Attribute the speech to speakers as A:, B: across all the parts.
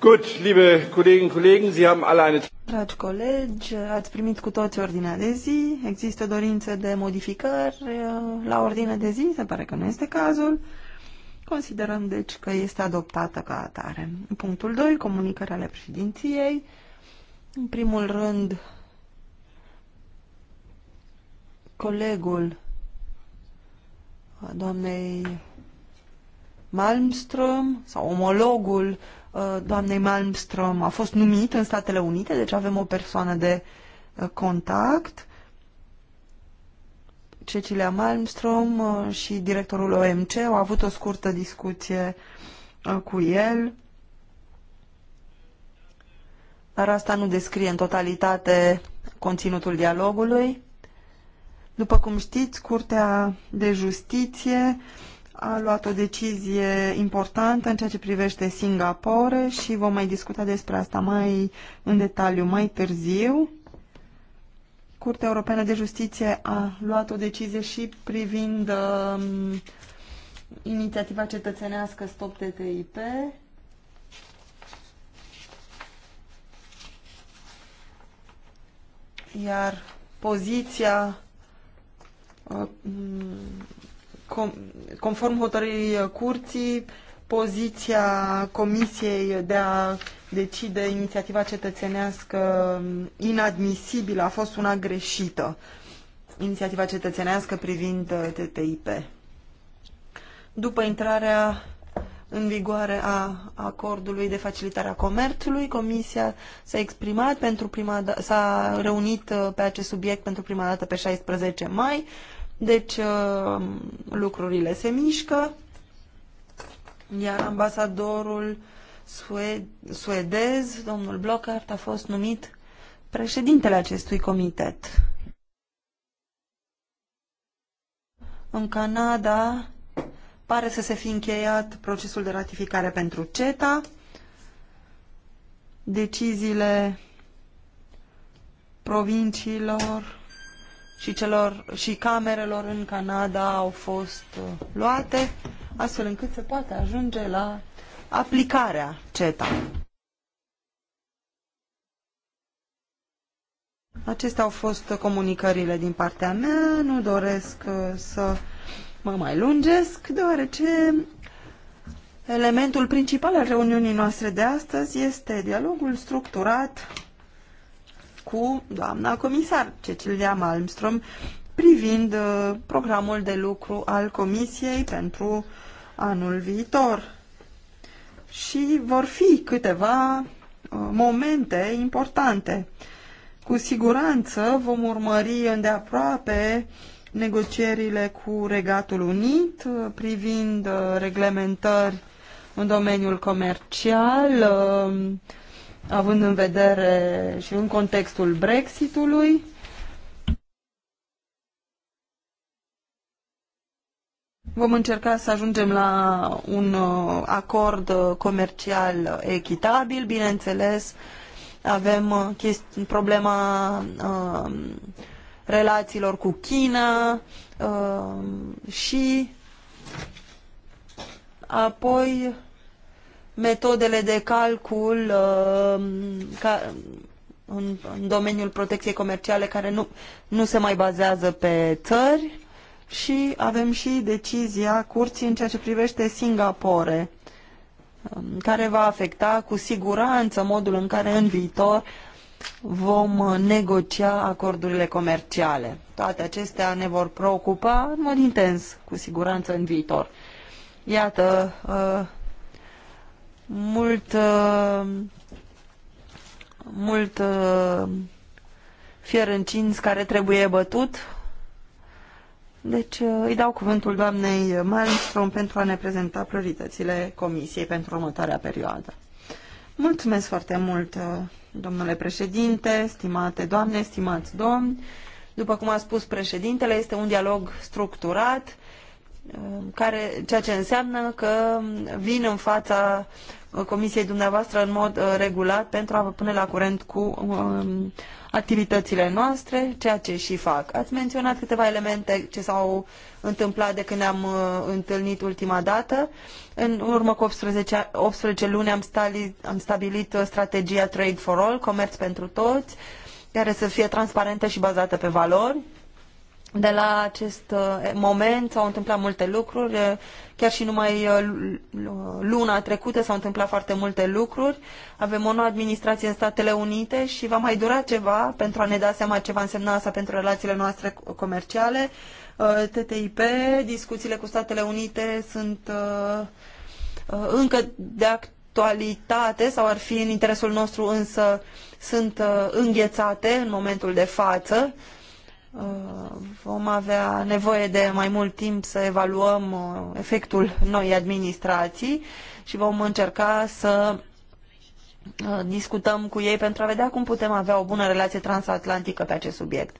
A: Gut, liebe Kolleginnen und Kollegen, Sie haben alle eine... Dragi colegi, ați primit cu toți ordinea de zi. Există dorință de modificări uh, la ordinea de zi? Se pare că nu este cazul. Considerăm, deci, că este adoptată ca atare. Punctul 2, comunicări ale președinției. În primul rând, colegul uh, doamnei Malmström sau omologul uh, doamnei Malmström a fost numit în Statele Unite, deci avem o persoană de uh, contact. Cecilia Malmström uh, și directorul OMC au avut o scurtă discuție cu el. Dar asta nu descrie în totalitate conținutul dialogului. După cum știți, Curtea de Justiție a luat o decizie importantă în ceea ce privește Singapore și vom mai discuta despre asta mai în detaliu mai târziu. Curtea Europeană de Justiție a luat o decizie și privind um, inițiativa cetățenească Stop TTIP. Iar poziția uh, conform hotărârii curții, poziția Comisiei de a decide inițiativa cetățenească inadmisibilă a fost una greșită. Inițiativa cetățenească privind uh, TTIP. După intrarea în vigoare a acordului de facilitare a comerțului, Comisia s-a exprimat pentru prima da, s-a reunit uh, pe acest subiect pentru prima dată pe 16 mai deci uh, lucrurile se mișcă, iar ambasadorul suedez, domnul Blockart, a fost numit președintele acestui comitet. În Canada pare să se fi încheiat procesul de ratificare pentru CETA. Deciziile provinciilor și, celor, și camerelor în Canada au fost uh, luate, astfel încât se poate ajunge la aplicarea CETA. Acestea au fost comunicările din partea mea. Nu doresc uh, să mă mai lungesc, deoarece elementul principal al reuniunii noastre de astăzi este dialogul structurat cu doamna comisar Cecilia Malmström privind uh, programul de lucru al Comisiei pentru anul viitor. Și vor fi câteva uh, momente importante. Cu siguranță vom urmări îndeaproape negocierile cu Regatul Unit uh, privind reglementări în domeniul comercial, având în vedere și în contextul Brexitului. Vom încerca să ajungem la un uh, acord uh, comercial echitabil, bineînțeles. Avem uh, problema relațiilor cu China și apoi metodele de calcul uh, ca, în, în domeniul protecției comerciale care nu, nu se mai bazează pe țări și avem și decizia curții în ceea ce privește Singapore, um, care va afecta cu siguranță modul în care în viitor vom negocia acordurile comerciale. Toate acestea ne vor preocupa în mod intens, cu siguranță, în viitor. Iată, uh, mult uh, mult uh, fier încins care trebuie bătut. Deci uh, îi dau cuvântul doamnei Malmström pentru a ne prezenta prioritățile Comisiei pentru următoarea perioadă. Mulțumesc foarte mult, domnule președinte, stimate doamne, stimați domni. După cum a spus președintele, este un dialog structurat Um, care, ceea ce înseamnă că vin în fața comisiei dumneavoastră în mod uh, regulat pentru a vă pune la curent cu um, activitățile noastre, ceea ce și fac. Ați menționat câteva elemente ce s-au întâmplat de când ne-am uh, întâlnit ultima dată. În urmă cu 18, 18 luni am, stali, am stabilit uh, strategia Trade for All, comerț pentru toți, care să fie transparentă și bazată pe valori de la acest eh, moment s-au întâmplat multe lucruri, eh, chiar și numai eh, luna trecută s-au întâmplat foarte multe lucruri. Avem o nouă administrație în Statele Unite și va mai dura ceva pentru a ne da seama ce va însemna asta pentru relațiile noastre comerciale. TTIP, discuțiile cu Statele Unite sunt încă de actualitate sau ar fi în interesul nostru, însă sunt înghețate în momentul de față Uh, vom avea nevoie de mai mult timp să evaluăm uh, efectul noii administrații și vom încerca să uh, discutăm cu ei pentru a vedea cum putem avea o bună relație transatlantică pe acest subiect.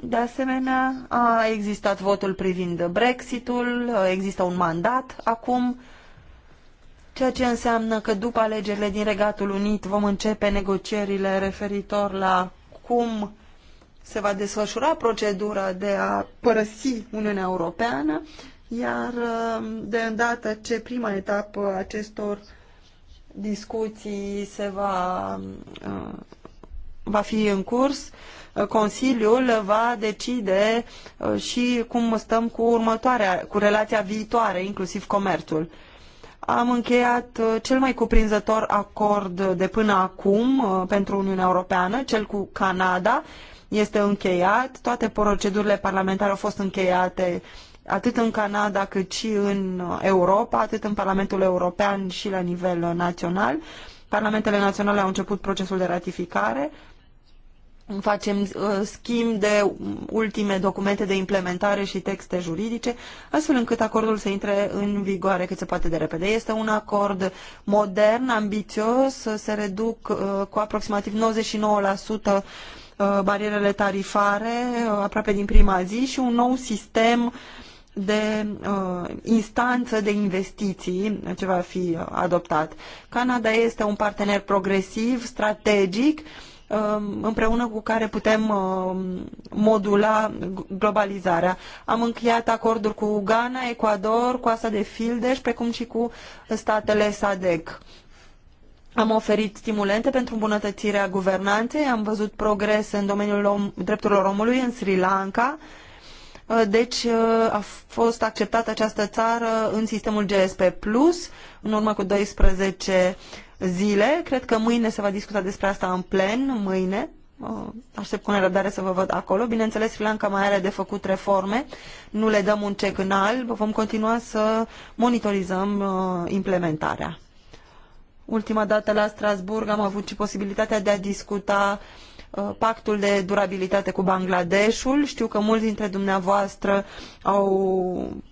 A: De asemenea, a existat votul privind Brexitul, există un mandat acum, ceea ce înseamnă că după alegerile din Regatul Unit vom începe negocierile referitor la cum se va desfășura procedura de a părăsi Uniunea Europeană, iar uh, de îndată ce prima etapă acestor discuții se va, uh, va fi în curs, uh, Consiliul va decide și cum stăm cu următoarea, cu relația viitoare, inclusiv comerțul. Am încheiat cel mai cuprinzător acord de până acum pentru Uniunea Europeană, cel cu Canada, este încheiat, toate procedurile parlamentare au fost încheiate atât în Canada cât și în Europa, atât în Parlamentul European și la nivel național. Parlamentele naționale au început procesul de ratificare, facem uh, schimb de ultime documente de implementare și texte juridice, astfel încât acordul să intre în vigoare cât se poate de repede. Este un acord modern, ambițios, se reduc uh, cu aproximativ 99% Uh, barierele tarifare uh, aproape din prima zi și un nou sistem de uh, instanță de investiții ce va fi adoptat. Canada este un partener progresiv, strategic, um, împreună cu care putem uh, modula globalizarea. Am încheiat acorduri cu Ghana, Ecuador, Coasta de Fildeș, precum și cu statele SADEC. Am oferit stimulente pentru îmbunătățirea guvernanței, am văzut progrese în domeniul om, drepturilor omului în Sri Lanka, uh, deci uh, a fost acceptată această țară în sistemul GSP Plus în urmă cu 12 zile. Cred că mâine se va discuta despre asta în plen, mâine. Uh, aștept cu nerăbdare să vă văd acolo. Bineînțeles, Sri Lanka mai are de făcut reforme. Nu le dăm un cec în alb. Vom continua să monitorizăm implementarea. Ultima dată la Strasbourg am avut și posibilitatea de a discuta uh, pactul de durabilitate cu Bangladeshul. Știu că mulți dintre dumneavoastră au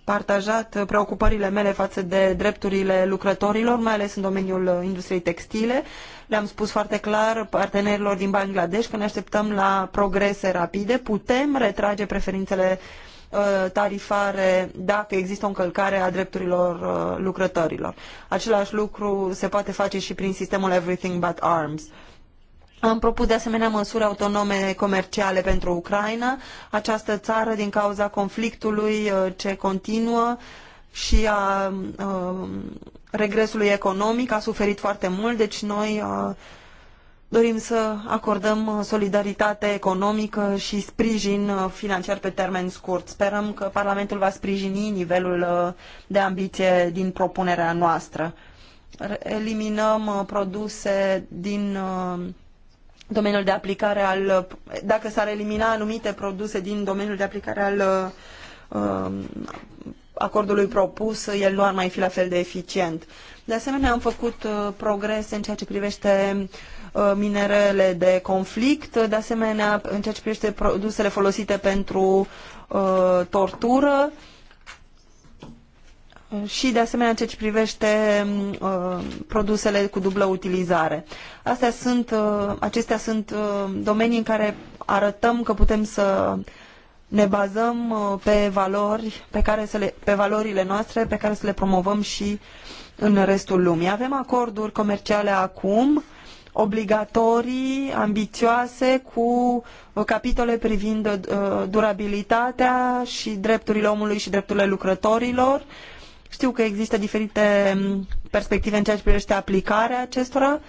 A: partajat uh, preocupările mele față de drepturile lucrătorilor, mai ales în domeniul uh, industriei textile. Le-am spus foarte clar partenerilor din Bangladesh că ne așteptăm la progrese rapide. Putem retrage preferințele uh, Uh, tarifare dacă există o încălcare a drepturilor uh, lucrătorilor. Același lucru se poate face și prin sistemul Everything But Arms. Am propus de asemenea măsuri autonome comerciale pentru Ucraina, această țară din cauza conflictului uh, ce continuă și a regresului economic a suferit foarte mult, deci noi Dorim să acordăm uh, solidaritate economică și sprijin uh, financiar pe termen scurt. Sperăm că Parlamentul va sprijini nivelul uh, de ambiție din propunerea noastră. Eliminăm produse din domeniul de aplicare al... Dacă s-ar elimina anumite produse din domeniul de aplicare al um, acordului propus, el nu ar mai fi la fel de eficient. De asemenea, am făcut progrese în ceea ce privește Uh, minerele de conflict, de asemenea în ceea ce privește produsele folosite pentru uh, tortură și de asemenea în ceea ce privește mm, uh, produsele cu dublă utilizare. Astea sunt, uh, acestea sunt uh, domenii în care arătăm că putem să ne bazăm uh, pe valori pe care să le, pe valorile noastre pe care să le promovăm și în restul lumii. Avem acorduri comerciale acum obligatorii, ambițioase, cu capitole privind uh, durabilitatea și drepturile omului și drepturile lucrătorilor. Știu că există diferite mm, perspective în ceea ce privește aplicarea acestora,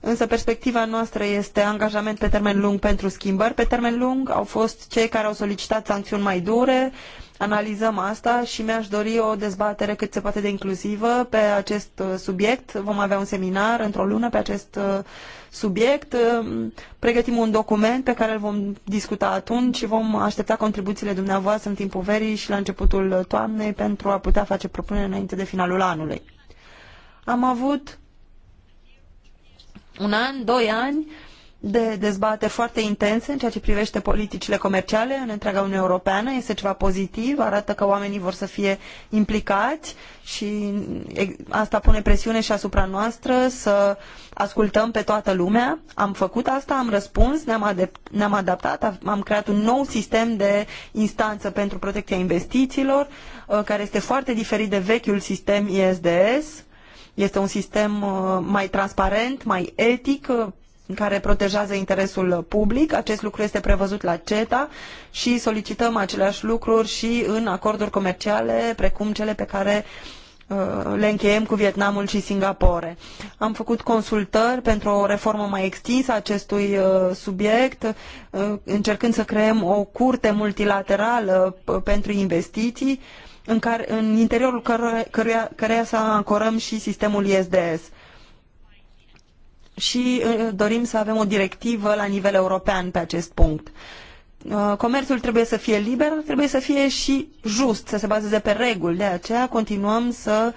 A: însă perspectiva noastră este angajament pe termen lung pentru schimbări. Pe termen lung au fost cei care au solicitat sancțiuni mai dure, Analizăm asta și mi-aș dori o dezbatere cât se poate de inclusivă pe acest uh, subiect. Vom avea un seminar într-o lună pe acest uh, subiect. Um, pregătim un document pe care îl vom discuta atunci și vom aștepta contribuțiile dumneavoastră în timpul verii și la începutul toamnei pentru a putea face propuneri înainte de finalul anului. Am avut un an, doi ani de dezbateri foarte intense în ceea ce privește politicile comerciale în întreaga Uniune Europeană. Este ceva pozitiv, arată că oamenii vor să fie implicați și asta pune presiune și asupra noastră să ascultăm pe toată lumea. Am făcut asta, am răspuns, ne-am, ne adaptat, am creat un nou sistem de instanță pentru protecția investițiilor, uh, care este foarte diferit de vechiul sistem ISDS. Este un sistem uh, mai transparent, mai etic, uh, care protejează interesul public. Acest lucru este prevăzut la CETA și solicităm aceleași lucruri și în acorduri comerciale precum cele pe care uh, le încheiem cu Vietnamul și Singapore. Am făcut consultări pentru o reformă mai extinsă a acestui uh, subiect, uh, încercând să creăm o curte multilaterală pentru investiții, în, care, în interiorul căruia, căruia să ancorăm și sistemul ISDS și uh, dorim să avem o directivă la nivel european pe acest punct. Uh, comerțul trebuie să fie liber, trebuie să fie și just, să se bazeze pe reguli. De aceea continuăm să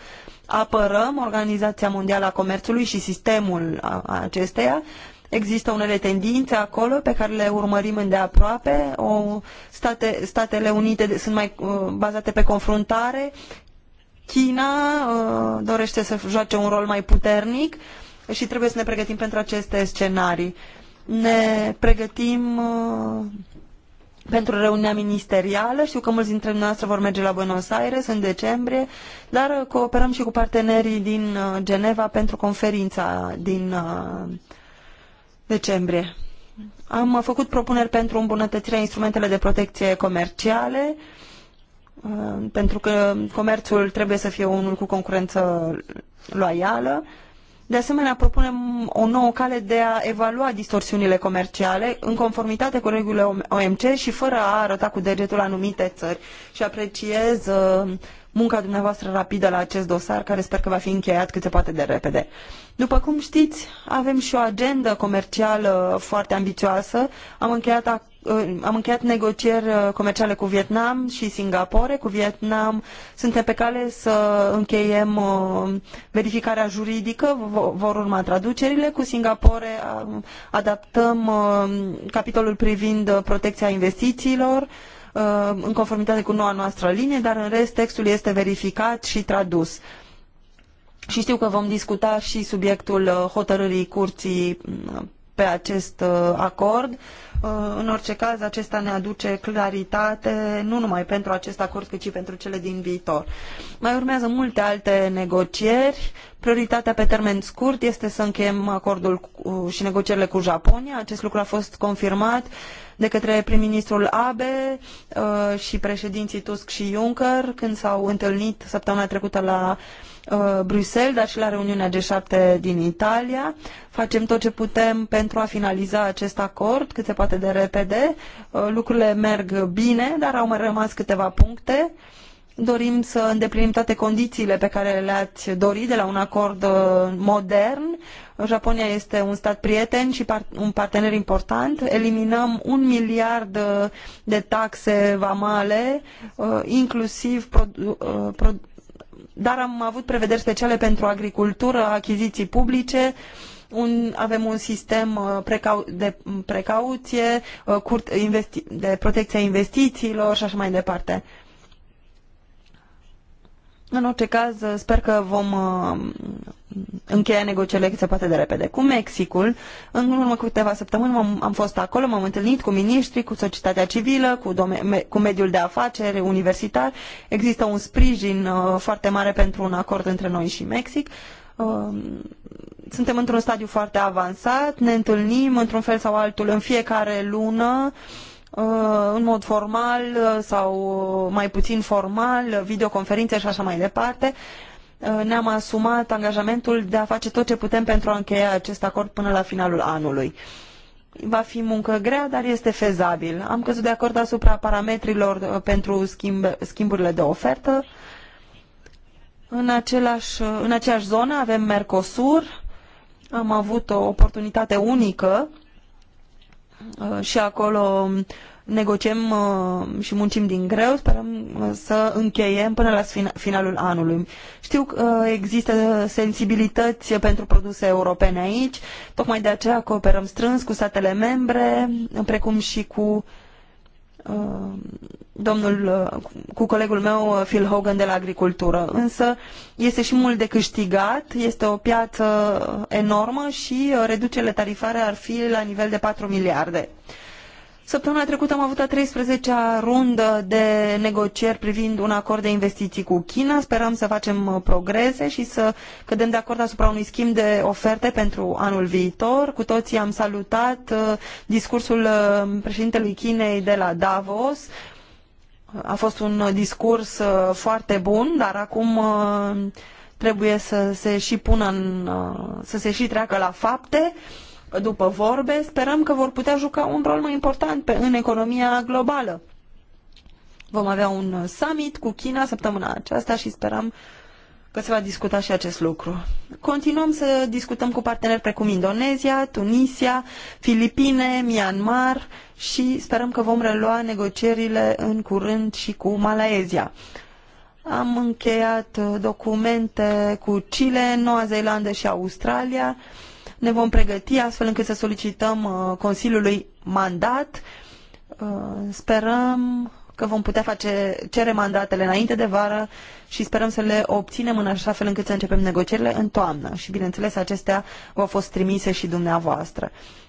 A: apărăm Organizația Mondială a Comerțului și sistemul acesteia. Există unele tendințe acolo pe care le urmărim îndeaproape. O, state, Statele Unite sunt mai uh, bazate pe confruntare. China uh, dorește să joace un rol mai puternic. Uh, și trebuie să ne pregătim pentru aceste scenarii. Ne pregătim uh, pentru reuniunea ministerială. Știu că mulți dintre noastre vor merge la Buenos Aires în decembrie, dar uh, cooperăm și cu partenerii din uh, Geneva pentru conferința din decembrie. Am făcut propuneri pentru îmbunătățirea instrumentele de protecție comerciale, pentru că comerțul trebuie să fie unul cu concurență loială de asemenea, propunem o nouă cale de a evalua distorsiunile comerciale în conformitate cu regulile OMC și fără a arăta cu degetul anumite țări. Și apreciez uh, munca dumneavoastră rapidă la acest dosar, care sper că va fi încheiat cât se poate de repede. După cum știți, avem și o agendă comercială foarte ambițioasă. Am încheiat, uh, am încheiat negocieri uh, comerciale cu Vietnam și Singapore. Cu Vietnam suntem pe cale să încheiem uh, verificarea juridică, vor urma traducerile. Cu Singapore adaptăm capitolul privind protecția investițiilor. Uh, în conformitate cu noua noastră linie, dar în rest textul este verificat și tradus. Și știu că vom discuta și subiectul uh, hotărârii curții uh, pe acest uh, acord. Uh, în orice caz, acesta ne aduce claritate nu numai pentru acest acord, cât și pentru cele din viitor. Mai urmează multe alte negocieri. Prioritatea pe termen scurt este să încheiem acordul cu, uh, și negocierile cu Japonia. Acest lucru a fost confirmat de către prim-ministrul Abe și președinții Tusk și Juncker când s-au întâlnit săptămâna trecută la uh, Uh, Bruxelles, dar și la reuniunea G7 din Italia. Facem tot ce putem pentru a finaliza acest acord cât se poate de repede. Uh, lucrurile merg bine, dar au mai rămas câteva puncte. Dorim să îndeplinim toate condițiile pe care le-ați dorit de la un acord uh, modern. Japonia este un stat prieten și un partener important. Eliminăm un miliard de taxe vamale, inclusiv produ- dar am avut prevederi speciale pentru agricultură, achiziții publice, un, avem un sistem uh, precau, de precauție, uh, curt, investi, de protecția investițiilor și așa mai departe. În orice caz, sper că vom uh, încheia negocierile cât se poate de repede. Cu Mexicul, în urmă cu câteva săptămâni am, am fost acolo, m-am întâlnit cu miniștri, cu societatea civilă, cu, dome- cu mediul de afaceri universitar. Există un sprijin uh, foarte mare pentru un acord între noi și Mexic. Uh, suntem într-un stadiu foarte avansat, ne întâlnim într-un fel sau altul în fiecare lună. Uh, Uh, în mod formal uh, sau mai puțin formal, videoconferințe și așa mai departe. Uh, ne-am asumat angajamentul de a face tot ce putem pentru a încheia acest acord până la finalul anului. Va fi muncă grea, dar este fezabil. Am căzut de acord asupra parametrilor pentru schimb, schimburile de ofertă. În, același, în aceeași zonă avem Mercosur. Am avut o oportunitate unică Uh, și acolo negociem uh, și muncim din greu, sperăm uh, să încheiem până la finalul anului. Știu că există sensibilități pentru produse europene aici, tocmai de aceea cooperăm strâns cu statele membre, precum și cu Uh, domnul, uh, cu colegul meu uh, Phil Hogan de la agricultură. Însă este și mult de câștigat, este o piață enormă și reducerile tarifare ar fi la nivel de 4 miliarde. Uh, Săptămâna trecută am avut a 13-a rundă de negocieri privind un acord de investiții cu China. Sperăm să facem uh, progrese și să cădem de acord asupra unui schimb de oferte pentru anul viitor. Cu toții am salutat uh, discursul uh, președintelui Chinei de la Davos. A fost un discurs foarte bun, dar acum trebuie să se și pună în, să se și treacă la fapte după vorbe, sperăm că vor putea juca un rol mai important pe, în economia globală. Vom avea un summit cu China săptămâna aceasta și sperăm că se va discuta și acest lucru. Continuăm să discutăm cu parteneri precum Indonezia, Tunisia, Filipine, Myanmar și sperăm că vom relua negocierile în curând și cu Malaezia. Am încheiat documente cu Chile, Noua Zeelandă și Australia ne vom pregăti astfel încât să solicităm uh, Consiliului mandat. Uh, sperăm că vom putea face, cere mandatele înainte de vară și sperăm să le obținem în așa fel încât să începem negocierile în toamnă. Și bineînțeles, acestea v-au fost trimise și dumneavoastră. Uh,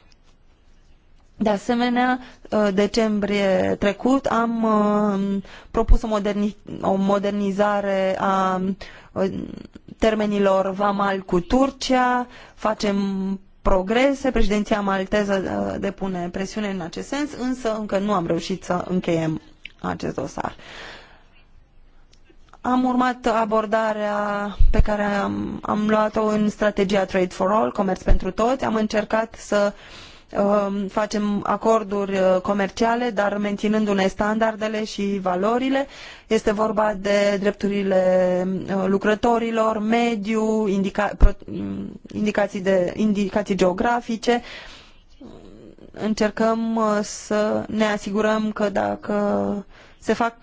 A: de asemenea, uh, decembrie trecut am uh, propus o, moderni o modernizare a uh, termenilor vamal cu Turcia, facem progrese, președinția malteză depune presiune în acest sens, însă încă nu am reușit să încheiem acest dosar. Am urmat abordarea pe care am, am luat-o în strategia Trade for All, comerț pentru toți, am încercat să uh, Um, facem acorduri uh, comerciale, dar menținându-ne standardele și valorile. Este vorba de drepturile uh, lucrătorilor, mediu, indica, mm, indicații, de, indicații geografice. Încercăm uh, să ne asigurăm că dacă se fac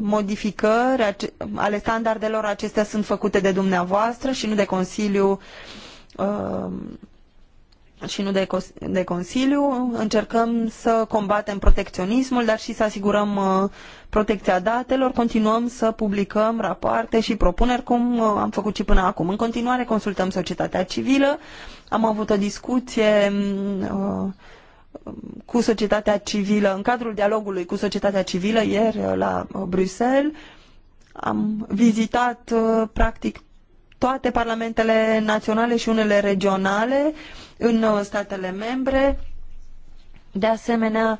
A: modificări ale standardelor, acestea sunt făcute de dumneavoastră și nu de Consiliu um, și nu de, de Consiliu. Încercăm să combatem protecționismul, dar și să asigurăm uh, protecția datelor. Continuăm să publicăm rapoarte și propuneri, cum uh, am făcut și până acum. În continuare consultăm societatea civilă. Am avut o discuție mm, uh, cu societatea civilă, în cadrul dialogului cu societatea civilă ieri la Bruxelles. Am vizitat practic toate parlamentele naționale și unele regionale uh, în uh, statele membre. De asemenea,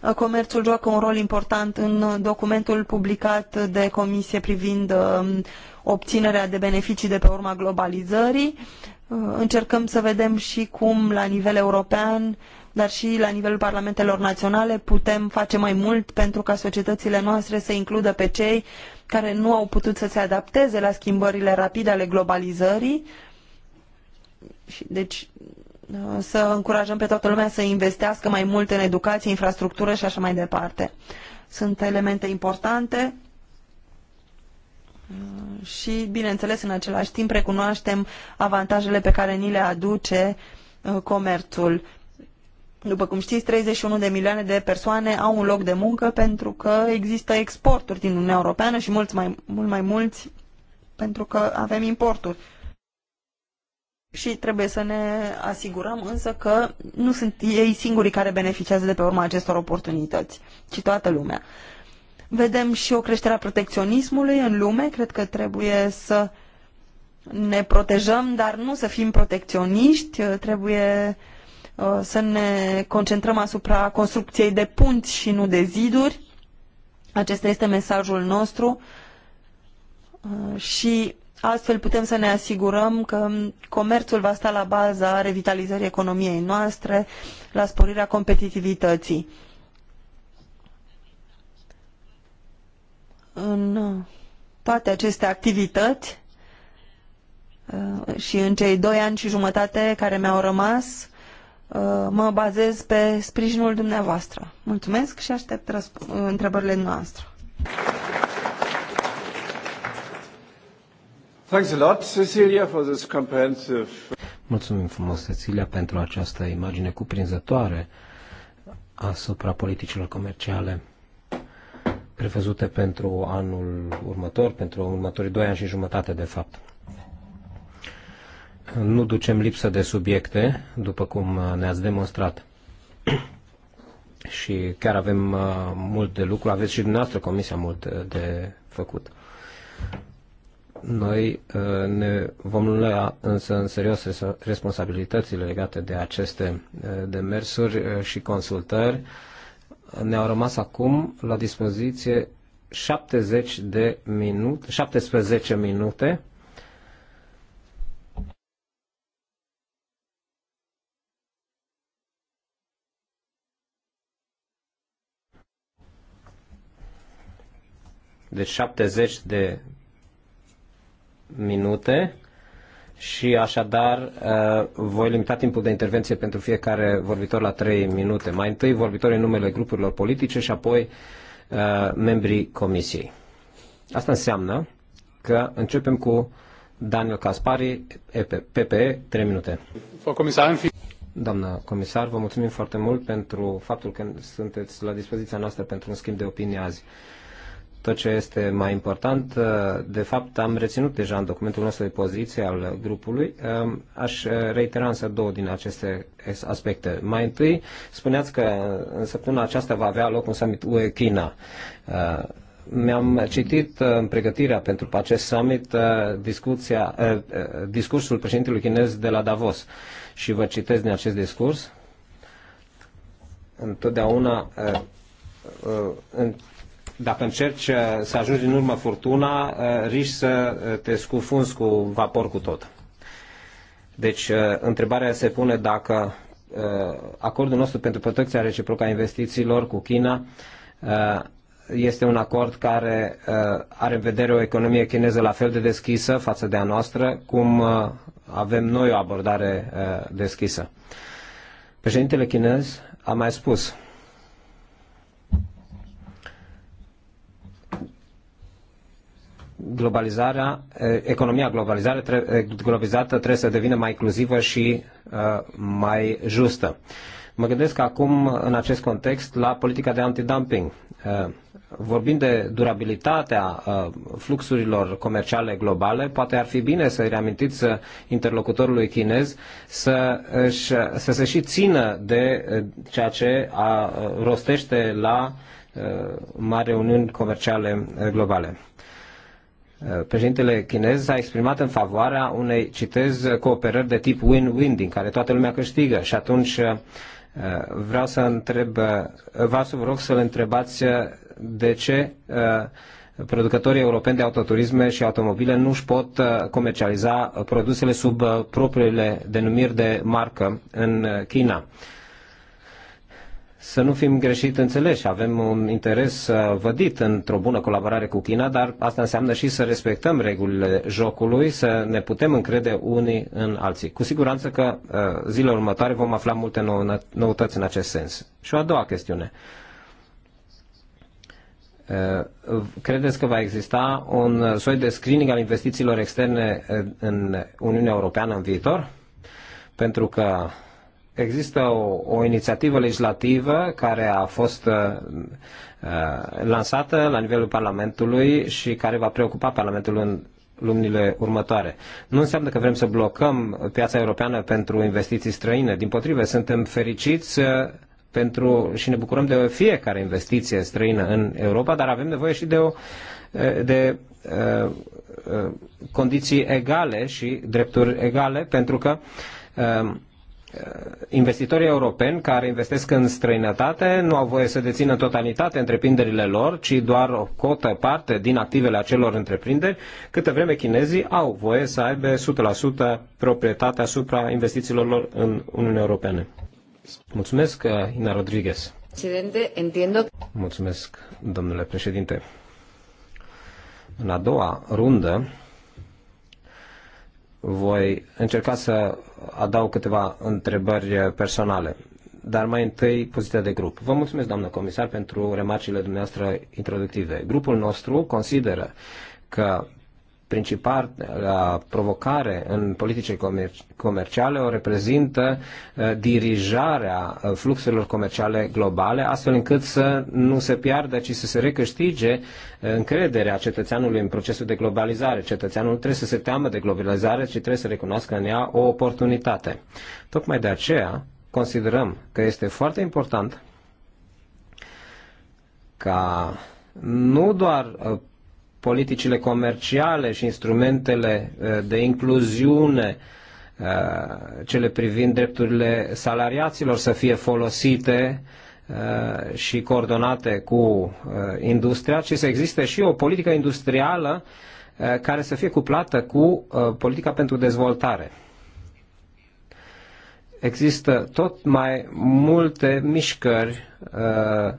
A: uh, comerțul joacă un rol important în uh, documentul publicat de comisie privind um, obținerea de beneficii de pe urma globalizării. Încercăm să vedem și cum la nivel european, dar și la nivelul parlamentelor naționale putem face mai mult pentru ca societățile noastre să includă pe cei care nu au putut să se adapteze la schimbările rapide ale globalizării. Și, deci Uh, să încurajăm pe toată lumea să investească mai mult în educație, infrastructură și așa mai departe. Sunt elemente importante uh, și, bineînțeles, în același timp recunoaștem avantajele pe care ni le aduce uh, comerțul. După cum știți, 31 de milioane de persoane au un loc de muncă pentru că există exporturi din Uniunea Europeană și mulți mai, mult mai mulți pentru că avem importuri și trebuie să ne asigurăm însă că nu sunt ei singurii care beneficiază de pe urma acestor oportunități, ci toată lumea. Vedem și o creștere a protecționismului în lume, cred că trebuie să ne protejăm, dar nu să fim protecționiști, trebuie uh, să ne concentrăm asupra construcției de punți și nu de ziduri. Acesta este mesajul nostru uh, și Astfel putem să ne asigurăm că comerțul va sta la baza revitalizării economiei noastre, la sporirea competitivității. În toate aceste activități uh, și în cei doi ani și jumătate care mi-au rămas, uh, mă bazez pe sprijinul dumneavoastră. Mulțumesc și aștept întrebările noastre.
B: Thanks a lot, Cecilia, for this comprehensive... Mulțumim frumos, Cecilia, pentru această imagine cuprinzătoare asupra politicilor comerciale prevăzute pentru anul următor, pentru următorii doi ani și jumătate, de fapt. Nu ducem lipsă de subiecte, după cum ne-ați demonstrat. și chiar avem uh, mult de lucru, aveți și dumneavoastră comisia mult uh, de făcut. Noi uh, ne vom lua însă în serios responsabilitățile legate de aceste uh, demersuri uh, și consultări. Ne-au rămas acum la dispoziție 70 de minute, 17 minute deci 70 de minute și așadar uh, voi limita timpul de intervenție pentru fiecare vorbitor la 3 minute. Mai întâi vorbitorii în numele grupurilor politice și apoi uh, membrii comisiei. Asta înseamnă că începem cu Daniel Caspari, PPE, 3 minute. Doamna comisar, vă mulțumim foarte mult pentru faptul că sunteți la dispoziția noastră pentru un schimb de opinie azi tot ce este mai important, uh, de fapt am reținut deja în documentul nostru de poziție al grupului, um, aș uh, reitera însă două din aceste aspecte. Mai întâi, spuneați că în săptămâna aceasta va avea loc un summit UE-China. Uh, mi-am citit în pregătirea pentru acest summit discuția, discursul președintelui chinez de la Davos și vă citesc din acest discurs. Întotdeauna dacă încerci uh, să ajungi din urmă furtuna, uh, riști să uh, te scufunzi cu vapor cu tot. Deci, întrebarea se pune dacă acordul nostru pentru protecția reciprocă a investițiilor cu China este un acord care are în vedere o economie chineză la fel de deschisă față de a noastră, cum avem noi o abordare deschisă. Președintele chinez a mai spus globalizarea, economia globalizată, globalizată trebuie să devină mai inclusivă și mai justă. Mă gândesc acum, în acest context, la politica de antidumping. Vorbind de durabilitatea fluxurilor comerciale globale, poate ar fi bine să-i reamintiți interlocutorului chinez să, își, să se și țină de ceea ce a, rostește la mari reuniuni comerciale globale. Uh, președintele chinez a exprimat în favoarea unei, citez, cooperări de tip win-win, din care toată lumea câștigă. Și atunci uh, vreau să întreb, uh, vreau să vă rog să-l întrebați de ce producătorii europeni de autoturisme și automobile nu își pot comercializa produsele sub propriile denumiri de marcă în China să nu fim greșit înțeleși. Avem un interes uh, vădit într-o bună colaborare cu China, dar asta înseamnă și să respectăm regulile jocului, să ne putem încrede unii în alții. Cu siguranță că uh, zilele următoare vom afla multe noutăți în acest sens. Și o a doua chestiune. Uh, credeți că va exista un soi de screening al investițiilor externe în Uniunea Europeană în viitor? Pentru că există o, o inițiativă legislativă care a fost uh, uh, lansată la nivelul Parlamentului și care va preocupa Parlamentul în lunile următoare. Nu înseamnă că vrem să blocăm piața europeană pentru investiții străine. Din potrive, suntem fericiți uh, pentru, și ne bucurăm de fiecare investiție străină în Europa, dar avem nevoie și de, o, uh, de uh, condiții egale și drepturi egale, pentru că uh, Eh, investitorii europeni care investesc în străinătate nu au voie să dețină totalitate întreprinderile lor, ci doar o cotă parte din activele acelor întreprinderi, câtă vreme chinezii au voie să aibă 100% proprietate asupra investițiilor lor în Uniunea Europeană. Mulțumesc, eh, Ina Rodriguez. Mulțumesc, domnule președinte. În a doua rundă voi încerca să adaug câteva întrebări personale. Dar mai întâi, poziția de grup. Vă mulțumesc, doamnă comisar, pentru remarcile dumneavoastră introductive. Grupul nostru consideră că Principală provocare în politicile comerciale o reprezintă uh, dirijarea uh, fluxurilor comerciale globale, astfel încât să nu se piardă, ci să se recâștige uh, încrederea cetățeanului în procesul de globalizare. Cetățeanul trebuie să se teamă de globalizare, ci trebuie să recunoască în ea o oportunitate. Tocmai de aceea considerăm că este foarte important ca nu doar politicile comerciale și instrumentele uh, de incluziune, uh, cele privind drepturile salariaților să fie folosite uh, și coordonate cu industria, ci să existe și o politică industrială care să fie cuplată cu politica pentru dezvoltare. Există tot mai multe mișcări uh,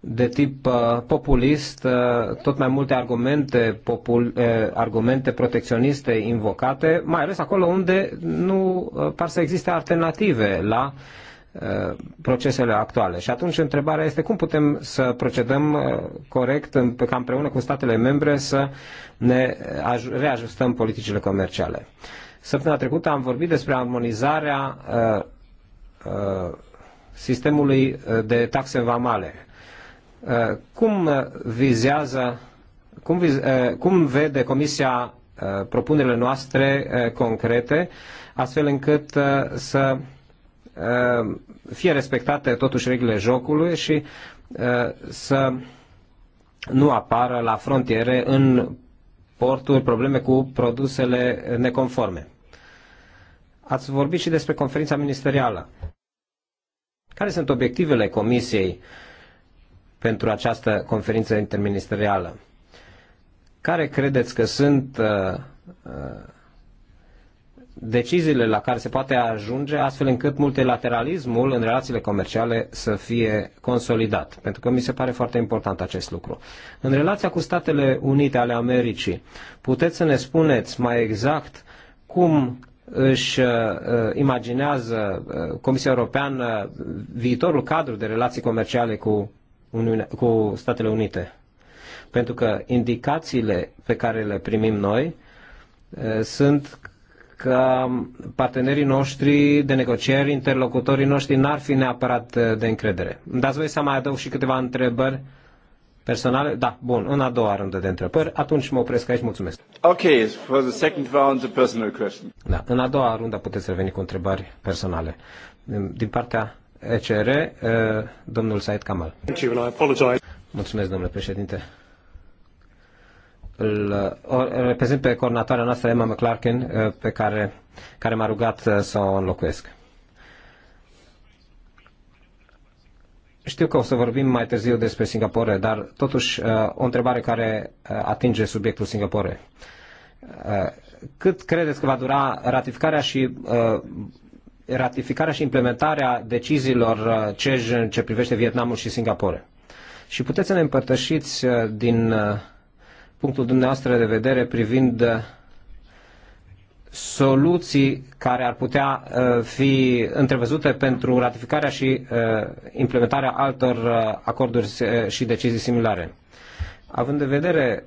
B: de tip uh, populist, uh, tot mai multe argumente, popul, uh, argumente protecționiste invocate, mai ales acolo unde nu uh, par să existe alternative la uh, procesele actuale. Și atunci întrebarea este cum putem să procedăm uh, corect ca împreună cu statele membre să ne reajustăm politicile comerciale. Săptămâna trecută am vorbit despre armonizarea uh, sistemului de taxe vamale Uh, cum uh, vizează, cum, vize, uh, cum vede Comisia propunerile noastre concrete, astfel încât să fie respectate totuși regulile jocului și să nu apară la frontiere în porturi probleme cu produsele neconforme. Ați vorbit și despre conferința ministerială. Care sunt obiectivele Comisiei uh, pentru această conferință interministerială. Care credeți că sunt uh, uh, deciziile la care se poate ajunge astfel încât multilateralismul în relațiile comerciale să fie consolidat? Pentru că mi se pare foarte important acest lucru. În relația cu Statele Unite ale Americii, puteți să ne spuneți mai exact cum își uh, uh, imaginează Comisia Europeană viitorul cadru de relații comerciale cu Uniunea, cu Statele Unite. Pentru că indicațiile pe care le primim noi eh, sunt că partenerii noștri de negocieri, interlocutorii noștri, n-ar fi neapărat eh, de încredere. Îmi dați voi să mai adaug și câteva întrebări personale? Da, bun, în a doua rândă de întrebări. Atunci mă opresc aici, mulțumesc. Ok,
A: for the second round, the personal question.
B: Da, în a doua rundă puteți reveni cu întrebări personale. Din partea ECR, uh, domnul Said Kamal. Mulțumesc, domnule președinte. Uh, îl reprezint pe coordonatoarea noastră, Emma McClarkin, uh, pe care, care m-a rugat să o înlocuiesc. Știu că o să vorbim mai târziu despre Singapore, dar totuși o întrebare care atinge subiectul Singapore. Cât credeți că va dura ratificarea și ratificarea și implementarea deciziilor uh, CEJ în ce privește Vietnamul și Singapore. Și puteți să ne împărtășiți uh, din uh, punctul dumneavoastră de vedere privind soluții care ar putea fi întrevăzute pentru ratificarea și implementarea altor acorduri și decizii similare. Având în vedere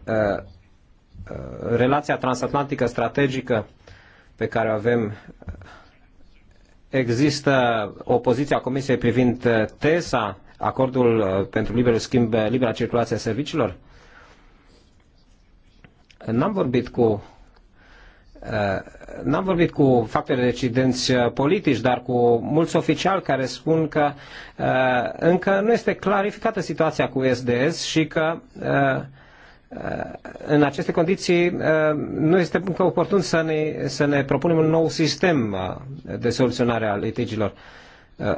B: relația transatlantică strategică pe care o avem există opoziția Comisiei privind uh, TESA, acordul uh, pentru liber schimb, uh, libera circulație a serviciilor? N-am vorbit cu N-am vorbit cu factorii decidenți politici, dar cu mulți oficiali care spun că încă nu este clarificată situația cu SDS și că Uh, în aceste condiții uh, nu este încă oportun să ne, să ne propunem un nou sistem uh, de soluționare a litigilor.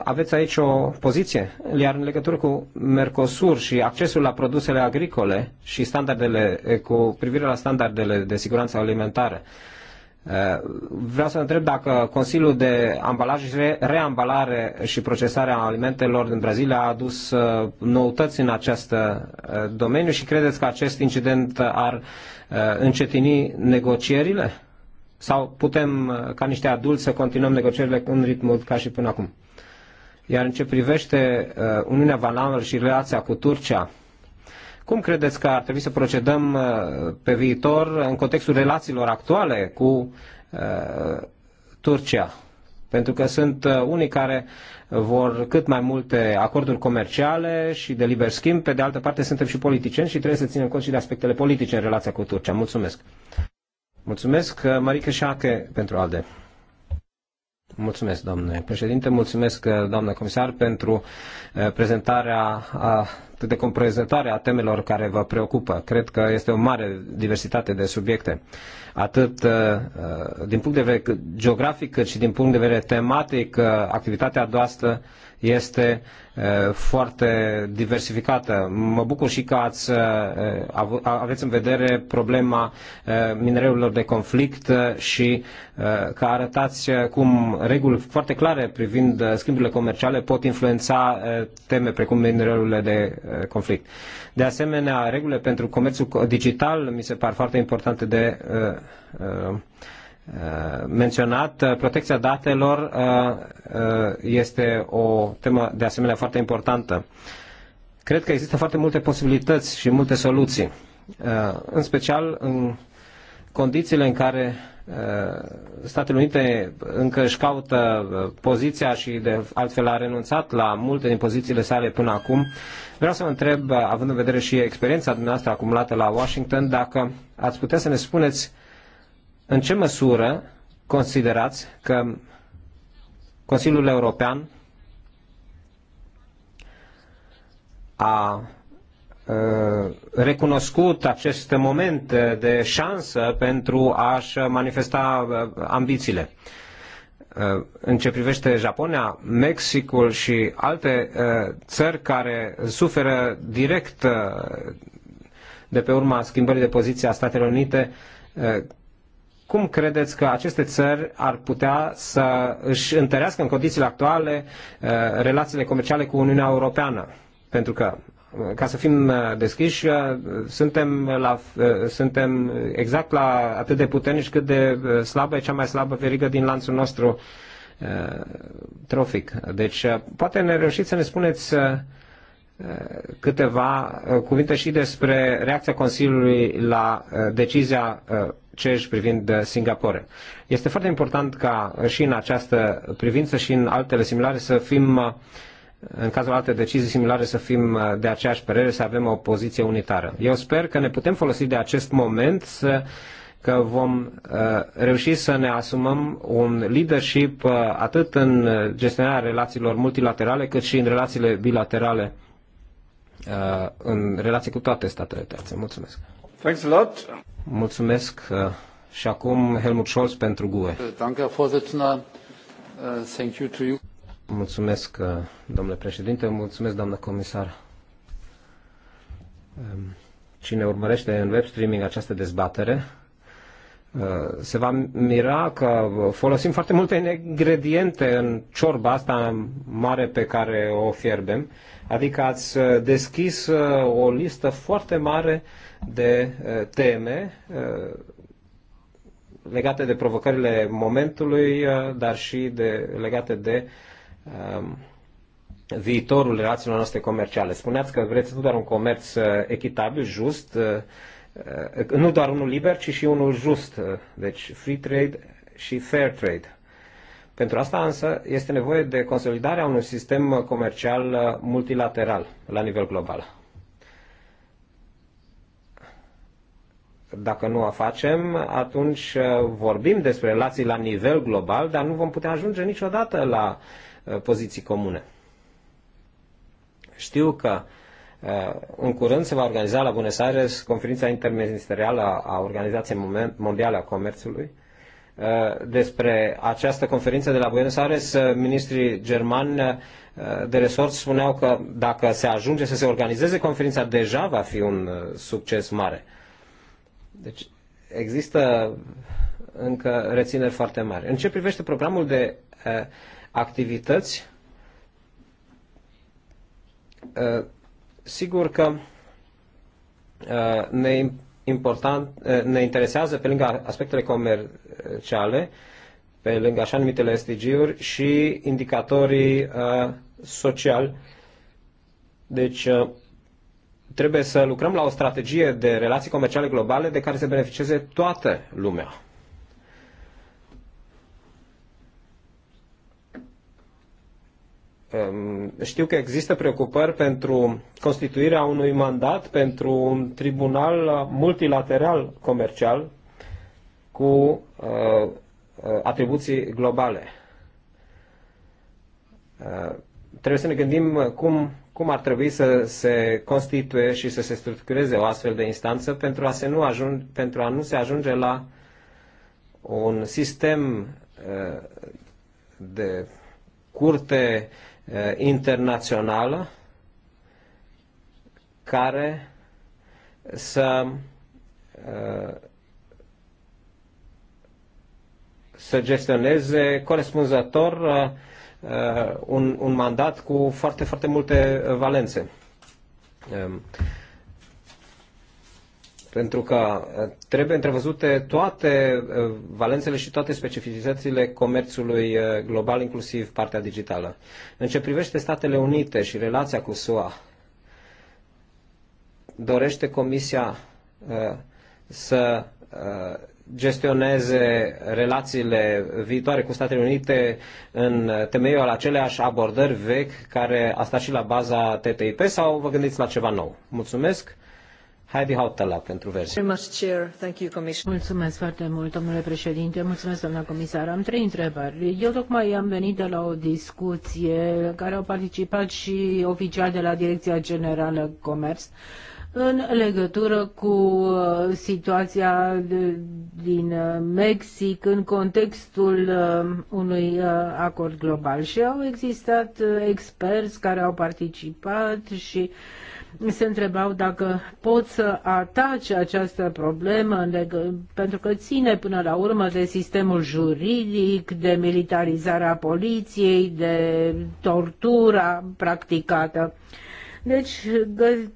B: Aveți aici o poziție, iar în legătură cu Mercosur și accesul la produsele agricole și standardele cu privire la standardele de siguranță alimentară, Vreau să întreb dacă Consiliul de Ambalaj și Reambalare și Procesarea Alimentelor din Brazilia a adus uh, noutăți în acest uh, domeniu și credeți că acest incident ar uh, încetini negocierile? Sau putem, ca niște adulți, să continuăm negocierile în ritmul ca și până acum? Iar în ce privește Uniunea Valamă și relația cu Turcia, cum credeți că ar trebui să procedăm uh, pe viitor în contextul relațiilor actuale cu uh, Turcia? Pentru că sunt uh, unii care vor cât mai multe acorduri comerciale și de liber schimb, pe de altă parte suntem și politicieni și trebuie să ținem cont și de aspectele politice în relația cu Turcia. Mulțumesc! Mulțumesc, Marică Șache, pentru ALDE. Mulțumesc, domnule președinte, mulțumesc, doamnă comisar, pentru prezentarea de cuprinzătoare a temelor care vă preocupă. Cred că este o mare diversitate de subiecte, atât uh, uh, din punct de vedere geografic cât și din punct de vedere tematic, uh, activitatea noastră este foarte diversificată. Mă bucur și că ați, aveți în vedere problema minereurilor de conflict și că arătați cum reguli foarte clare privind schimburile comerciale pot influența teme precum minereurile de conflict. De asemenea, regulile pentru comerțul digital mi se par foarte importante de Uh, menționat, uh, protecția datelor uh, este o temă de asemenea foarte importantă. Cred că există foarte multe posibilități și multe soluții, în special în condițiile în care Statele Unite încă își caută poziția și de altfel a renunțat la multe din pozițiile sale până acum. Vreau să vă întreb, având în vedere și experiența dumneavoastră acumulată la Washington, dacă ați putea să ne spuneți în ce măsură considerați că Consiliul European a uh, recunoscut acest moment de șansă pentru a-și manifesta uh, ambițiile. Uh, în ce privește Japonia, Mexicul și alte țări care suferă direct de pe urma schimbării de poziție a Statelor Unite, cum credeți că aceste țări ar putea să își întărească în condițiile actuale uh, relațiile comerciale cu Uniunea Europeană? Pentru că uh, ca să fim uh, deschiși, suntem, la, suntem exact la atât de puternici cât de slabă e cea mai slabă verigă din lanțul nostru trofic. Deci, poate ne reușiți să ne spuneți câteva uh, cuvinte și despre reacția Consiliului la uh, decizia uh, CEJ privind Singapore. Este foarte important ca și în această privință și în altele similare să fim în cazul alte decizii similare să fim de aceeași părere, să avem o poziție unitară. Eu sper că ne putem folosi de acest moment să că vom uh, reuși să ne asumăm un leadership uh, atât în gestionarea relațiilor multilaterale cât și în relațiile bilaterale Uh, în relație cu toate statele terțe. Mulțumesc! Thanks a lot. Mulțumesc uh, și acum Helmut Scholz pentru GUE. Uh, thank you to you. Mulțumesc, domnule președinte, mulțumesc, doamnă comisar. Um, cine urmărește în web streaming această dezbatere, Uh, se va mira că folosim foarte multe ingrediente în ciorba asta mare pe care o fierbem. Adică ați uh, deschis uh, o listă foarte mare de teme legate de provocările momentului, dar și de, legate de um, viitorul relațiilor noastre comerciale. Spuneați că vreți nu doar un comerț echitabil, just, Uh, nu doar unul liber, ci și unul just, uh, deci free trade și fair trade. Pentru asta însă este nevoie de consolidarea unui sistem comercial uh, multilateral la nivel global. Dacă nu o facem, atunci vorbim despre relații la nivel global, dar nu vom putea ajunge niciodată la poziții comune. Știu că uh, Uh, în curând se va organiza la Buenos Aires conferința interministerială a Organizației Mondiale a Comerțului. Uh, despre această conferință de la Buenos Aires, uh, ministrii germani de resort spuneau că dacă se ajunge să se organizeze conferința, deja va fi un succes mare. Deci există încă rețineri foarte mari. În ce privește programul de activități, Sigur că uh, ne, important, uh, ne interesează, pe lângă aspectele comerciale, pe lângă așa numitele SDG-uri și indicatorii uh, sociali. Deci, trebuie să lucrăm la o strategie de relații comerciale globale de care se beneficieze toată lumea. Ehm, știu că există preocupări pentru constituirea unui mandat pentru un tribunal multilateral comercial cu eh, eh, atribuții globale. Eh, trebuie să ne gândim cum, cum ar trebui să se constituie și să se structureze o astfel de instanță pentru a, se nu, ajunge, pentru a nu se ajunge la un sistem de curte Uh, internațională care să uh, să gestioneze corespunzător uh, un, un mandat cu foarte, foarte multe valențe. Um, pentru că uh, trebuie întrevăzute toate uh, valențele și toate specificitățile comerțului uh, global, inclusiv partea digitală. În ce privește Statele Unite și relația cu SUA, dorește Comisia să gestioneze relațiile viitoare cu Statele Unite în temeiul aceleași abordări vechi care a stat și la baza TTIP sau vă gândiți la ceva nou? Mulțumesc! pentru
C: Mulțumesc foarte mult, domnule președinte, mulțumesc, doamna comisar. Am trei întrebări. Eu tocmai am venit de la o discuție la care au participat și oficiali de la Direcția Generală Comerț în legătură cu uh, situația din uh, Mexic în contextul uh, unui acord global. Și au existat experți care au participat și se întrebau dacă pot să atace această problemă pentru că ține până la urmă de sistemul juridic, de militarizarea poliției, de tortura practicată. Deci,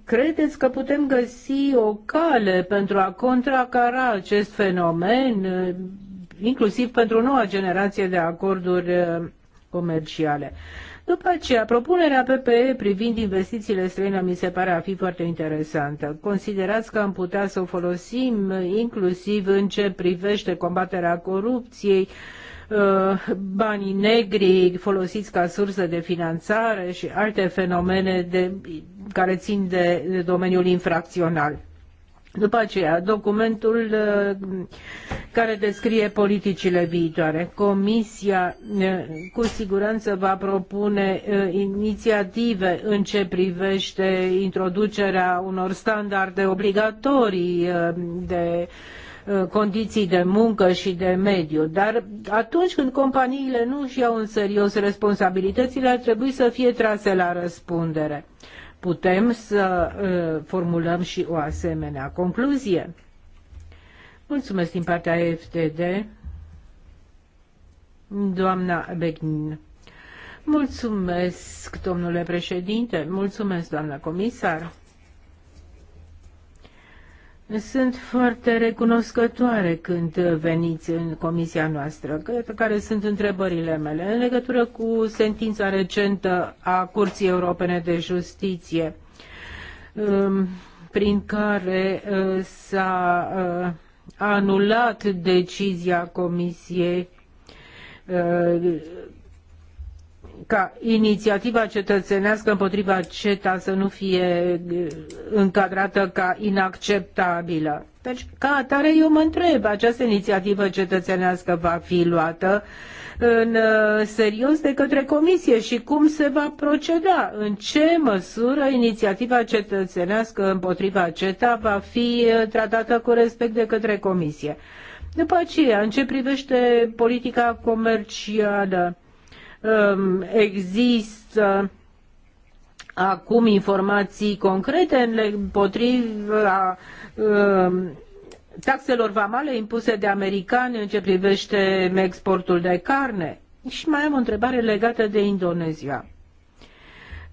C: credeți că putem găsi o cale pentru a contracara acest fenomen, inclusiv pentru noua generație de acorduri uh, comerciale? După aceea, propunerea PPE privind investițiile străine mi se pare a fi foarte interesantă. Considerați că am putea să o folosim inclusiv în ce privește combaterea corupției, uh, banii negri folosiți ca sursă de finanțare și alte fenomene de, care țin de, de domeniul infracțional. După aceea, documentul uh, care descrie politicile viitoare. Comisia uh, cu siguranță va propune uh, inițiative în ce privește introducerea unor standarde obligatorii de condiții de muncă și de mediu. Dar atunci când companiile nu își iau în serios responsabilitățile, ar trebui să fie trase la răspundere putem să formulăm și o asemenea concluzie. Mulțumesc din partea FTD, doamna Begnin. Mulțumesc, domnule președinte, mulțumesc, doamna comisar. Sunt foarte recunoscătoare când veniți în comisia noastră, care sunt întrebările mele în legătură cu sentința recentă a Curții Europene de Justiție, um, prin care uh, s-a uh, anulat decizia comisiei uh, ca inițiativa cetățenească împotriva CETA să nu fie eh, încadrată ca inacceptabilă. Deci, ca atare, eu mă întreb, această inițiativă cetățenească va fi luată în eh, serios de către comisie și cum se va proceda, în ce măsură inițiativa cetățenească împotriva CETA va fi eh, tratată cu respect de către comisie. După aceea, în ce privește politica comercială, Ehm, există acum informații concrete împotriva ehm, taxelor vamale impuse de americani în ce privește exportul de carne. Și mai am o întrebare legată de Indonezia.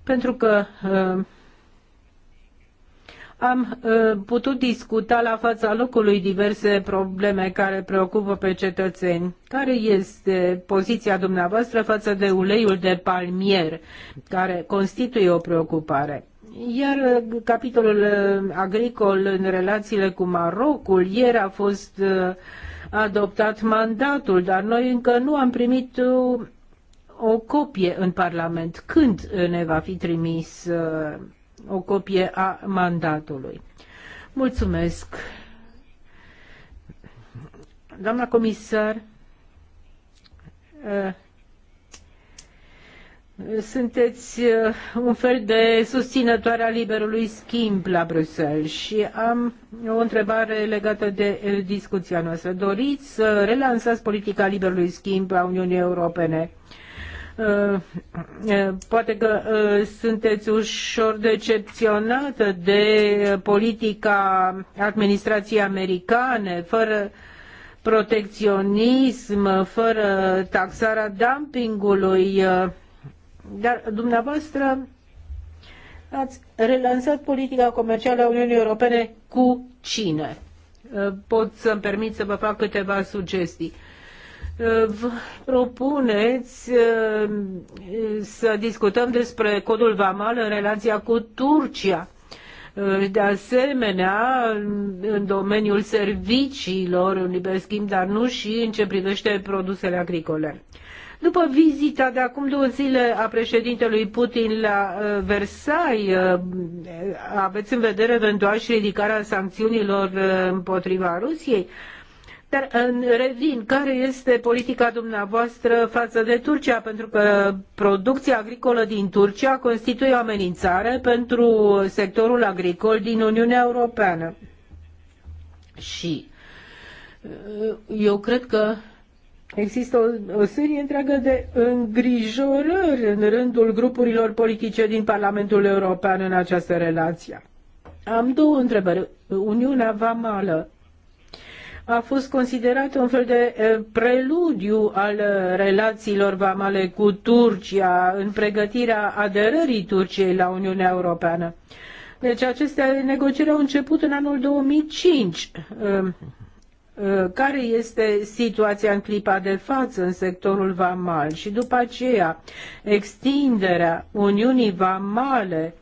C: Pentru că ehm, am uh, putut discuta la fața locului diverse probleme care preocupă pe cetățeni. Care este poziția dumneavoastră față de uleiul de palmier, care constituie o preocupare? Iar uh, capitolul uh, agricol în relațiile cu Marocul, ieri a fost adoptat mandatul, dar noi încă nu am primit o copie în Parlament. Când ne va fi trimis o copie a mandatului. Mulțumesc. Doamna comisar, uh, sunteți uh, un fel de susținătoare a liberului schimb la Bruxelles și am o întrebare legată de discuția noastră. Doriți să relansați politica liberului schimb a Uniunii Europene? Uh, Uh, uh, poate că uh, sunteți ușor decepționată de politica administrației americane, fără protecționism, fără taxarea dumpingului, dar dumneavoastră ați relansat politica comercială a Uniunii Europene cu cine? Pot să-mi permit să vă fac câteva sugestii. Uh, vă propuneți uh, să discutăm despre codul vamal în relația cu Turcia. Uh, de asemenea, în domeniul serviciilor, în liber schimb, dar nu și în ce privește produsele agricole. După vizita de acum două zile a președintelui Putin la Versailles, aveți în vedere eventual și ridicarea sancțiunilor împotriva Rusiei? Dar revin, care este politica dumneavoastră față de Turcia? Pentru că producția agricolă din Turcia constituie o amenințare pentru sectorul agricol din Uniunea Europeană. Și eu cred că Există o, o serie întreagă de îngrijorări în rândul grupurilor politice din Parlamentul European în această relație. Am două întrebări. Uniunea Vamală a fost considerată un fel de preludiu al relațiilor vamale cu Turcia în pregătirea aderării Turciei la Uniunea Europeană. Deci aceste negocieri au început în anul 2005. Care este situația în clipa de față în sectorul vamal și după aceea extinderea Uniunii Vamale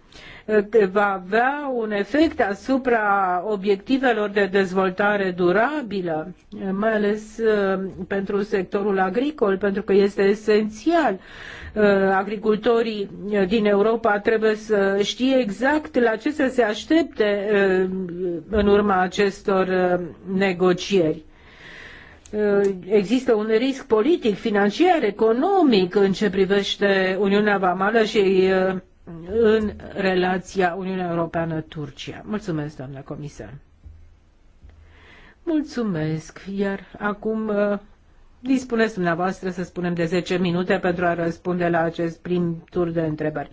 C: va avea un efect asupra obiectivelor de dezvoltare durabilă, mai ales uh, pentru sectorul agricol, pentru că este esențial. Uh, agricultorii uh, din Europa trebuie să știe exact la ce să se aștepte în urma acestor negocieri există un risc politic, financiar, economic în ce privește Uniunea Vamală și în relația Uniunea Europeană-Turcia. Mulțumesc, doamna comisar. Mulțumesc. Iar acum uh, dispuneți dumneavoastră, să spunem, de 10 minute pentru a răspunde la acest prim tur de întrebări.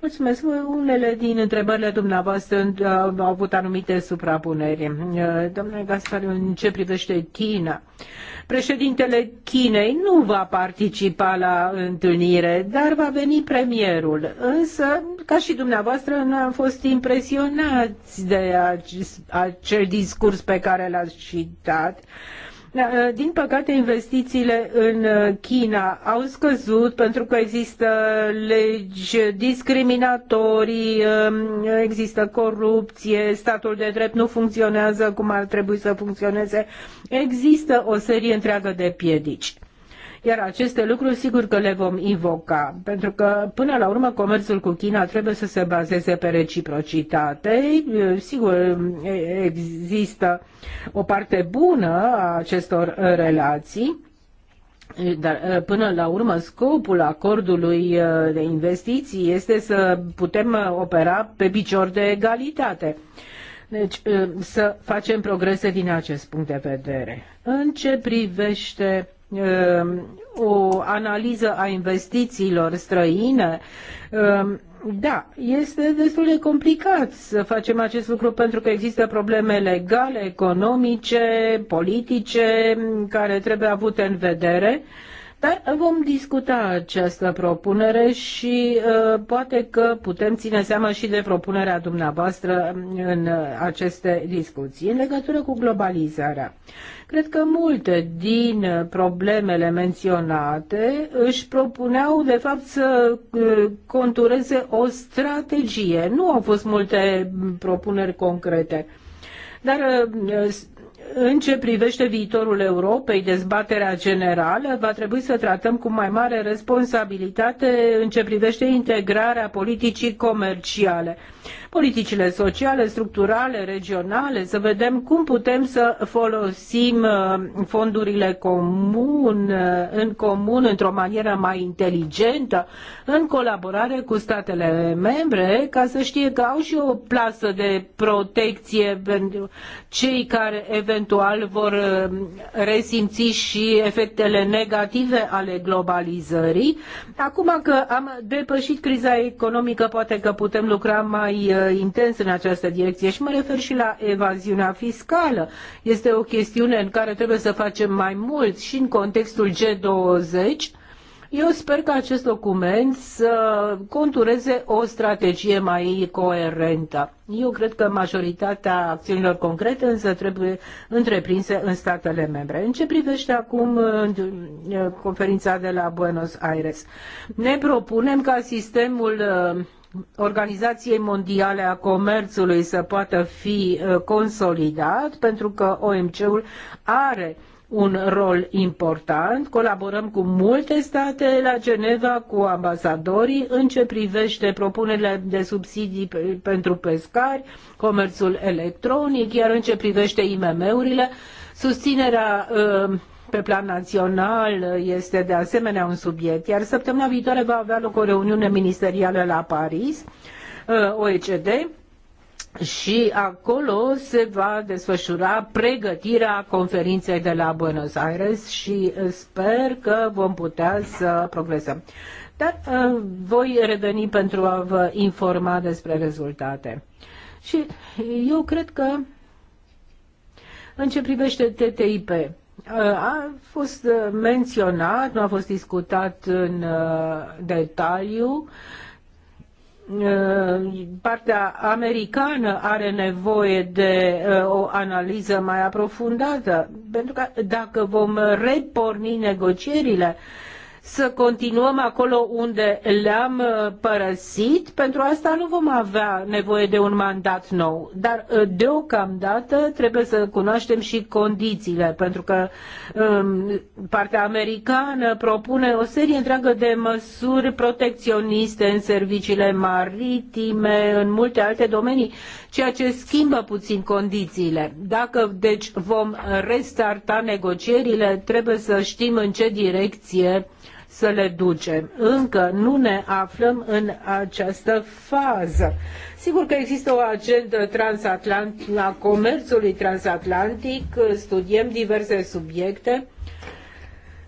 C: Mulțumesc. Unele din întrebările dumneavoastră uh, au avut anumite suprapuneri. Uh, domnule Gaspar, în ce privește China? Președintele Chinei nu va participa la întâlnire, dar va veni premierul. Însă, ca și dumneavoastră, nu am fost impresionați de acest, acel discurs pe care l-ați citat. Uh, da, uh, din păcate, investițiile în uh, China au scăzut pentru că există legi discriminatorii, um, există corupție, statul de drept nu funcționează cum ar trebui să funcționeze. Există o serie întreagă de piedici. Iar aceste lucruri sigur că le vom invoca, pentru că până la urmă comerțul cu China trebuie să se bazeze pe reciprocitate. Sigur, există o parte bună a acestor relații, dar până la urmă scopul acordului de investiții este să putem opera pe picior de egalitate. Deci să facem progrese din acest punct de vedere. În ce privește Ehm, o analiză a investițiilor străine, ehm, da, este destul de complicat să facem acest lucru pentru că există probleme legale, economice, politice care trebuie avute în vedere. Uh, dar vom discuta această propunere și uh, poate că putem ține seama și de propunerea dumneavoastră în aceste discuții în legătură cu globalizarea. Cred că multe din problemele menționate își propuneau de fapt să uh, contureze o strategie. Nu au fost multe propuneri concrete. Dar uh, în ce privește viitorul Europei, dezbaterea generală, va trebui să tratăm cu mai mare responsabilitate în ce privește integrarea politicii comerciale politicile sociale, structurale, regionale, să vedem cum putem să folosim uh, fondurile comun, uh, în comun, într-o manieră mai inteligentă, în colaborare cu statele membre, ca să știe că au și o plasă de protecție pentru cei care eventual vor uh, resimți și efectele negative ale globalizării. Acum că am depășit criza economică, poate că putem lucra mai Uh, intens în această direcție și mă refer și la evaziunea fiscală. Este o chestiune în care trebuie să facem mai mult și în contextul G20. Eu sper că acest document să contureze o strategie mai coerentă. Eu cred că majoritatea acțiunilor concrete însă trebuie întreprinse în statele membre. În ce privește acum conferința de la Buenos Aires? Ne propunem ca sistemul uh, Organizației Mondiale a Comerțului să poată fi uh, consolidat, pentru că OMC-ul are un rol important. Colaborăm cu multe state la Geneva, cu ambasadorii în ce privește propunerile de subsidii pentru pescari, comerțul electronic, iar în ce privește IMM-urile, susținerea uh, pe plan național este de asemenea un subiect, iar săptămâna viitoare va avea loc o reuniune ministerială la Paris, uh, OECD, și acolo se va desfășura pregătirea conferinței de la Buenos Aires și uh, sper că vom putea să progresăm. Dar uh, voi reveni pentru a vă informa despre rezultate. Și eu cred că în ce privește TTIP, Uh, a fost uh, menționat, nu a fost discutat în uh, detaliu. Partea americană are nevoie de o analiză mai aprofundată, pentru că dacă vom reporni negocierile, să continuăm acolo unde le-am uh, părăsit. Pentru asta nu vom avea nevoie de un mandat nou, dar uh, deocamdată trebuie să cunoaștem și condițiile, pentru că um, partea americană propune o serie întreagă de măsuri protecționiste în serviciile maritime, în multe alte domenii, ceea ce schimbă puțin condițiile. Dacă deci vom restarta negocierile, trebuie să știm în ce direcție să le ducem. Încă nu ne aflăm în această fază. Sigur că există o agendă transatlantică a comerțului transatlantic, studiem diverse subiecte,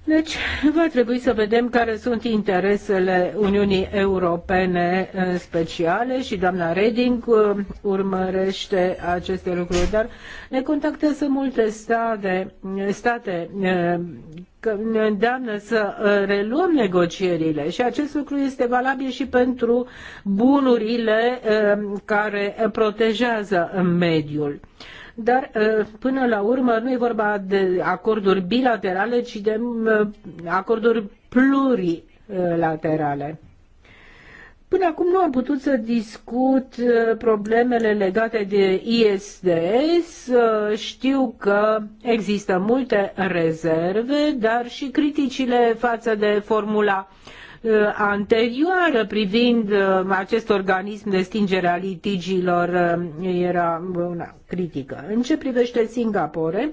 C: deci, va trebui să vedem care sunt interesele Uniunii Europene speciale și doamna Reding uh, urmărește aceste lucruri, dar ne contactează multe state, state uh, că ne îndeamnă să uh, reluăm negocierile și acest lucru este valabil și pentru bunurile care protejează mediul dar uh, până la urmă nu e vorba de acorduri bilaterale, ci de uh, acorduri plurilaterale. Până acum nu am putut să discut uh, problemele legate de ISDS. Știu că există multe rezerve, dar și criticile față de formula uh, Uh, anterioară privind uh, acest organism de stingere a litigiilor uh, era una critică. În ce privește Singapore,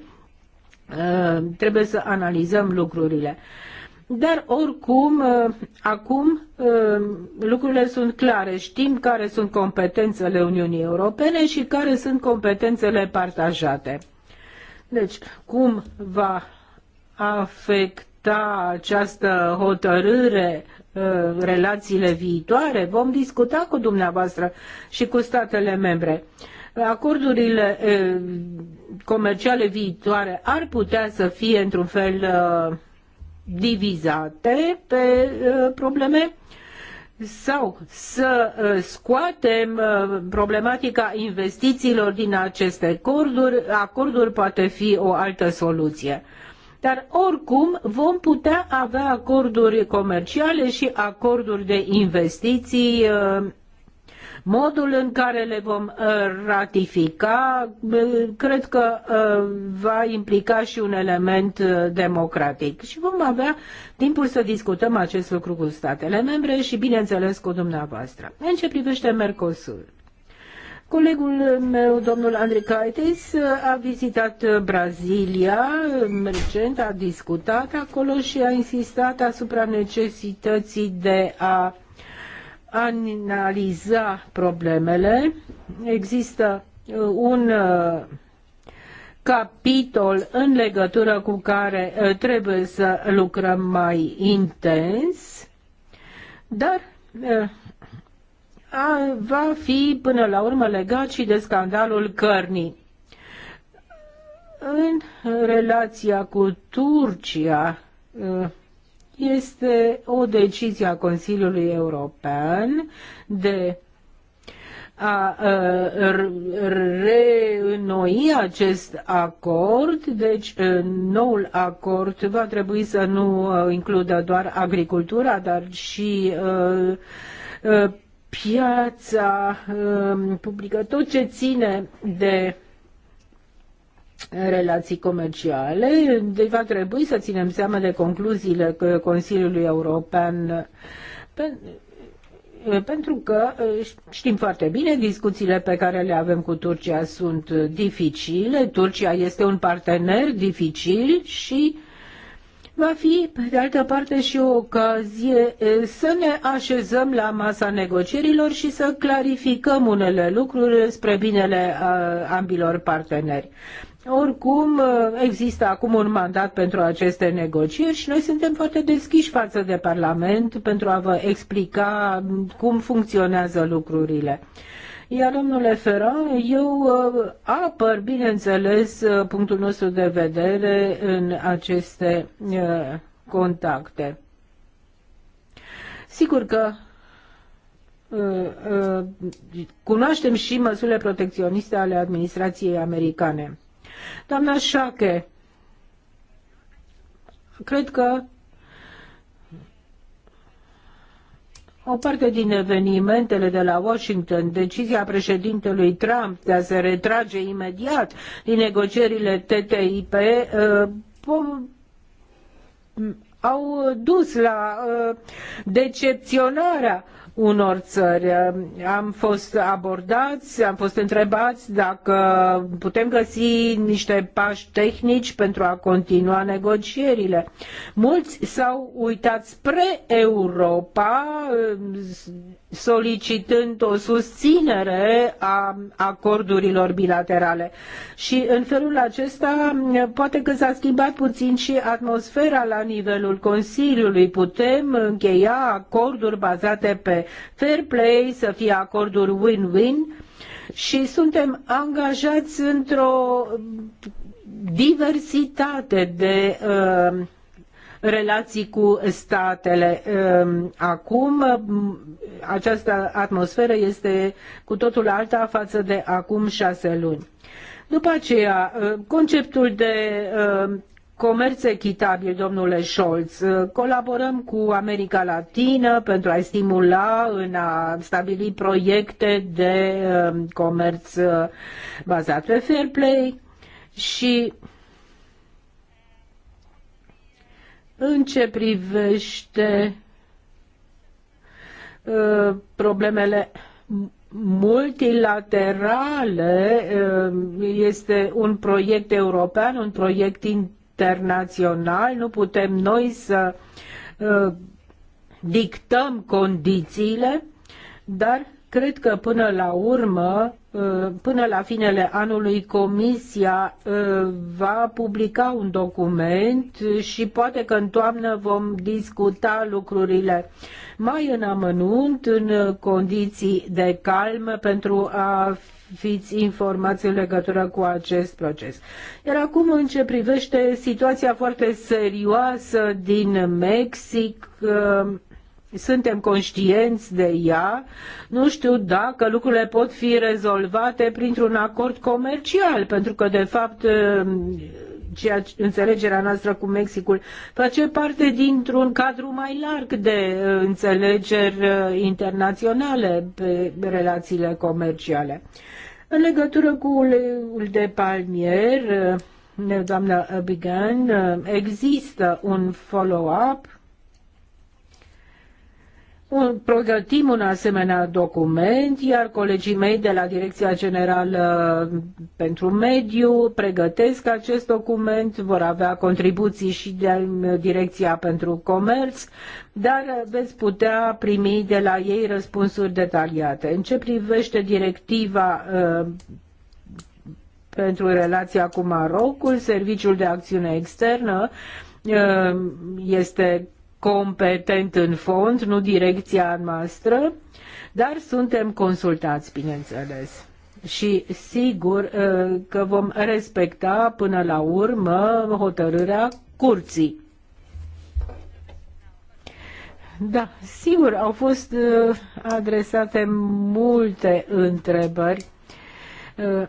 C: trebuie să analizăm lucrurile. Dar oricum, acum lucrurile sunt clare. Știm care sunt competențele Uniunii Europene și care sunt competențele partajate. Deci, cum va afecta această hotărâre Uh, relațiile viitoare, vom discuta cu dumneavoastră și cu statele membre. Acordurile uh, comerciale viitoare ar putea să fie într-un fel uh, divizate pe probleme sau să scoatem problematica investițiilor din aceste acorduri, acordul poate fi o altă soluție. Dar oricum vom putea avea acorduri comerciale și acorduri de investiții uh, modul în care le vom uh, ratifica, uh, cred că va implica și un element democratic. Și vom avea timpul să discutăm acest lucru cu statele membre și, bineînțeles, cu dumneavoastră. În ce privește Mercosur? Colegul meu, domnul Andrei Caites, a vizitat Brazilia recent, a discutat acolo și a insistat asupra necesității de a analiza problemele. Există uh, un uh, capitol în legătură cu care uh, trebuie să lucrăm mai intens, dar a, va fi până la urmă legat și de scandalul cărnii. În relația cu Turcia ă, este o decizie a Consiliului European de a ă, reînnoi acest acord, deci ă, noul acord va trebui să nu includă doar agricultura, dar și piața um, publică, tot ce ține de relații comerciale, deci va trebui să ținem seama de concluziile Consiliului European pentru că uh, știm foarte bine discuțiile pe care le avem cu Turcia sunt dificile, Turcia este un partener dificil și va fi, pe de altă parte, și o ocazie să ne așezăm la masa negocierilor și să clarificăm unele lucruri spre binele ambilor parteneri. Oricum, există acum un mandat pentru aceste negocieri și noi suntem foarte deschiși față de Parlament pentru a vă explica cum funcționează lucrurile. Iar domnule Fera, eu uh, apăr, bineînțeles, uh, punctul nostru de vedere în aceste uh, contacte. Sigur că cunoaștem și măsurile protecționiste ale administrației americane. Doamna Șache, cred că O parte din evenimentele de la Washington, decizia președintelui Trump de a se retrage imediat din negocierile TTIP, uh, au dus la uh, decepționarea unor țări. Am fost abordați, am fost întrebați dacă putem găsi niște pași tehnici pentru a continua negocierile. Mulți s-au uitat spre Europa, solicitând o susținere a acordurilor bilaterale. Și în felul acesta poate că s-a schimbat puțin și atmosfera la nivelul Consiliului. Putem încheia acorduri bazate pe fair play, să fie acorduri win-win și suntem angajați într-o diversitate de uh, relații cu statele. Ehm, acum această atmosferă este cu totul alta față de acum șase luni. După aceea, ehm, conceptul de ehm, comerț echitabil, domnule Scholz. Colaborăm cu America Latină pentru a stimula în a stabili proiecte de comerț bazat pe fair play și În ce privește uh, problemele multilaterale, uh, este un proiect european, un proiect internațional, nu putem noi să uh, dictăm condițiile, dar cred că până la urmă Uh, până la finele anului Comisia uh, va publica un document și poate că în toamnă vom discuta lucrurile mai în amănunt, în condiții de calm, pentru a fiți informați în legătură cu acest proces. Iar acum, în ce privește situația foarte serioasă din Mexic, uh, suntem conștienți de ea, nu știu dacă lucrurile pot fi rezolvate printr-un acord comercial, pentru că, de fapt, uh, ceea ce, înțelegerea noastră cu Mexicul face parte dintr-un cadru mai larg de uh, înțelegeri uh, internaționale pe relațiile comerciale. În legătură cu uleiul de palmier, doamna Abigan, există un follow-up un, pregătim un asemenea document, iar colegii mei de la Direcția Generală uh, pentru Mediu pregătesc acest document, vor avea contribuții și de uh, Direcția pentru Comerț, dar uh, veți putea primi de la ei răspunsuri detaliate. În ce privește directiva uh, pentru relația cu Marocul, Serviciul de Acțiune Externă, este competent în fond, nu direcția noastră, dar suntem consultați, bineînțeles. Și sigur uh, că vom respecta până la urmă hotărârea curții. Da, sigur, au fost uh, adresate multe întrebări. Uh,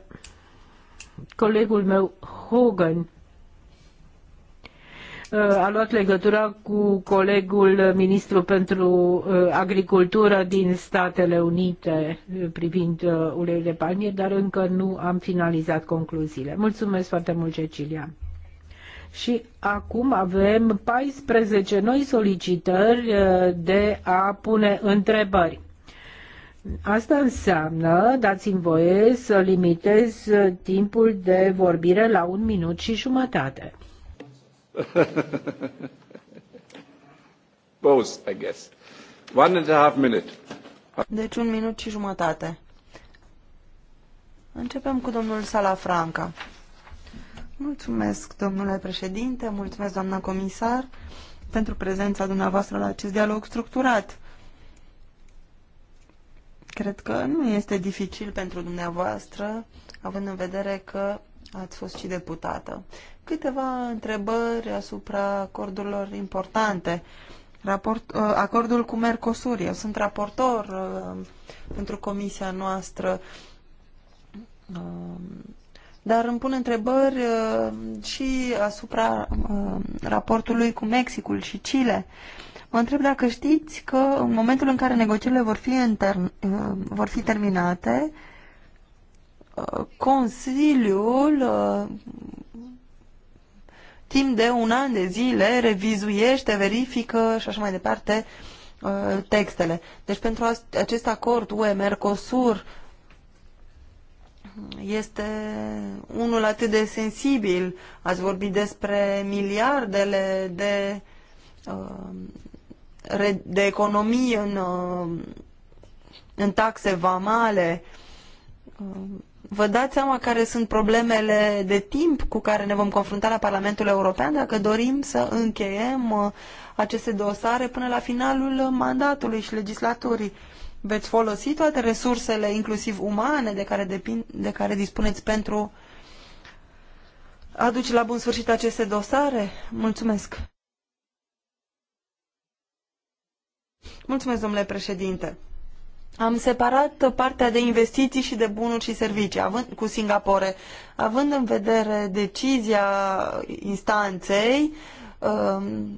C: colegul meu, Hogan, Uh, a luat legătura cu colegul ministru pentru uh, agricultură din Statele Unite uh, privind uleiul de palmier, dar încă nu am finalizat concluziile. Mulțumesc foarte mult, Cecilia. Și acum avem 14 noi solicitări de a pune întrebări. Asta înseamnă, dați-mi voie, să limitez timpul de vorbire la un minut și jumătate.
B: Both, I guess. One and a half minute.
A: Deci un minut și jumătate. Începem cu domnul Salafranca. Mulțumesc, domnule președinte, mulțumesc, doamna comisar, pentru prezența dumneavoastră la acest dialog structurat. Cred că nu este dificil pentru dumneavoastră, având în vedere că ați fost și deputată câteva întrebări asupra acordurilor importante. Raport, uh, acordul cu Mercosur. Eu sunt raportor uh, pentru comisia noastră, uh, dar îmi pun întrebări uh, și asupra uh, raportului cu Mexicul și Chile. Mă întreb dacă știți că în momentul în care negocierile vor fi, uh, vor fi terminate, Consiliul timp de un an de zile revizuiește, verifică și așa mai departe uh, textele. Deci pentru acest acord UE-Mercosur este unul atât de sensibil. Ați vorbit despre miliardele de, uh, de economii în, uh, în taxe vamale Vă dați seama care sunt problemele de timp cu care ne vom confrunta la Parlamentul European dacă dorim să încheiem uh, aceste dosare până la finalul mandatului și legislaturii. Veți folosi toate resursele, inclusiv umane, de care, depind, de care dispuneți pentru a duce la bun sfârșit aceste dosare? Mulțumesc! Mulțumesc, domnule președinte! am separat partea de investiții și de bunuri și servicii având, cu Singapore, având în vedere decizia instanței, um,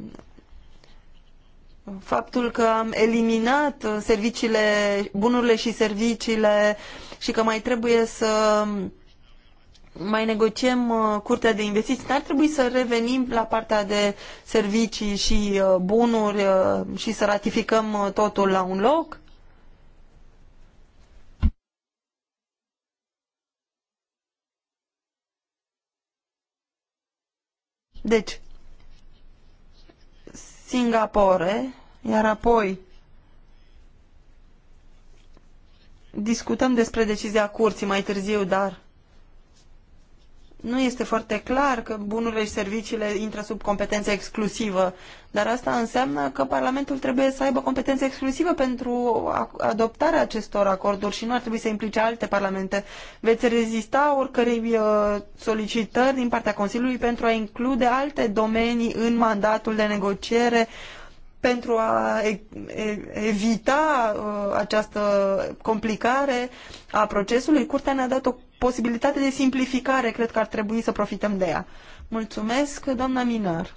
A: faptul că am eliminat serviciile, bunurile și serviciile și că mai trebuie să mai negociem uh, curtea de investiții, n-ar trebui să revenim la partea de servicii și uh, bunuri uh, și să ratificăm totul la un loc? Deci, Singapore, iar apoi discutăm despre decizia curții mai târziu, dar nu este foarte clar că bunurile și serviciile intră sub competență exclusivă, dar asta înseamnă că Parlamentul trebuie să aibă competență exclusivă pentru adoptarea acestor acorduri și nu ar trebui să implice alte parlamente. Veți rezista oricărei uh, solicitări din partea Consiliului pentru a include alte domenii în mandatul de negociere pentru a evita uh, această complicare a procesului, Curtea ne-a dat o posibilitate de simplificare, cred că ar trebui să profităm de ea. Mulțumesc, doamna Minar.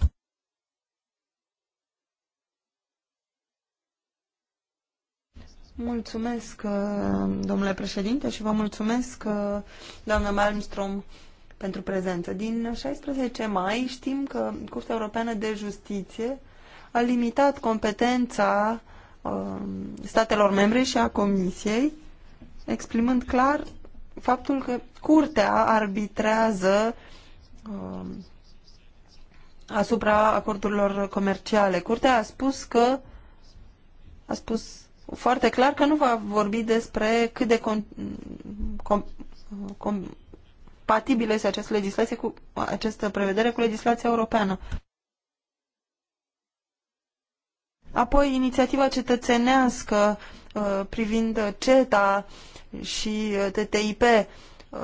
A: Mulțumesc, uh, domnule președinte, și vă mulțumesc, uh, doamna Malmström, pentru prezență. Din 16 mai știm că Curtea Europeană de Justiție a limitat competența uh, statelor membre și a Comisiei, exprimând clar faptul că curtea arbitrează uh, asupra acordurilor comerciale. Curtea a spus că a spus foarte clar că nu va vorbi despre cât de com, com, compatibilă este această legislație cu această prevedere cu legislația europeană. Apoi, inițiativa cetățenească uh, privind CETA și uh, TTIP. Uh,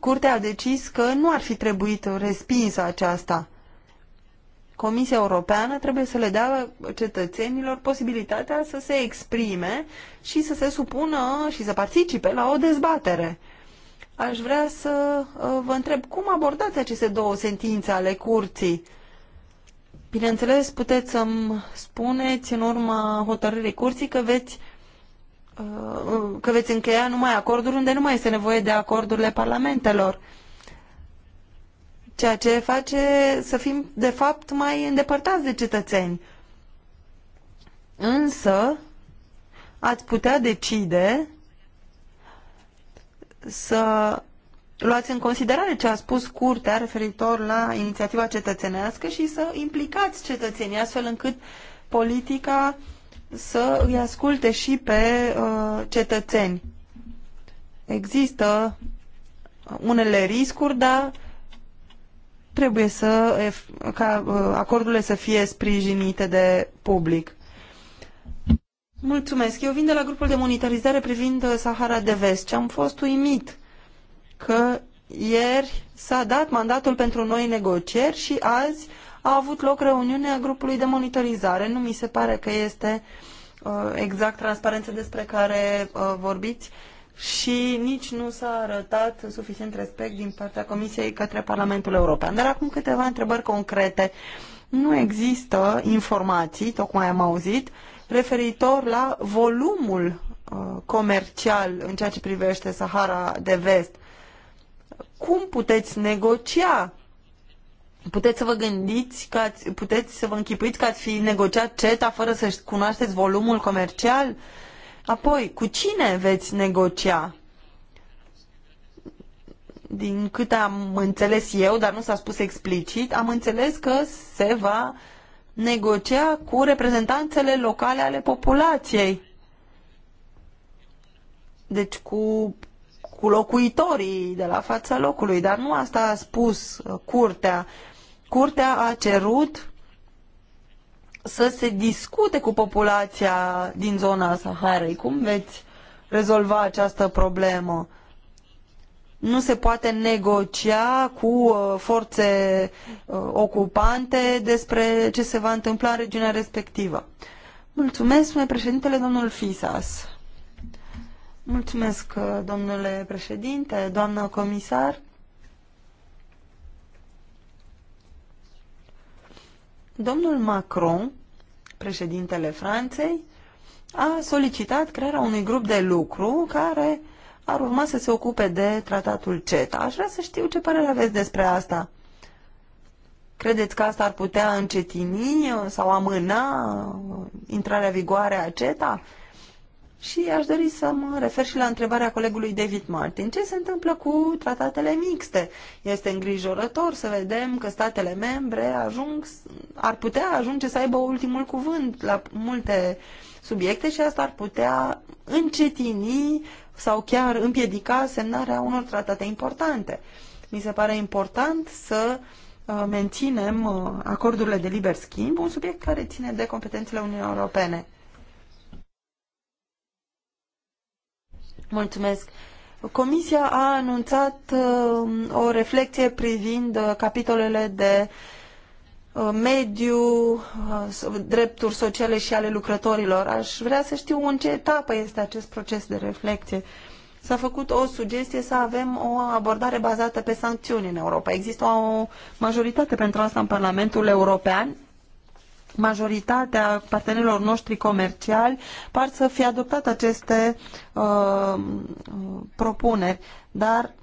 A: curtea a decis că nu ar fi trebuit respinsă aceasta. Comisia Europeană trebuie să le dea cetățenilor posibilitatea să se exprime și să se supună și să participe la o dezbatere. Aș vrea să vă întreb cum abordați aceste două sentințe ale curții. Bineînțeles, puteți să-mi spuneți în urma hotărârii curții că veți, uh, că veți încheia numai acorduri unde nu mai este nevoie de acordurile parlamentelor. Ceea ce face să fim, de fapt, mai îndepărtați de cetățeni. Însă, ați putea decide să luați în considerare ce a spus curtea referitor la inițiativa cetățenească și să implicați cetățenii astfel încât politica să îi asculte și pe uh, cetățeni. Există unele riscuri, dar trebuie să, ca uh, acordurile să fie sprijinite de public. Mulțumesc. Eu vin de la grupul de monitorizare privind uh, Sahara de Vest și am fost uimit că ieri s-a dat mandatul pentru noi negocieri și azi a avut loc reuniunea grupului de monitorizare. Nu mi se pare că este uh, exact transparență despre care uh, vorbiți și nici nu s-a arătat suficient respect din partea Comisiei către Parlamentul European. Dar acum câteva întrebări concrete. Nu există informații, tocmai am auzit, referitor la volumul uh, comercial în ceea ce privește Sahara de Vest cum puteți negocia? Puteți să vă gândiți, că ați, puteți să vă închipuiți că ați fi negociat CETA fără să cunoașteți volumul comercial? Apoi, cu cine veți negocia? Din câte am înțeles eu, dar nu s-a spus explicit, am înțeles că se va negocia cu reprezentanțele locale ale populației. Deci cu cu locuitorii de la fața locului, dar nu asta a spus uh, curtea. Curtea a cerut să se discute cu populația din zona Saharei. Cum veți rezolva această problemă? Nu se poate negocia cu uh, forțe uh, ocupante despre ce se va întâmpla în regiunea respectivă. Mulțumesc, spune președintele, domnul Fisas. Mulțumesc, uh, domnule președinte, doamnă comisar. Domnul Macron, președintele Franței, a solicitat crearea unui grup de lucru care ar urma să se ocupe de tratatul CETA. Aș vrea să știu ce părere aveți despre asta. Credeți că asta ar putea încetini sau amâna intrarea vigoare a CETA? Și aș dori să mă refer și la întrebarea colegului David Martin. Ce se întâmplă cu tratatele mixte? Este îngrijorător să vedem că statele membre ajung, ar putea ajunge să aibă ultimul cuvânt la multe subiecte și asta ar putea încetini sau chiar împiedica semnarea unor tratate importante. Mi se pare important să uh, menținem uh, acordurile de liber schimb, un subiect care ține de competențele Uniunii Europene. Mulțumesc. Comisia a anunțat uh, o reflecție privind uh, capitolele de uh, mediu, drepturi sociale și ale lucrătorilor. Aș vrea să știu în ce etapă este acest proces de reflecție. S-a făcut o sugestie să avem o abordare bazată pe sancțiuni în Europa. Există o majoritate pentru asta în Parlamentul European majoritatea partenerilor noștri comerciali par să fi adoptat aceste uh, propuneri, dar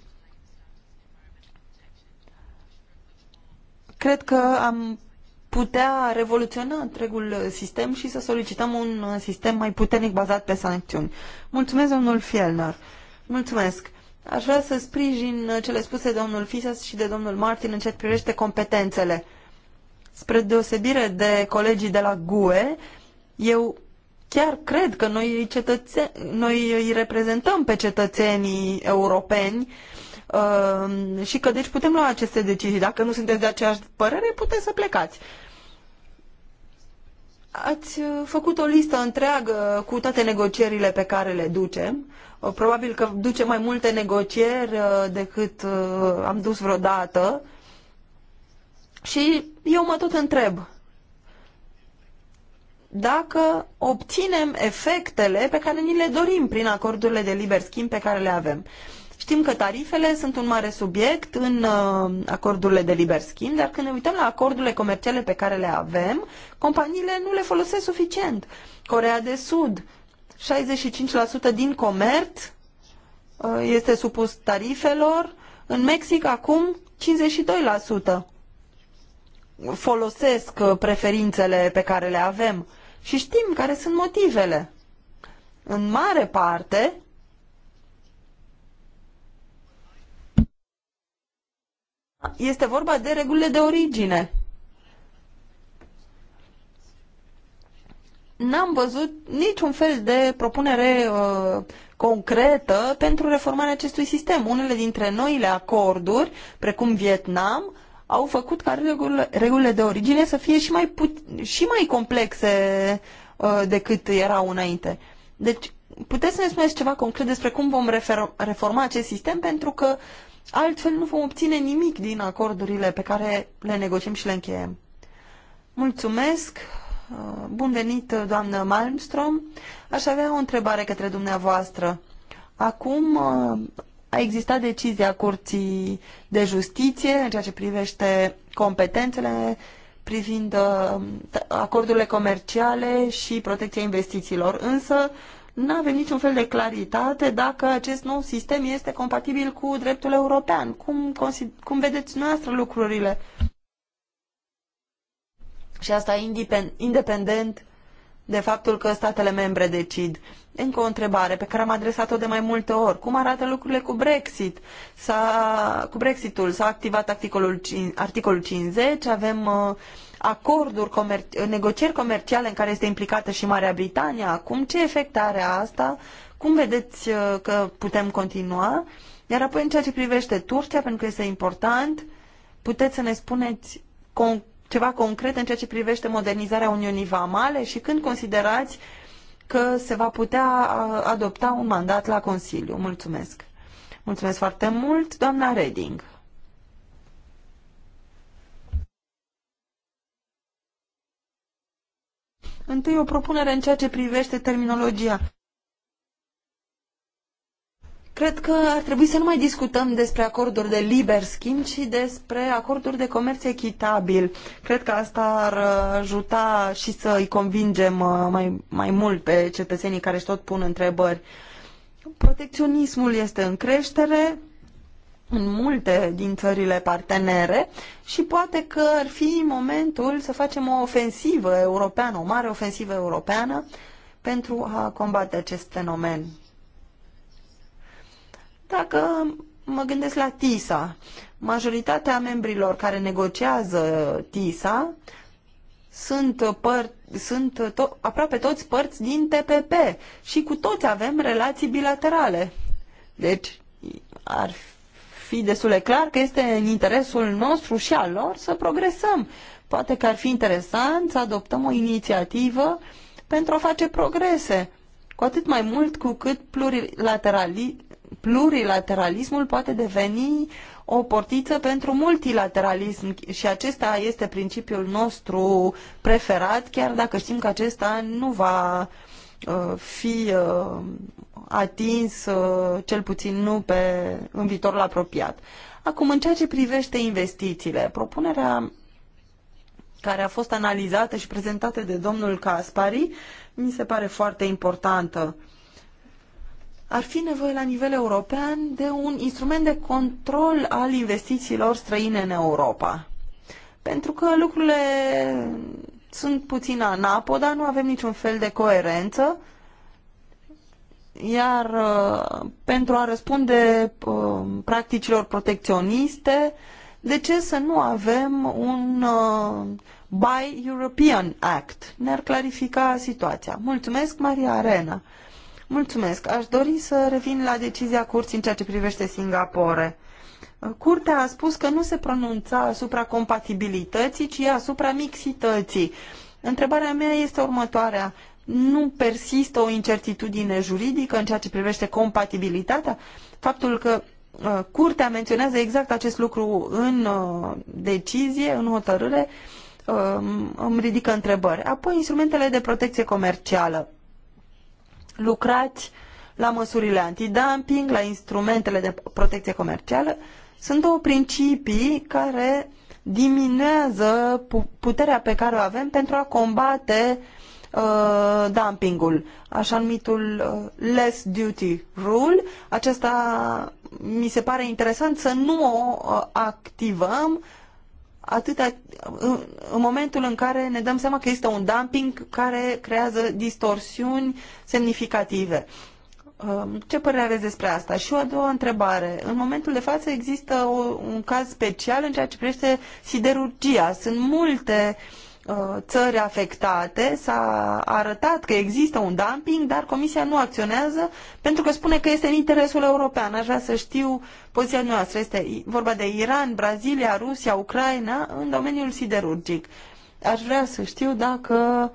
A: cred că am putea revoluționa întregul sistem și să solicităm un sistem mai puternic bazat pe sancțiuni. Mulțumesc, domnul Fielner. Mulțumesc. Aș vrea să sprijin cele spuse de domnul Fisas și de domnul Martin în ce privește competențele spre deosebire de colegii de la GUE, eu chiar cred că noi, cetățe- noi îi reprezentăm pe cetățenii europeni uh, și că deci putem lua aceste decizii. Dacă nu sunteți de aceeași părere, puteți să plecați. Ați uh, făcut o listă întreagă cu toate negocierile pe care le ducem. Uh, probabil că duce mai multe negocieri uh, decât am dus vreodată. Uh, și eu mă tot întreb dacă obținem efectele pe care ni le dorim prin acordurile de liber schimb pe care le avem. Știm că tarifele sunt un mare subiect în uh, acordurile de liber schimb, dar când ne uităm la acordurile comerciale pe care le avem, companiile nu le folosesc suficient. Corea de Sud, 65% din comerț uh, este supus tarifelor, în Mexic acum 52% folosesc uh, preferințele pe care le avem și știm care sunt motivele. În mare parte, este vorba de regulile de origine. N-am văzut niciun fel de propunere uh, concretă pentru reformarea acestui sistem. Unele dintre noile acorduri, precum Vietnam, uh, au făcut ca regulile, de origine să fie și mai, put- și mai complexe uh, decât erau înainte. Deci, puteți să ne spuneți ceva concret despre cum vom reforma acest sistem, pentru că altfel nu vom obține nimic din acordurile pe care le negociem și le încheiem. Mulțumesc! Uh, bun venit, doamnă Malmström. Aș avea o întrebare către dumneavoastră. Acum uh, a existat decizia Curții de Justiție în ceea ce privește competențele privind uh, acordurile comerciale și protecția investițiilor, însă nu avem niciun fel de claritate dacă acest nou sistem este compatibil cu dreptul european. Cum, cum vedeți noastră lucrurile? Și asta independent de faptul că statele membre decid. Încă o întrebare pe care am adresat-o de mai multe ori. Cum arată lucrurile cu Brexit? S-a, cu Brexitul s-a activat articolul, 5, articolul 50, avem uh, acorduri, comer, negocieri comerciale în care este implicată și Marea Britanie. Acum, ce efect are asta? Cum vedeți uh, că putem continua? Iar apoi, în ceea ce privește Turcia, pentru că este important, puteți să ne spuneți con- ceva concret în ceea ce privește modernizarea Uniunii Vamale și când considerați uh, că se va putea adopta un mandat la Consiliu. Mulțumesc! Mulțumesc foarte mult, doamna Reding! Întâi o propunere în ceea ce privește terminologia. Cred că ar trebui să nu mai discutăm despre acorduri de liber schimb, ci despre acorduri de comerț echitabil. Cred că asta ar ajuta și să îi convingem uh, mai, mai mult pe cetățenii care își tot pun întrebări. Protecționismul este în creștere în multe din țările partenere și poate că ar fi momentul să facem o ofensivă europeană, o mare ofensivă europeană pentru a combate acest fenomen. Dacă mă gândesc la TISA, majoritatea membrilor care negociază TISA sunt, păr- sunt to- aproape toți părți din TPP și cu toți avem relații bilaterale. Deci ar fi destul de clar că este în interesul nostru și al lor să progresăm. Poate că ar fi interesant să adoptăm o inițiativă pentru a face progrese, cu atât mai mult cu cât plurilaterali- plurilateralismul poate deveni o portiță pentru multilateralism și acesta este principiul nostru preferat, chiar dacă știm că acesta nu va uh, fi uh, atins, uh, cel puțin nu pe, în viitorul apropiat. Acum, în ceea ce privește investițiile, propunerea care a fost analizată și prezentată de domnul Caspari mi se pare foarte importantă. Uh, ar fi nevoie la nivel european de un instrument de control al investițiilor străine în Europa. Pentru că lucrurile sunt puțin anapoda, nu avem niciun fel de coerență, iar uh, pentru a răspunde uh, practicilor protecționiste, de ce să nu avem un uh, Buy European Act? Ne-ar clarifica situația. Mulțumesc, Maria Arena. Mulțumesc. Aș dori să revin la decizia curții în ceea ce privește Singapore. Curtea a spus că nu se pronunța asupra compatibilității, ci asupra mixității. Întrebarea mea este următoarea. Nu persistă o incertitudine juridică în ceea ce privește compatibilitatea? Faptul că uh, curtea menționează exact acest lucru în uh, decizie, în hotărâre, uh, îmi ridică întrebări. Apoi, instrumentele de protecție comercială lucrați la măsurile antidumping, la instrumentele de protecție comercială, sunt două principii care diminuează puterea pe care o avem pentru a combate uh, dumpingul, așa numitul uh, less duty rule. Acesta mi se pare interesant să nu o uh, activăm atâta, în, în momentul în care ne dăm seama că există un dumping care creează distorsiuni semnificative. Um, ce părere aveți despre asta? Și o a doua întrebare. În momentul de față există o, un caz special în ceea ce privește siderurgia. Sunt multe uh, Uh, țări afectate, s-a arătat că există un dumping, dar Comisia nu acționează pentru că spune că este în interesul european. Aș vrea să știu poziția noastră. Este vorba de Iran, Brazilia, Rusia, Ucraina în domeniul siderurgic. Aș vrea să știu dacă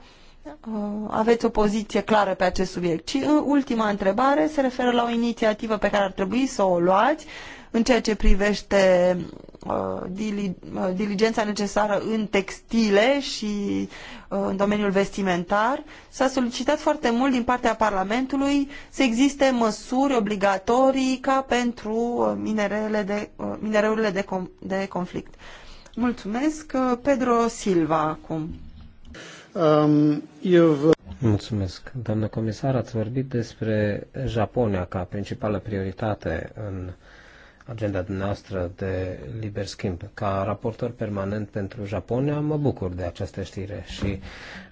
A: uh, aveți o poziție clară pe acest subiect. Și uh, ultima întrebare se referă la o inițiativă pe care ar trebui să o luați în ceea ce privește uh, dili, uh, diligența necesară în textile și uh, în domeniul vestimentar, s-a solicitat foarte mult din partea Parlamentului să existe măsuri obligatorii ca pentru uh, minerele de, uh, minereurile de, com, de conflict. Mulțumesc. Uh, Pedro Silva acum. Um, eu vă...
B: Mulțumesc. Doamnă comisar, ați vorbit despre Japonia ca principală prioritate în agenda noastră de liber schimb. Ca raportor permanent pentru Japonia, mă bucur de această știre și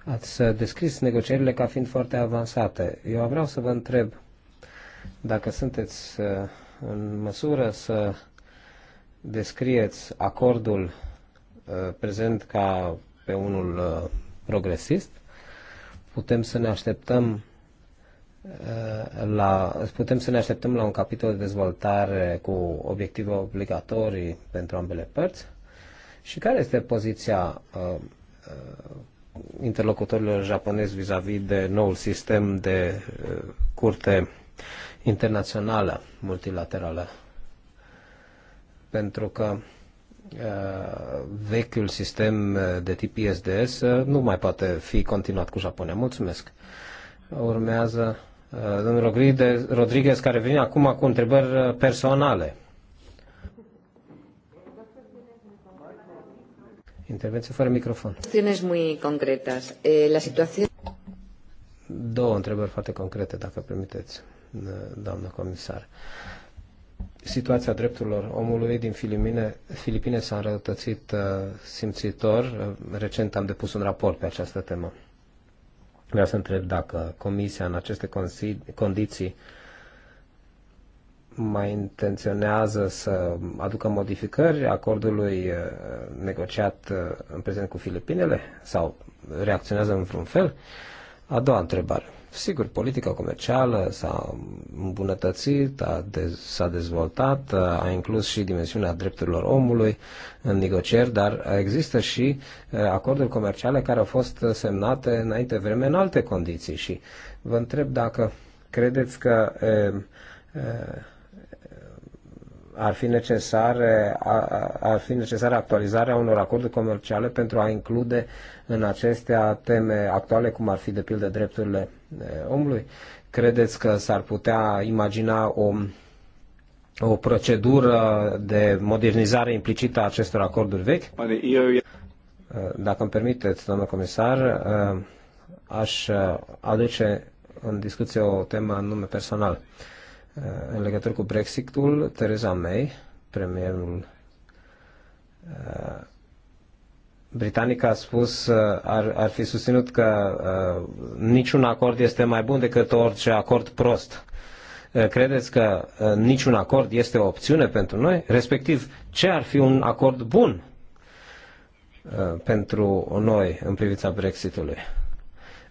B: ați descris negocierile ca fiind foarte avansate. Eu vreau să vă întreb dacă sunteți uh, în măsură să descrieți acordul uh, prezent ca pe unul uh, progresist, putem să ne așteptăm la, putem să ne așteptăm la un capitol de dezvoltare cu obiective obligatorii pentru ambele părți și care este poziția uh, uh interlocutorilor japonezi vis-a-vis de noul sistem de uh, curte internațională multilaterală. Pentru că uh, vechiul sistem de tip ISDS nu mai poate fi continuat cu Japonia. Mulțumesc. Urmează Uh, domnul Rodriguez, care vine acum cu întrebări uh, personale. Intervenție fără microfon.
C: Eh,
B: Două întrebări foarte concrete, dacă permiteți, uh, doamnă comisar. Situația drepturilor omului din Filipine, Filipine s-a înrăutățit simțitor. Recent am depus un raport pe această temă. Vreau să întreb dacă Comisia în aceste condiții mai intenționează să aducă modificări acordului uh, negociat uh, în prezent cu Filipinele sau reacționează în vreun fel? A doua întrebare. Sigur, politica comercială s-a îmbunătățit, a dez, s-a dezvoltat, a inclus și dimensiunea drepturilor omului în negocieri, dar există și eh, acorduri comerciale care au fost semnate înainte vreme în alte condiții și vă întreb dacă credeți că e, eh, e, eh, ar fi, necesare, ar fi necesară actualizarea unor acorduri comerciale pentru a include în acestea teme actuale, cum ar fi de pildă drepturile omului. Credeți că s-ar putea imagina o, o procedură de modernizare implicită a acestor acorduri vechi?
C: Uh,
B: dacă îmi permiteți, domnul comisar, uh, aș uh, aduce în discuție o temă în nume personal. În legătură cu Brexitul, Theresa May, premierul Britanica a spus, uh, ar, ar fi susținut că uh, niciun acord este mai bun decât orice acord prost. Uh, credeți că uh, niciun acord este o opțiune pentru noi? Respectiv, ce ar fi un acord bun uh, pentru noi în privința Brexitului?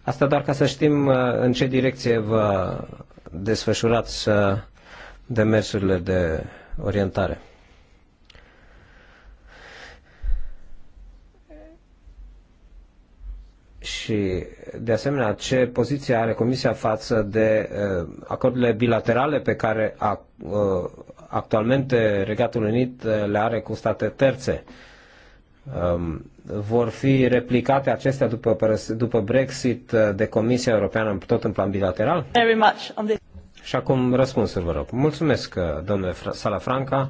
B: Asta doar ca să știm uh, în ce direcție vă desfășurați uh, demersurile de orientare. și, de asemenea, ce poziție are Comisia față de uh, acordurile bilaterale pe care a, uh, actualmente Regatul Unit uh, le are cu state terțe? Um, vor fi replicate acestea după, după Brexit uh, de Comisia Europeană tot în plan bilateral?
A: Very much
C: on this.
B: Și acum răspunsuri, vă rog. Mulțumesc, uh, domnule Salafranca.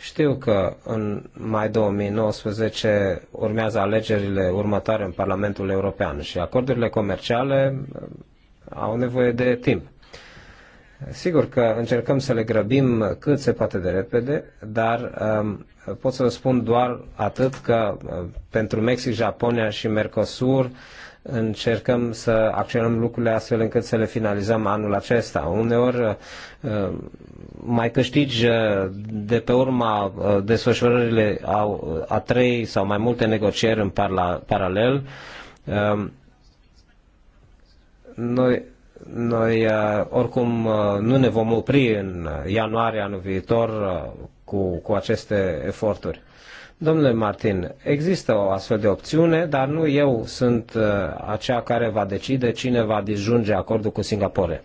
B: Știu că în mai 2019 urmează alegerile următoare în Parlamentul European și acordurile comerciale uh, au nevoie de timp. Sigur că încercăm să le grăbim cât se poate de repede, dar um, pot să vă spun doar atât că uh, pentru Mexic, Japonia și Mercosur încercăm să acționăm lucrurile astfel încât să le finalizăm anul acesta. Uneori uh, uh, mai câștigi uh, de pe urma desfășurările a trei sau mai multe negocieri în paralel. Um, noi, noi oricum nu ne vom opri în ianuarie anul viitor cu, cu aceste eforturi. Domnule Martin, există o astfel de opțiune, dar nu eu sunt uh, acea care va decide cine va disjunge acordul cu Singapore.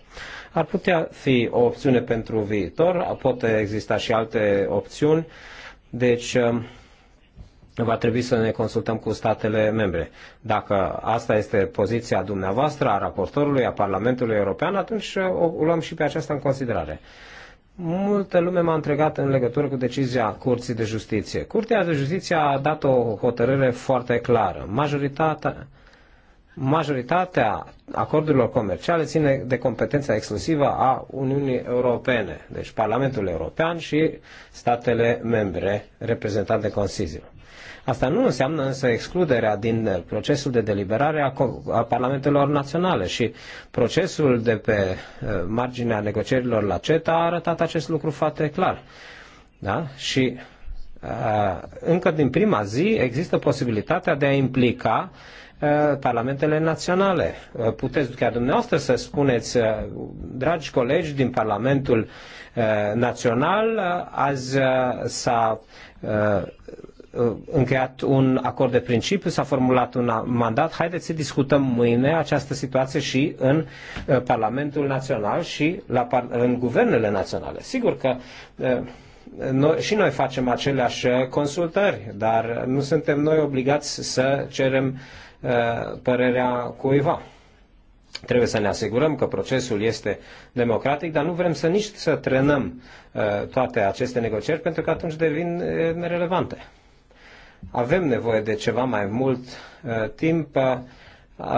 B: Ar putea fi o opțiune pentru viitor, pot exista și alte opțiuni, deci uh, va trebui să ne consultăm cu statele membre. Dacă asta este poziția dumneavoastră, a raportorului, a Parlamentului European, atunci uh, o luăm și pe aceasta în considerare multă lume m-a întregat în legătură cu decizia Curții de Justiție. Curtea de Justiție a dat o hotărâre foarte clară. Majoritatea, majoritatea acordurilor comerciale ține de competența exclusivă a Uniunii Europene, deci Parlamentul European și statele membre reprezentate de Consiliu. Asta nu înseamnă însă excluderea din procesul de deliberare a parlamentelor naționale și procesul de pe uh, marginea negocierilor la CETA a arătat acest lucru foarte clar. Da? Și uh, încă din prima zi există posibilitatea de a implica uh, parlamentele naționale. Puteți chiar dumneavoastră să spuneți, dragi colegi din Parlamentul Național, azi s-a Uh, încheiat un acord de principiu, s-a formulat un mandat. Haideți să discutăm mâine această situație și în uh, Parlamentul Național și la, în guvernele naționale. Sigur că uh, noi, și noi facem aceleași consultări, dar nu suntem noi obligați să cerem părerea cuiva. Trebuie să ne asigurăm că procesul este democratic, dar nu vrem să nici să trenăm uh, toate aceste negocieri, pentru că atunci devin uh, relevante. Avem nevoie de ceva mai mult uh, timp. Uh,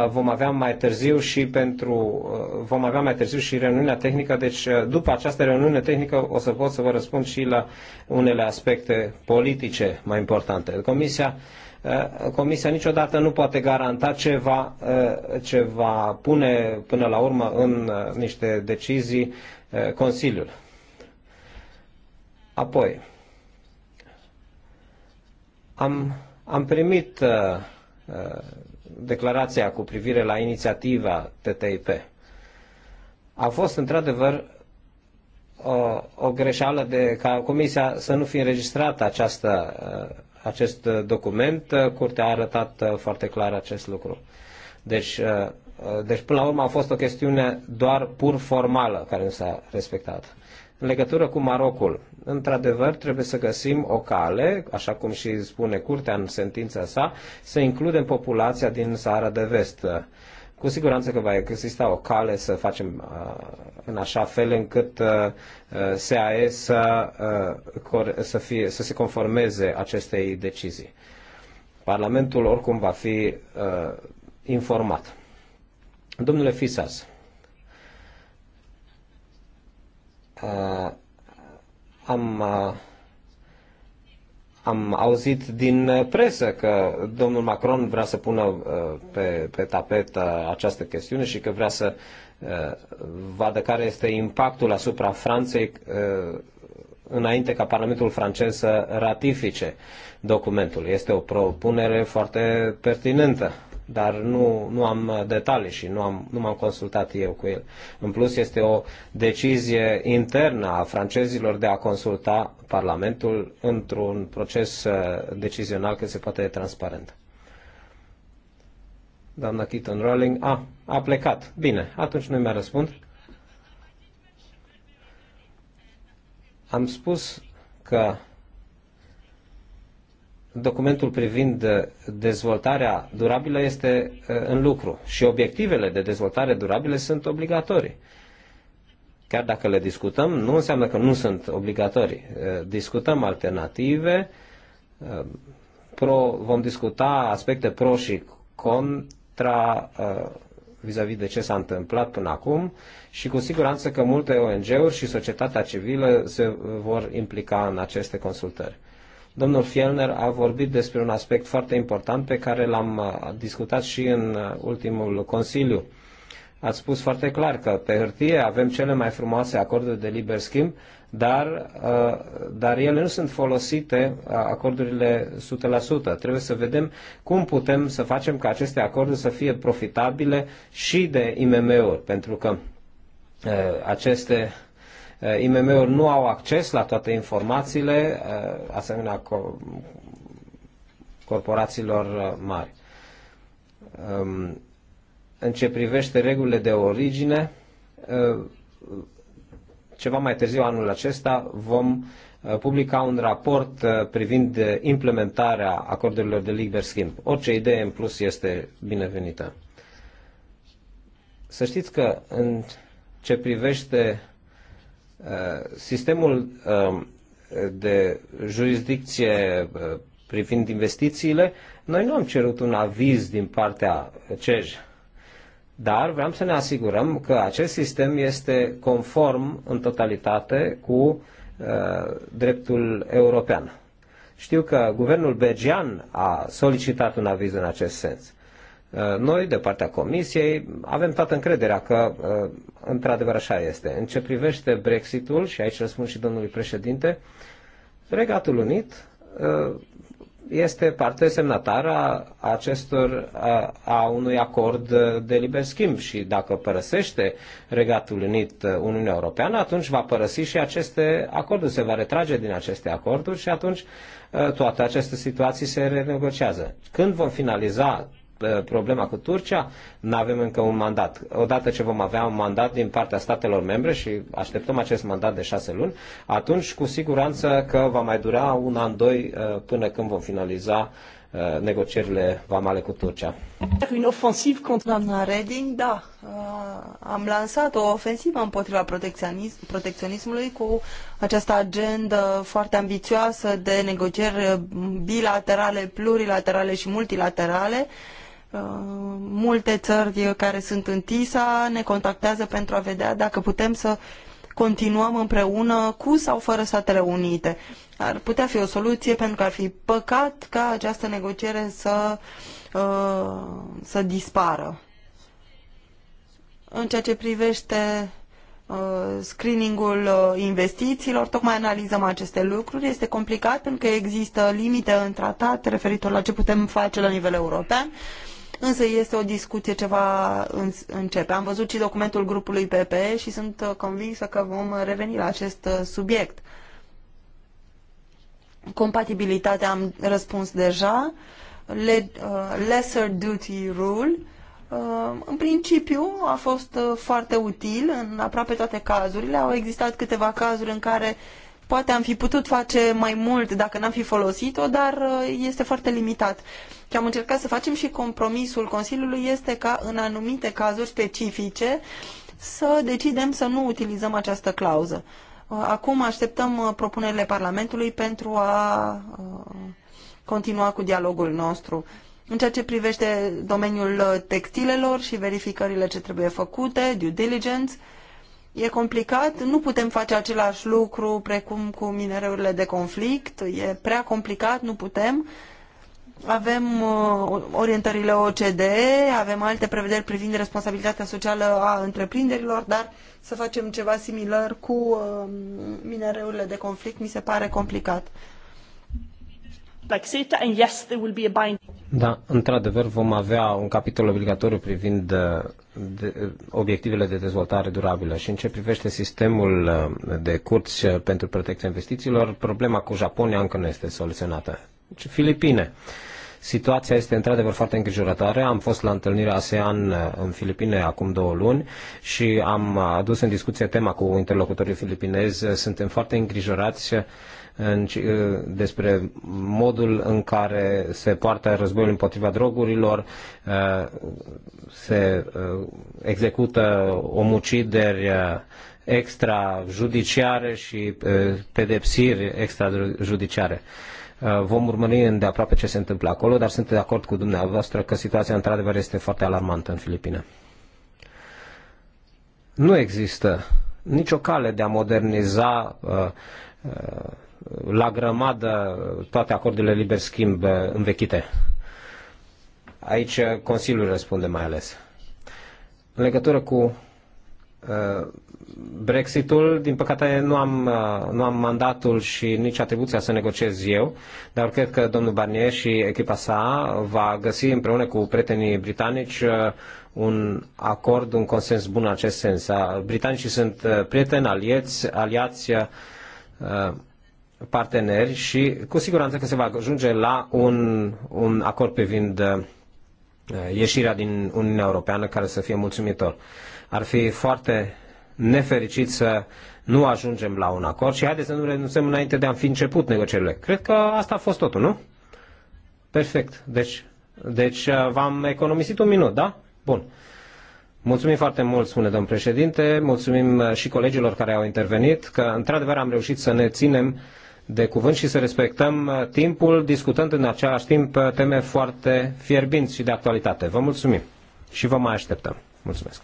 B: vom avea mai târziu și pentru uh, vom avea mai târziu și reuniunea tehnică, deci uh, după această reuniune tehnică o să pot să vă răspund și la unele aspecte politice mai importante. Comisia uh, Comisia niciodată nu poate garanta ce va, ce va pune până la urmă în niște decizii Consiliul. Apoi, am, am primit uh, uh, declarația cu privire la inițiativa TTIP. A fost într-adevăr o, o greșeală de ca Comisia să nu fi înregistrat această, uh, acest document. Curtea a arătat uh, foarte clar acest lucru. Deci, deci, până la urmă, a fost o chestiune doar pur formală care nu s-a respectat. În legătură cu Marocul, într-adevăr trebuie să găsim o cale, așa cum și spune curtea în sentința sa, să includem populația din Sahara de Vest. Cu siguranță că va exista o cale să facem uh, în așa fel încât uh, uh, SAE să, să, fie, să se conformeze acestei decizii. Parlamentul oricum va fi informat. Domnule Fisas, uh, am, uh, am auzit din presă că domnul Macron vrea să pună uh, pe, pe tapet uh, această chestiune și că vrea să uh, vadă care este impactul asupra Franței uh, înainte ca Parlamentul francez să ratifice documentul. Este o propunere foarte pertinentă dar nu, nu am detalii și nu, am, nu m-am consultat eu cu el. În plus, este o decizie internă a francezilor de a consulta Parlamentul într-un proces uh, decizional cât se poate de transparent. Doamna Keaton Rowling, a, a plecat. Bine, atunci nu i mai răspund. Am spus că documentul privind uh, dezvoltarea durabilă este uh, în lucru și obiectivele de dezvoltare durabilă sunt obligatorii. Chiar dacă le discutăm, nu înseamnă că nu sunt obligatorii. Uh, discutăm alternative, pro, vom discuta aspecte pro și contra vis-a-vis -vis de ce s-a întâmplat până acum și cu siguranță că multe ONG-uri și societatea civilă se vor implica în aceste consultări. Domnul Fielner a vorbit despre un aspect foarte important pe care l-am uh, discutat și în uh, ultimul Consiliu. Ați spus foarte clar că pe hârtie avem cele mai frumoase acorduri de liber schimb, dar, uh, dar ele nu sunt folosite, acordurile 100%. Trebuie să vedem cum putem să facem ca aceste acorduri să fie profitabile și de IMM-uri, pentru că aceste Uh, IMM-uri nu au acces la toate informațiile, uh, asemenea corporațiilor uh, mari. Um, în ce privește regulile de origine, ceva mai târziu anul acesta vom publica un raport privind implementarea acordurilor de liber schimb. Orice idee în plus este binevenită. Să știți că în ce privește Uh, sistemul um, de jurisdicție uh, privind investițiile, noi nu am cerut un aviz din partea CEJ, dar vreau să ne asigurăm că acest sistem este conform în totalitate cu uh, dreptul european. Știu că guvernul belgian a solicitat un aviz în acest sens. Uh, noi, de partea Comisiei, avem toată încrederea că uh, într-adevăr așa este. În ce privește Brexitul, și aici răspund și domnului președinte, Regatul Unit uh, este parte semnatară a acestor, a, a unui acord de liber schimb și dacă părăsește Regatul Unit Uniunea Europeană, atunci va părăsi și aceste acorduri, se va retrage din aceste acorduri și atunci toate aceste situații se renegociază. Când vom finaliza problema cu Turcia, nu avem încă un mandat. Odată ce vom avea un mandat din partea statelor membre și așteptăm acest mandat de șase luni, atunci cu siguranță că va mai dura un an, doi, uh, până când vom finaliza uh, negocierile vamale cu Turcia.
A: Un ofensiv contra doamna Reding, da. Uh, am lansat o ofensivă împotriva protecționism, protecționismului cu această agendă foarte ambițioasă de negocieri bilaterale, plurilaterale și multilaterale Uh, multe țări care sunt în TISA ne contactează pentru a vedea dacă putem să continuăm împreună cu sau fără Statele Unite. Ar putea fi o soluție pentru că ar fi păcat ca această negociere să, uh, să dispară. În ceea ce privește uh, screeningul investițiilor, tocmai analizăm aceste lucruri. Este complicat pentru că există limite în tratat referitor la ce putem face la nivel european însă este o discuție ce va începe. Am văzut și documentul grupului PP și sunt uh, convinsă că vom reveni la acest uh, subiect. Compatibilitatea am răspuns deja, Le, uh, lesser duty rule, uh, în principiu a fost foarte util în aproape toate cazurile. Au existat câteva cazuri în care Poate am fi putut face mai mult dacă n-am fi folosit-o, dar uh, este foarte limitat. Ce am încercat să facem și compromisul Consiliului este ca în anumite cazuri specifice să decidem să nu utilizăm această clauză. Uh, acum așteptăm uh, propunerile Parlamentului pentru a continua cu dialogul nostru. În ceea ce privește domeniul textilelor și verificările ce trebuie făcute, due diligence, E complicat, nu putem face același lucru precum cu minereurile de conflict, e prea complicat, nu putem. Avem uh, orientările OCDE, avem alte prevederi privind responsabilitatea socială a întreprinderilor, dar să facem ceva similar cu uh, minereurile de conflict mi se pare complicat
C: like CETA, and yes, there will be a binding.
B: Da, într-adevăr vom avea un capitol obligatoriu privind uh, de, uh, obiectivele de dezvoltare durabilă și în ce privește sistemul uh, de curți pentru protecția investițiilor, problema cu Japonia încă nu este soluționată. Filipine. Situația este într-adevăr foarte îngrijorătoare. Am fost la întâlnirea ASEAN în Filipine acum două luni și am adus în discuție tema cu interlocutorii filipinezi. Suntem foarte îngrijorați în, ă, despre modul în care se poartă războiul împotriva drogurilor, ă, se ă, execută omucideri extrajudiciare și pedepsiri extrajudiciare. Vom urmări îndeaproape ce se întâmplă acolo, dar sunt de acord cu dumneavoastră că situația într-adevăr este foarte alarmantă în Filipine. Nu există nicio cale de a moderniza uh, uh, la grămadă toate acordurile liber schimb uh, învechite. Aici uh, Consiliul răspunde mai ales. În legătură cu uh, Brexitul, din păcate nu am, nu am mandatul și nici atribuția să negociez eu, dar cred că domnul Barnier și echipa sa va găsi împreună cu prietenii britanici un acord, un consens bun în acest sens. Britanicii sunt prieteni, alieți, aliați, parteneri și cu siguranță că se va ajunge la un, un acord privind uh, ieșirea din Uniunea Europeană care să fie mulțumitor. Ar fi foarte nefericit să nu ajungem la un acord și haideți să nu renunțăm înainte de a fi început negocierile. Cred că asta a fost totul, nu? Perfect. Deci, deci uh, v-am economisit un minut, da? Bun. Mulțumim foarte mult, spune domn președinte, mulțumim uh, și colegilor care au intervenit, că într-adevăr am reușit să ne ținem de cuvânt și să respectăm uh, timpul, discutând în același timp uh, teme foarte fierbinți și de actualitate. Vă mulțumim și vă mai așteptăm. Mulțumesc!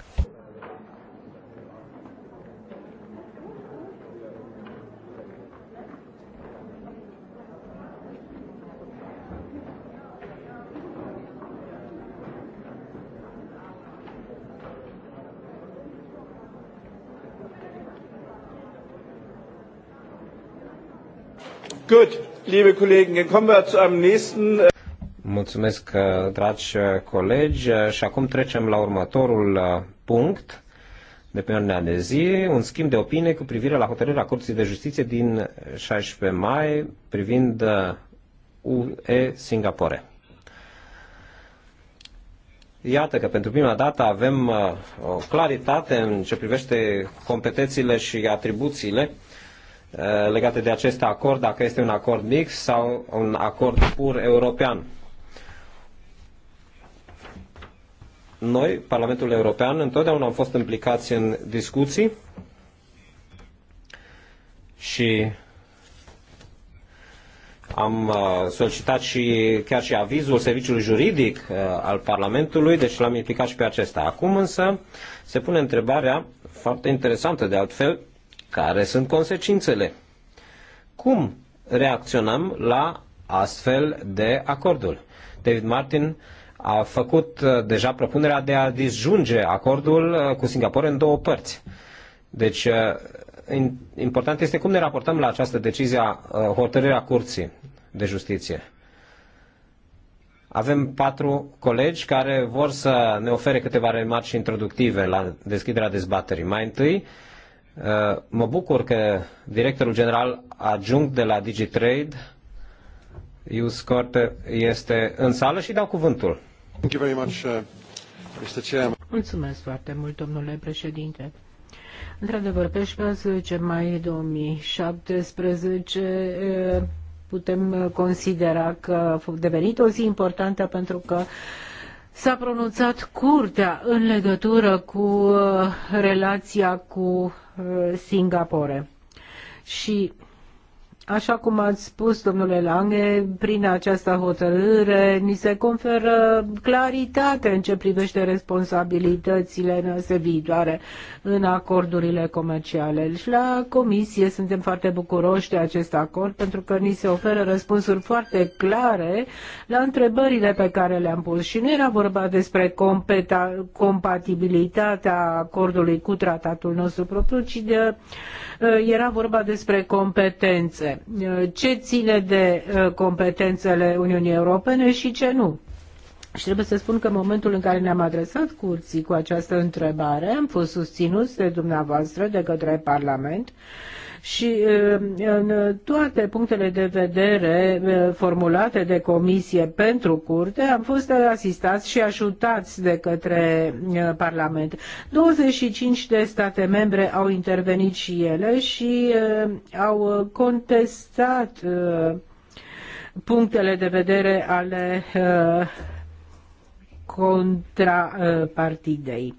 C: Gut, liebe Kollegen, dann kommen wir zu einem nächsten. Äh,
B: Mulțumesc, uh, dragi uh, colegi, uh, și acum trecem la următorul punct de pe ordinea de zi, un schimb de opinie cu privire la hotărârea Curții de Justiție din 16 mai privind UE Singapore. Iată că pentru prima dată avem o claritate în ce privește competențele și atribuțiile Uh, legate de acest acord, dacă este un acord mix sau un acord pur european. Noi, Parlamentul European, întotdeauna am fost implicați în discuții și am uh, solicitat și chiar și avizul serviciului juridic uh, al Parlamentului, deci l-am implicat și pe acesta. Acum însă se pune întrebarea foarte interesantă de altfel, care sunt consecințele. Cum reacționăm la astfel de acordul? David Martin a făcut uh, deja propunerea de a disjunge acordul uh, cu Singapore în două părți. Deci, uh, important este cum ne raportăm la această decizie, hotărârea Curții de Justiție. Avem patru colegi care vor să ne ofere câteva remarci introductive la deschiderea dezbaterii. Mai întâi, Uh, mă bucur că directorul general adjunct de la DigiTrade, Ius Corte, este în sală și dau cuvântul. Thank you very much, uh,
C: Mulțumesc foarte mult, domnule președinte. Într-adevăr, pe 16 mai 2017 uh, putem considera că a devenit o zi importantă pentru că s-a pronunțat curtea în legătură cu relația cu Singapore. Și Așa cum ați spus, domnule Lange, prin această hotărâre ni se conferă claritate în ce privește responsabilitățile noastre viitoare în acordurile comerciale. Și la comisie suntem foarte bucuroși de acest acord pentru că ni se oferă răspunsuri foarte clare la întrebările pe care le-am pus. Și nu era vorba despre compatibilitatea acordului cu tratatul nostru propriu, ci de uh, era vorba despre competențe. Ce ține de uh, competențele Uniunii Europene și ce nu? Și trebuie să spun că în momentul în care ne-am adresat curții cu această întrebare, am fost susținuți de dumneavoastră, de către Parlament, și uh, în toate punctele de vedere uh, formulate de comisie pentru curte am fost asistați și ajutați de către uh, Parlament. 25 de state membre au intervenit și ele și au contestat punctele de vedere ale contrapartidei.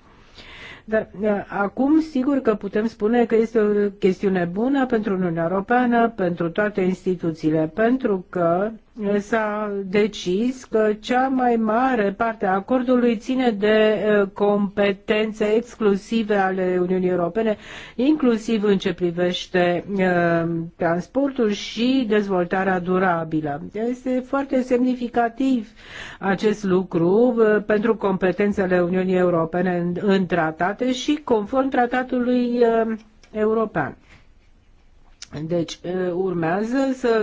C: Dar uh, acum sigur că putem spune că este o chestiune bună pentru Uniunea Europeană, pentru toate instituțiile, pentru că s-a decis că cea mai mare parte a acordului ține de competențe exclusive ale Uniunii Europene, inclusiv în ce privește transportul și dezvoltarea durabilă. Este foarte semnificativ acest lucru pentru competențele Uniunii Europene în, în tratate și conform tratatului european. Deci urmează să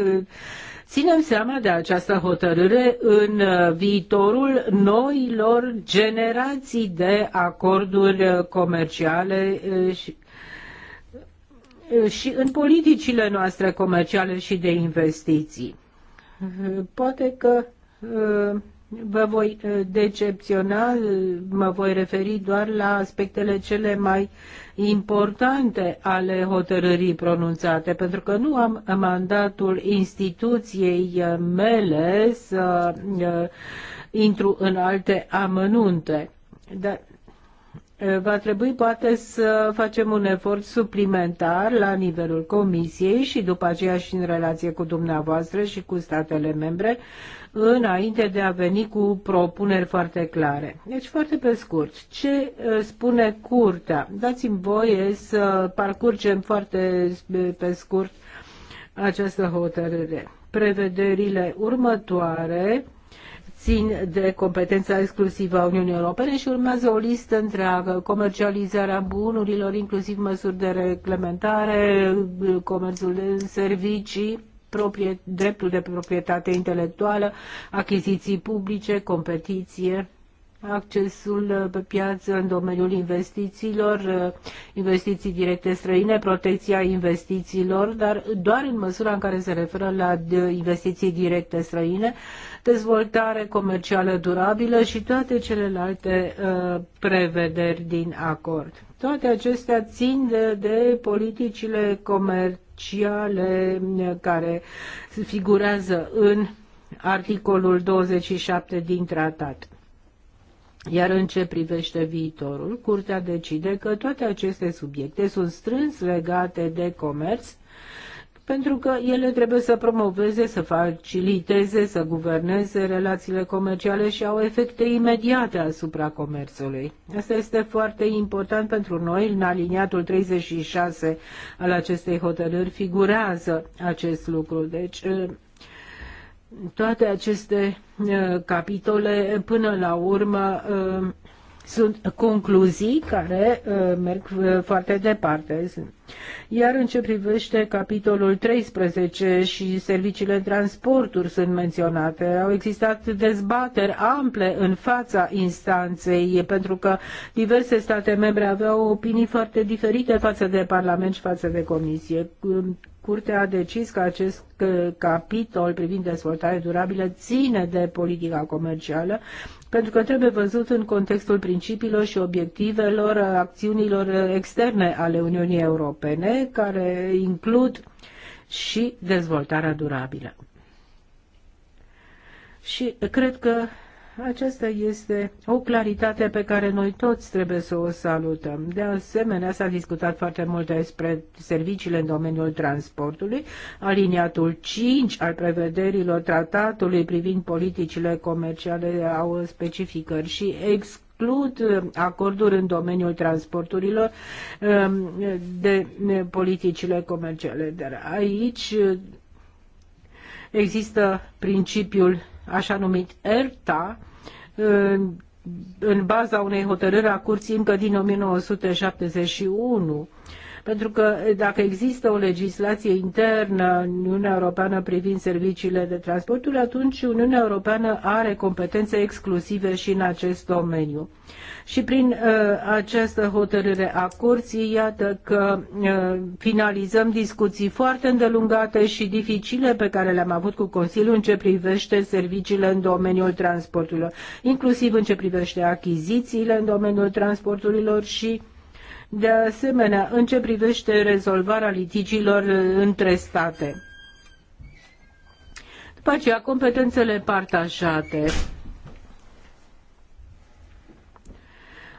C: ținem seama de această hotărâre în uh, viitorul noilor generații de acorduri uh, comerciale uh, și și în politicile noastre comerciale și de investiții. Poate că vă voi decepționa, mă voi referi doar la aspectele cele mai importante ale hotărârii pronunțate, pentru că nu am mandatul instituției uh, mele să uh, intru în alte amănunte. Dar Va trebui poate să facem un efort suplimentar la nivelul Comisiei și după aceea și în relație cu dumneavoastră și cu statele membre, înainte de a veni cu propuneri foarte clare. Deci, foarte pe scurt, ce uh, spune Curtea? Dați-mi voie să parcurgem foarte uh, pe scurt această hotărâre. Prevederile următoare țin de competența exclusivă a Uniunii Europene și urmează o listă întreagă, comercializarea bunurilor, inclusiv măsuri de reglementare, comerțul de servicii, proprie, dreptul de proprietate intelectuală, achiziții publice, competiție, accesul pe piață în domeniul investițiilor, investiții directe străine, protecția investițiilor, dar doar în măsura în care se referă la investiții directe străine, dezvoltare comercială durabilă și toate celelalte uh, prevederi din acord. Toate acestea țin de, de politicile comerciale uh, care figurează în articolul 27 din tratat. Iar în ce privește viitorul, Curtea decide că toate aceste subiecte sunt strâns legate de comerț, pentru că ele trebuie să promoveze, să faciliteze, să guverneze relațiile comerciale și au efecte imediate asupra comerțului. Asta este foarte important pentru noi. În aliniatul 36 al acestei hotărâri figurează acest lucru. Deci, toate aceste capitole, până la urmă, sunt concluzii care uh, merg uh, foarte departe. Iar în ce privește capitolul 13 și serviciile transporturi sunt menționate, au existat dezbateri ample în fața instanței, pentru că diverse state membre aveau opinii foarte diferite față de Parlament și față de Comisie. Curtea a decis că acest uh, capitol privind dezvoltare durabilă ține de politica comercială pentru că trebuie văzut în contextul principiilor și obiectivelor acțiunilor externe ale Uniunii Europene, care includ și dezvoltarea durabilă. Și cred că aceasta este o claritate pe care noi toți trebuie să o salutăm. De asemenea, s-a discutat foarte mult despre serviciile în domeniul transportului, aliniatul 5 al prevederilor tratatului privind politicile comerciale au specificări și excluderi exclud acorduri în domeniul transporturilor um, de politicile comerciale. Dar aici uh, există principiul așa numit ERTA, în baza unei hotărâri a curții încă din 1971. Pentru că dacă există o legislație internă în Uniunea Europeană privind serviciile de transporturi, atunci Uniunea Europeană are competențe exclusive și în acest domeniu. Și prin uh, această hotărâre a curții, iată că uh, finalizăm discuții foarte îndelungate și dificile pe care le-am avut cu Consiliul în ce privește serviciile în domeniul transporturilor, inclusiv în ce privește achizițiile în domeniul transporturilor și de asemenea, în ce privește rezolvarea litigiilor uh, între state. După aceea, competențele partajate.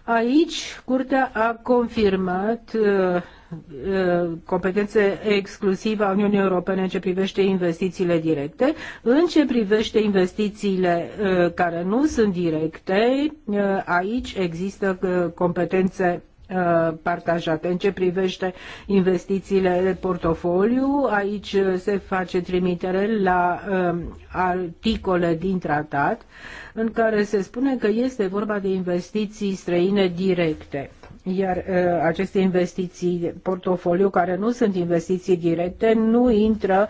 C: Aici, Curtea a confirmat uh, uh, competențe exclusivă a Uniunii Europene în ce privește investițiile directe. În ce privește investițiile uh, care nu sunt directe, aici există competențe partajate. În ce privește investițiile de portofoliu, aici se face trimitere la articole din tratat în care se spune că este vorba de investiții străine directe. Iar uh, aceste investiții, portofoliu, care nu sunt investiții directe, nu intră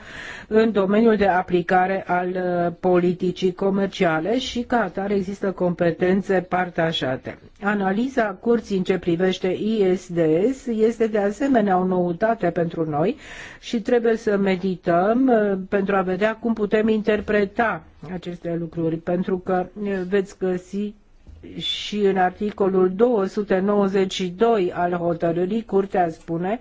C: în domeniul de aplicare al uh, politicii comerciale și ca atare există competențe partajate. Analiza curții în ce privește ISDS este de asemenea o noutate pentru noi și trebuie să medităm uh, pentru a vedea cum putem interpreta aceste lucruri, pentru că veți găsi și în articolul 292 al hotărârii, Curtea spune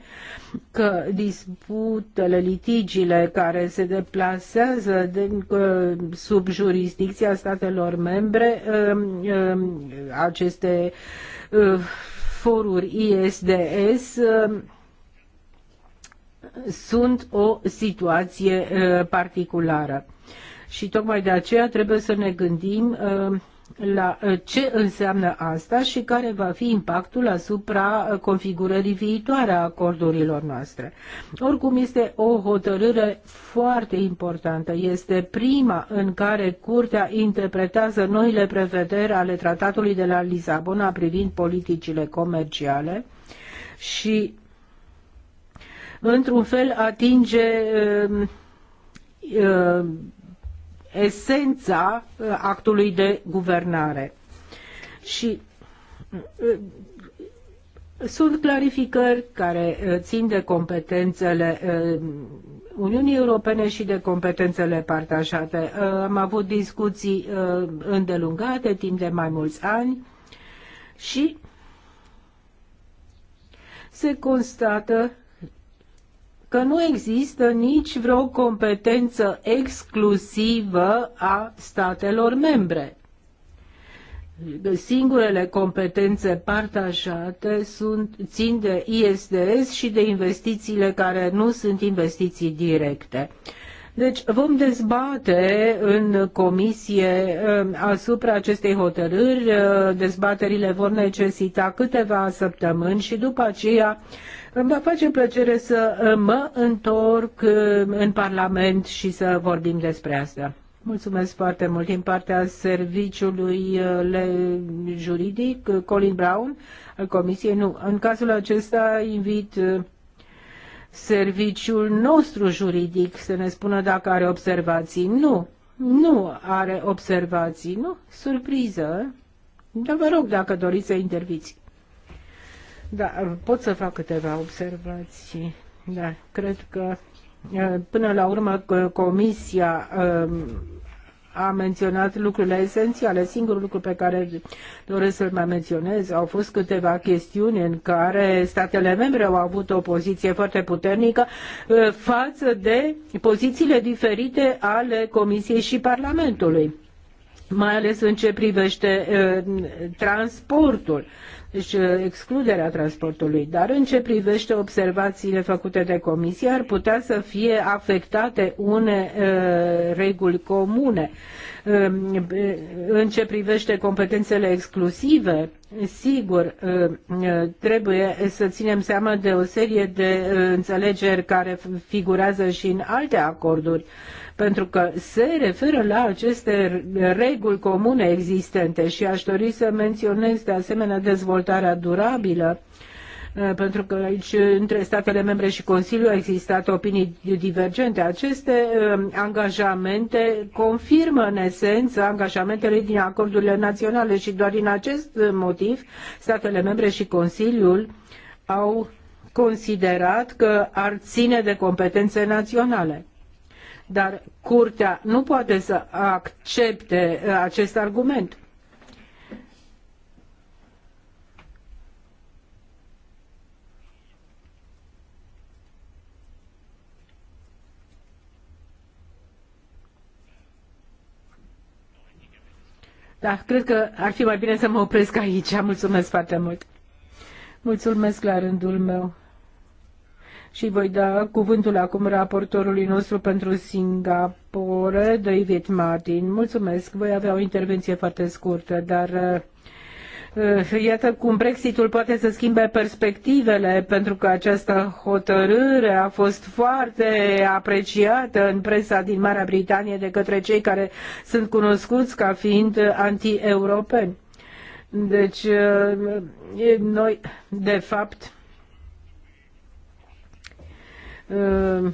C: că disputele, litigiile care se deplasează de, uh, sub jurisdicția statelor membre, um, um, aceste uh, foruri ISDS, um, sunt o situație uh, particulară. Și tocmai de aceea trebuie să ne gândim la ă, ce înseamnă asta și care va fi impactul asupra configurării viitoare a acordurilor noastre. Oricum este o hotărâre foarte importantă. Este prima în care Curtea interpretează noile prevederi ale Tratatului de la Lisabona privind politicile comerciale și într-un fel atinge uh, uh, esența uh, actului de guvernare. Și uh, sunt clarificări care uh, țin de competențele Uniunii Europene și de competențele partajate. Am avut discuții îndelungate timp de mai mulți ani și se constată că nu există nici vreo competență exclusivă a statelor membre. Singurele competențe partajate sunt, țin de ISDS și de investițiile care nu sunt investiții directe. Deci vom dezbate în comisie um, asupra acestei hotărâri. Uh, dezbaterile vor necesita câteva săptămâni și după aceea îmi va face plăcere să uh, mă întorc uh, în Parlament și să vorbim despre asta. Mulțumesc foarte mult din partea serviciului uh, juridic, Colin Brown, al Comisiei. Nu, în cazul acesta invit serviciul nostru juridic să ne spună dacă are observații. Nu, nu are observații, nu? Surpriză. Dar vă rog dacă doriți să interviți. Da, pot să fac câteva observații. Da, cred că până la urmă Comisia a menționat lucrurile esențiale. Singurul lucru pe care doresc să-l mai menționez au fost câteva chestiuni în care statele membre au avut o poziție foarte puternică față de pozițiile diferite ale Comisiei și Parlamentului mai ales în ce privește transportul deci excluderea transportului. Dar în ce privește observațiile făcute de comisie, ar putea să fie afectate une uh, reguli comune. Um, uh, în ce privește competențele exclusive, sigur, uh, trebuie să ținem seama de o serie de înțelegeri care figurează și în alte acorduri. Uh, pentru că se referă la aceste reguli comune existente și aș dori să menționez de asemenea dezvoltarea durabilă uh, pentru că aici între statele membre și Consiliu au existat opinii divergente. Aceste uh, angajamente confirmă în esență angajamentele din acordurile naționale și doar din acest motiv statele membre și Consiliul au considerat că ar ține de competențe naționale. Dar curtea nu poate să accepte uh, acest argument. Da, cred că ar fi mai bine să mă opresc aici. Mulțumesc foarte mult. Mulțumesc la rândul meu și voi da cuvântul acum raportorului nostru pentru Singapore, David Martin. Mulțumesc, voi avea o intervenție foarte scurtă, dar eh, Iată cum Brexitul poate să schimbe perspectivele, pentru că această hotărâre a fost foarte apreciată în presa din Marea Britanie de către cei care sunt cunoscuți ca fiind anti-europeni. Deci, eh, noi, de fapt, Ehm,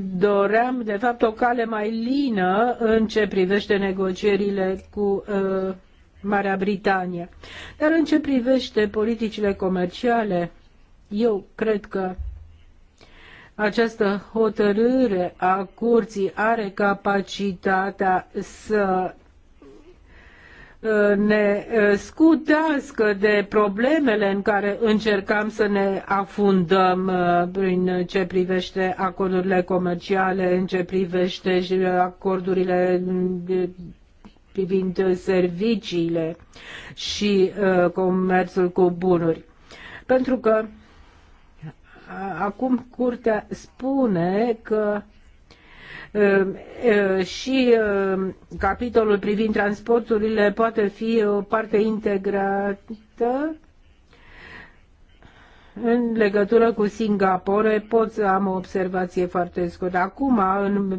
C: doream, de fapt, o cale mai lină în ce privește negocierile cu Marea Britanie. Dar în ce privește politicile comerciale, eu cred că această hotărâre a curții are capacitatea să ne scutească de problemele în care încercam să ne afundăm prin ce privește acordurile comerciale, în ce privește acordurile mm, privind serviciile și comerțul cu bunuri. Pentru că acum curtea spune că Ehm, ehm, și ehm, capitolul privind transporturile poate fi o parte integrată în legătură cu Singapore pot să am o observație foarte scurtă. Acum, în,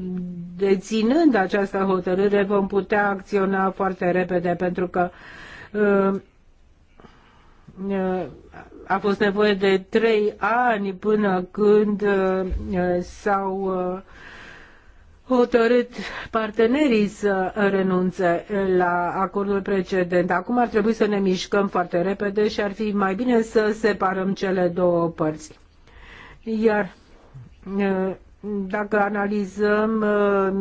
C: deținând această hotărâre, vom putea acționa foarte repede pentru că uh, a fost nevoie de trei ani până când uh, s-au uh, hotărât partenerii să renunțe la acordul precedent. Acum ar trebui să ne mișcăm foarte repede și ar fi mai bine să separăm cele două părți. Iar eh, dacă analizăm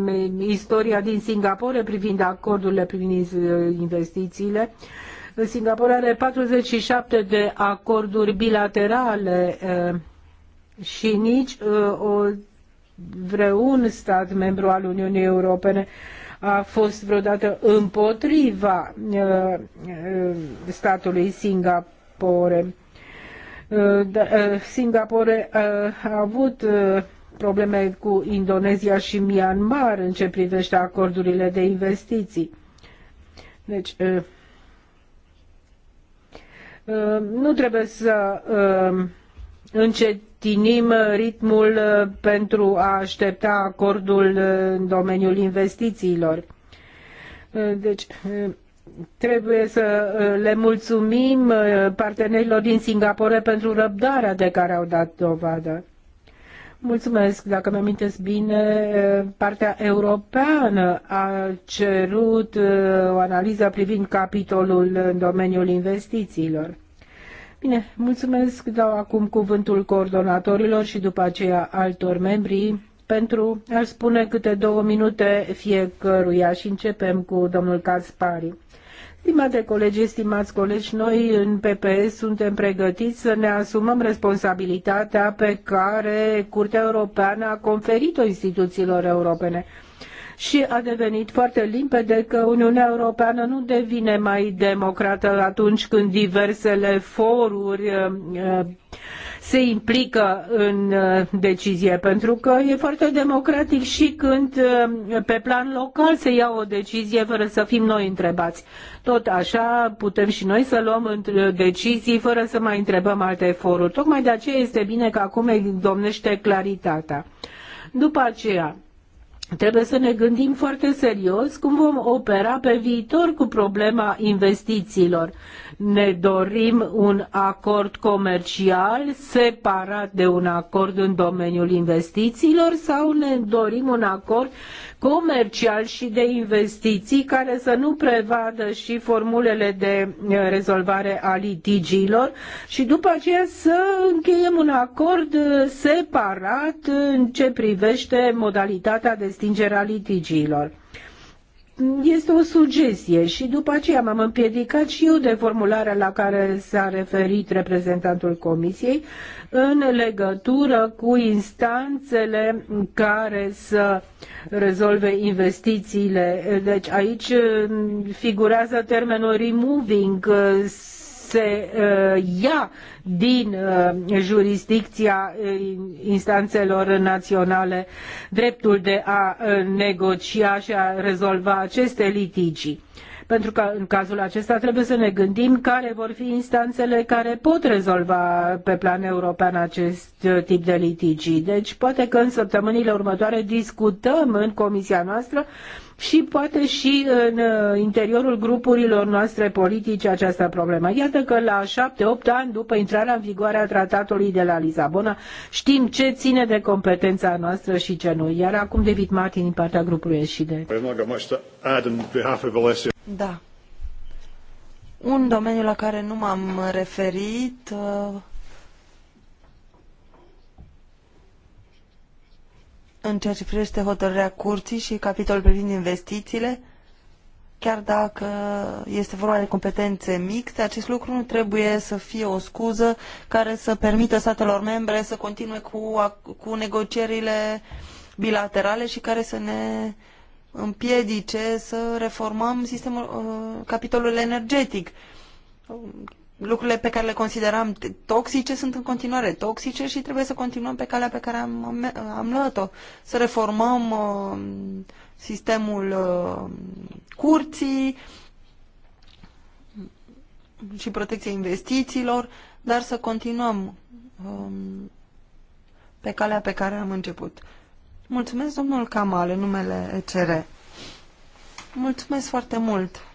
C: eh, istoria din Singapore privind acordurile privind eh, investițiile, Singapore are 47 de acorduri bilaterale și nici o vreun stat membru al Uniunii Europene a fost vreodată împotriva uh, uh, statului Singapore. Uh, da, Singapore a avut probleme cu Indonezia și Myanmar în ce privește acordurile de investiții. Deci, nu trebuie să încetinim ritmul uh, pentru a aștepta acordul uh, în domeniul investițiilor. Uh, deci, trebuie să le mulțumim partenerilor din Singapore pentru răbdarea de care au dat dovadă. Mulțumesc. Dacă mi amintesc bine, partea europeană a cerut o analiză privind capitolul în domeniul investițiilor. Bine, mulțumesc, dau acum cuvântul coordonatorilor și după aceea altor membri pentru a spune câte două minute fiecăruia și începem cu domnul Caspari. Stimate colegi, stimați colegi, noi în PPS suntem pregătiți să ne asumăm responsabilitatea pe care Curtea Europeană a conferit-o instituțiilor europene și a devenit foarte limpede că Uniunea Europeană nu devine mai democrată atunci când diversele foruri uh, uh, se implică în uh, decizie, pentru că e foarte democratic și când pe plan local se ia o decizie fără să fim noi întrebați. Tot așa putem și noi să luăm decizii fără să mai întrebăm alte foruri. Tocmai de aceea este bine că acum domnește claritatea. După aceea, Trebuie să ne gândim foarte serios cum vom opera pe viitor cu problema investițiilor ne dorim un acord comercial separat de un acord în domeniul investițiilor sau ne dorim un acord comercial și de investiții care să nu prevadă și formulele de eh, rezolvare a litigiilor și după aceea să încheiem un acord eh, separat în ce privește modalitatea de stingere a litigiilor este o sugestie și după aceea m-am împiedicat și eu de formularea la care s-a referit reprezentantul Comisiei în legătură cu instanțele care să rezolve investițiile. Deci aici figurează termenul removing, se uh, ia din uh, jurisdicția uh, instanțelor naționale dreptul de a negocia și a rezolva aceste litigii pentru că în cazul acesta trebuie să ne gândim care vor fi instanțele care pot rezolva pe plan european acest tip de litigii. Deci poate că în săptămânile următoare discutăm în comisia noastră și poate și în uh, interiorul grupurilor noastre politice această problemă. Iată că la șapte-opt ani după intrarea în vigoare a tratatului de la Lisabona știm ce ține de competența noastră și ce nu. Iar acum David Martin din partea grupului și Da.
A: Un domeniu la care nu m-am referit uh în ceea ce privește hotărârea curții și capitolul privind investițiile, chiar dacă este vorba de competențe mixte, acest lucru nu trebuie să fie o scuză care să permită statelor membre să continue cu, cu negocierile bilaterale și care să ne împiedice să reformăm sistemul, uh, capitolul energetic lucrurile pe care le consideram toxice sunt în continuare toxice și trebuie să continuăm pe calea pe care am, am, am luat-o. Să reformăm uh, sistemul uh, curții și protecția investițiilor, dar să continuăm um, pe calea pe care am început. Mulțumesc, domnul Kamal, în numele ECR. Mulțumesc foarte mult.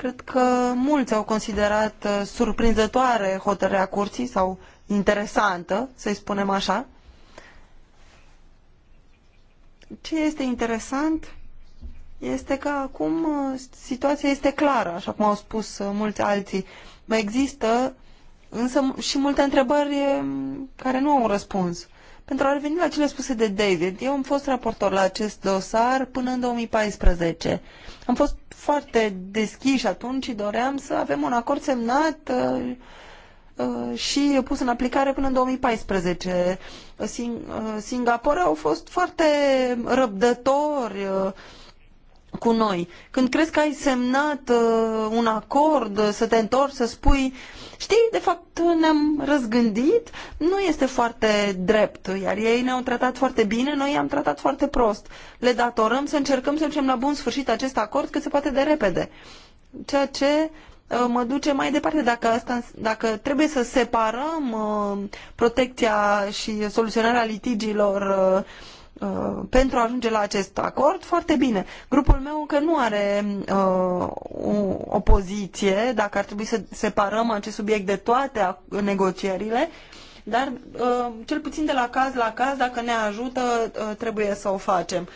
A: Cred că mulți au considerat uh, surprinzătoare hotărârea curții sau interesantă, să-i spunem așa. Ce este interesant este că acum uh, situația este clară, așa cum au spus uh, mulți alții. Mai există însă și multe întrebări mm, care nu au un răspuns. Pentru a reveni la cele spuse de David, eu am fost raportor la acest dosar până în 2014. Am fost foarte deschiși atunci și doream să avem un acord semnat uh, uh, și pus în aplicare până în 2014. Sing uh, Singapore au fost foarte răbdători uh, cu noi. Când crezi că ai semnat uh, un acord, uh, să te întorci, să spui, știi, de fapt ne-am răzgândit, nu este foarte drept, iar ei ne-au tratat foarte bine, noi i-am tratat foarte prost. Le datorăm să încercăm să ducem la bun sfârșit acest acord cât se poate de repede. Ceea ce uh, mă duce mai departe dacă, asta, dacă trebuie să separăm uh, protecția și soluționarea litigiilor uh, Uh, pentru a ajunge la acest acord, foarte bine. Grupul meu încă nu are uh, o, poziție, dacă ar trebui să separăm acest subiect de toate negocierile, dar uh, cel puțin de la caz la caz, dacă ne ajută, uh, trebuie să o facem.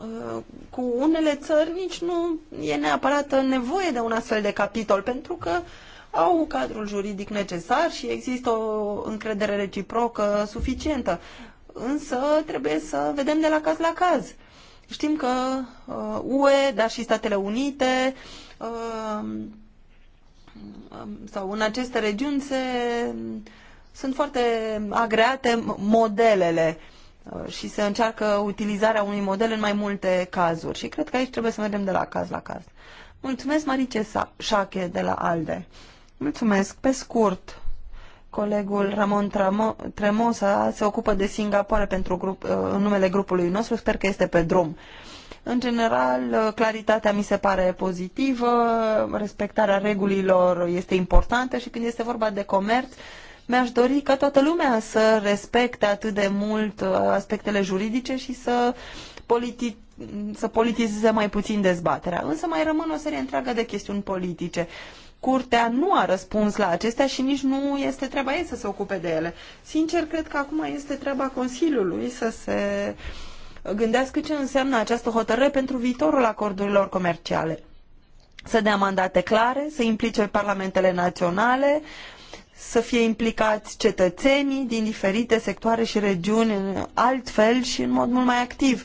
A: Uh, cu unele țări nici nu e neapărat nevoie de un astfel de capitol, pentru că uh, au cadrul juridic necesar și există o încredere reciprocă suficientă. Însă trebuie să vedem de la caz la caz. Știm că uh, UE, dar și Statele Unite uh, sau în aceste regiuni se, sunt foarte agreate modelele uh, și se încearcă utilizarea unui model în mai multe cazuri. Și cred că aici trebuie să mergem de la caz la caz. Mulțumesc, Marice Șache, de la ALDE. Mulțumesc. Pe scurt, colegul Ramon Tremosa se ocupă de Singapore pentru grup, uh, în numele grupului nostru. Sper că este pe drum. În general, uh, claritatea mi se pare pozitivă, respectarea regulilor este importantă și când este vorba de comerț, mi-aș dori ca toată lumea să respecte atât de mult uh, aspectele juridice și să, politi- să politizeze mai puțin dezbaterea. Însă mai rămân o serie întreagă de chestiuni politice curtea nu a răspuns la acestea și nici nu este treaba ei să se ocupe de ele. Sincer, cred că acum este treaba Consiliului să se gândească ce înseamnă această hotărâre pentru viitorul acordurilor comerciale. Să dea mandate clare, să implice parlamentele naționale, să fie implicați cetățenii din diferite sectoare și regiuni altfel și în mod mult mai activ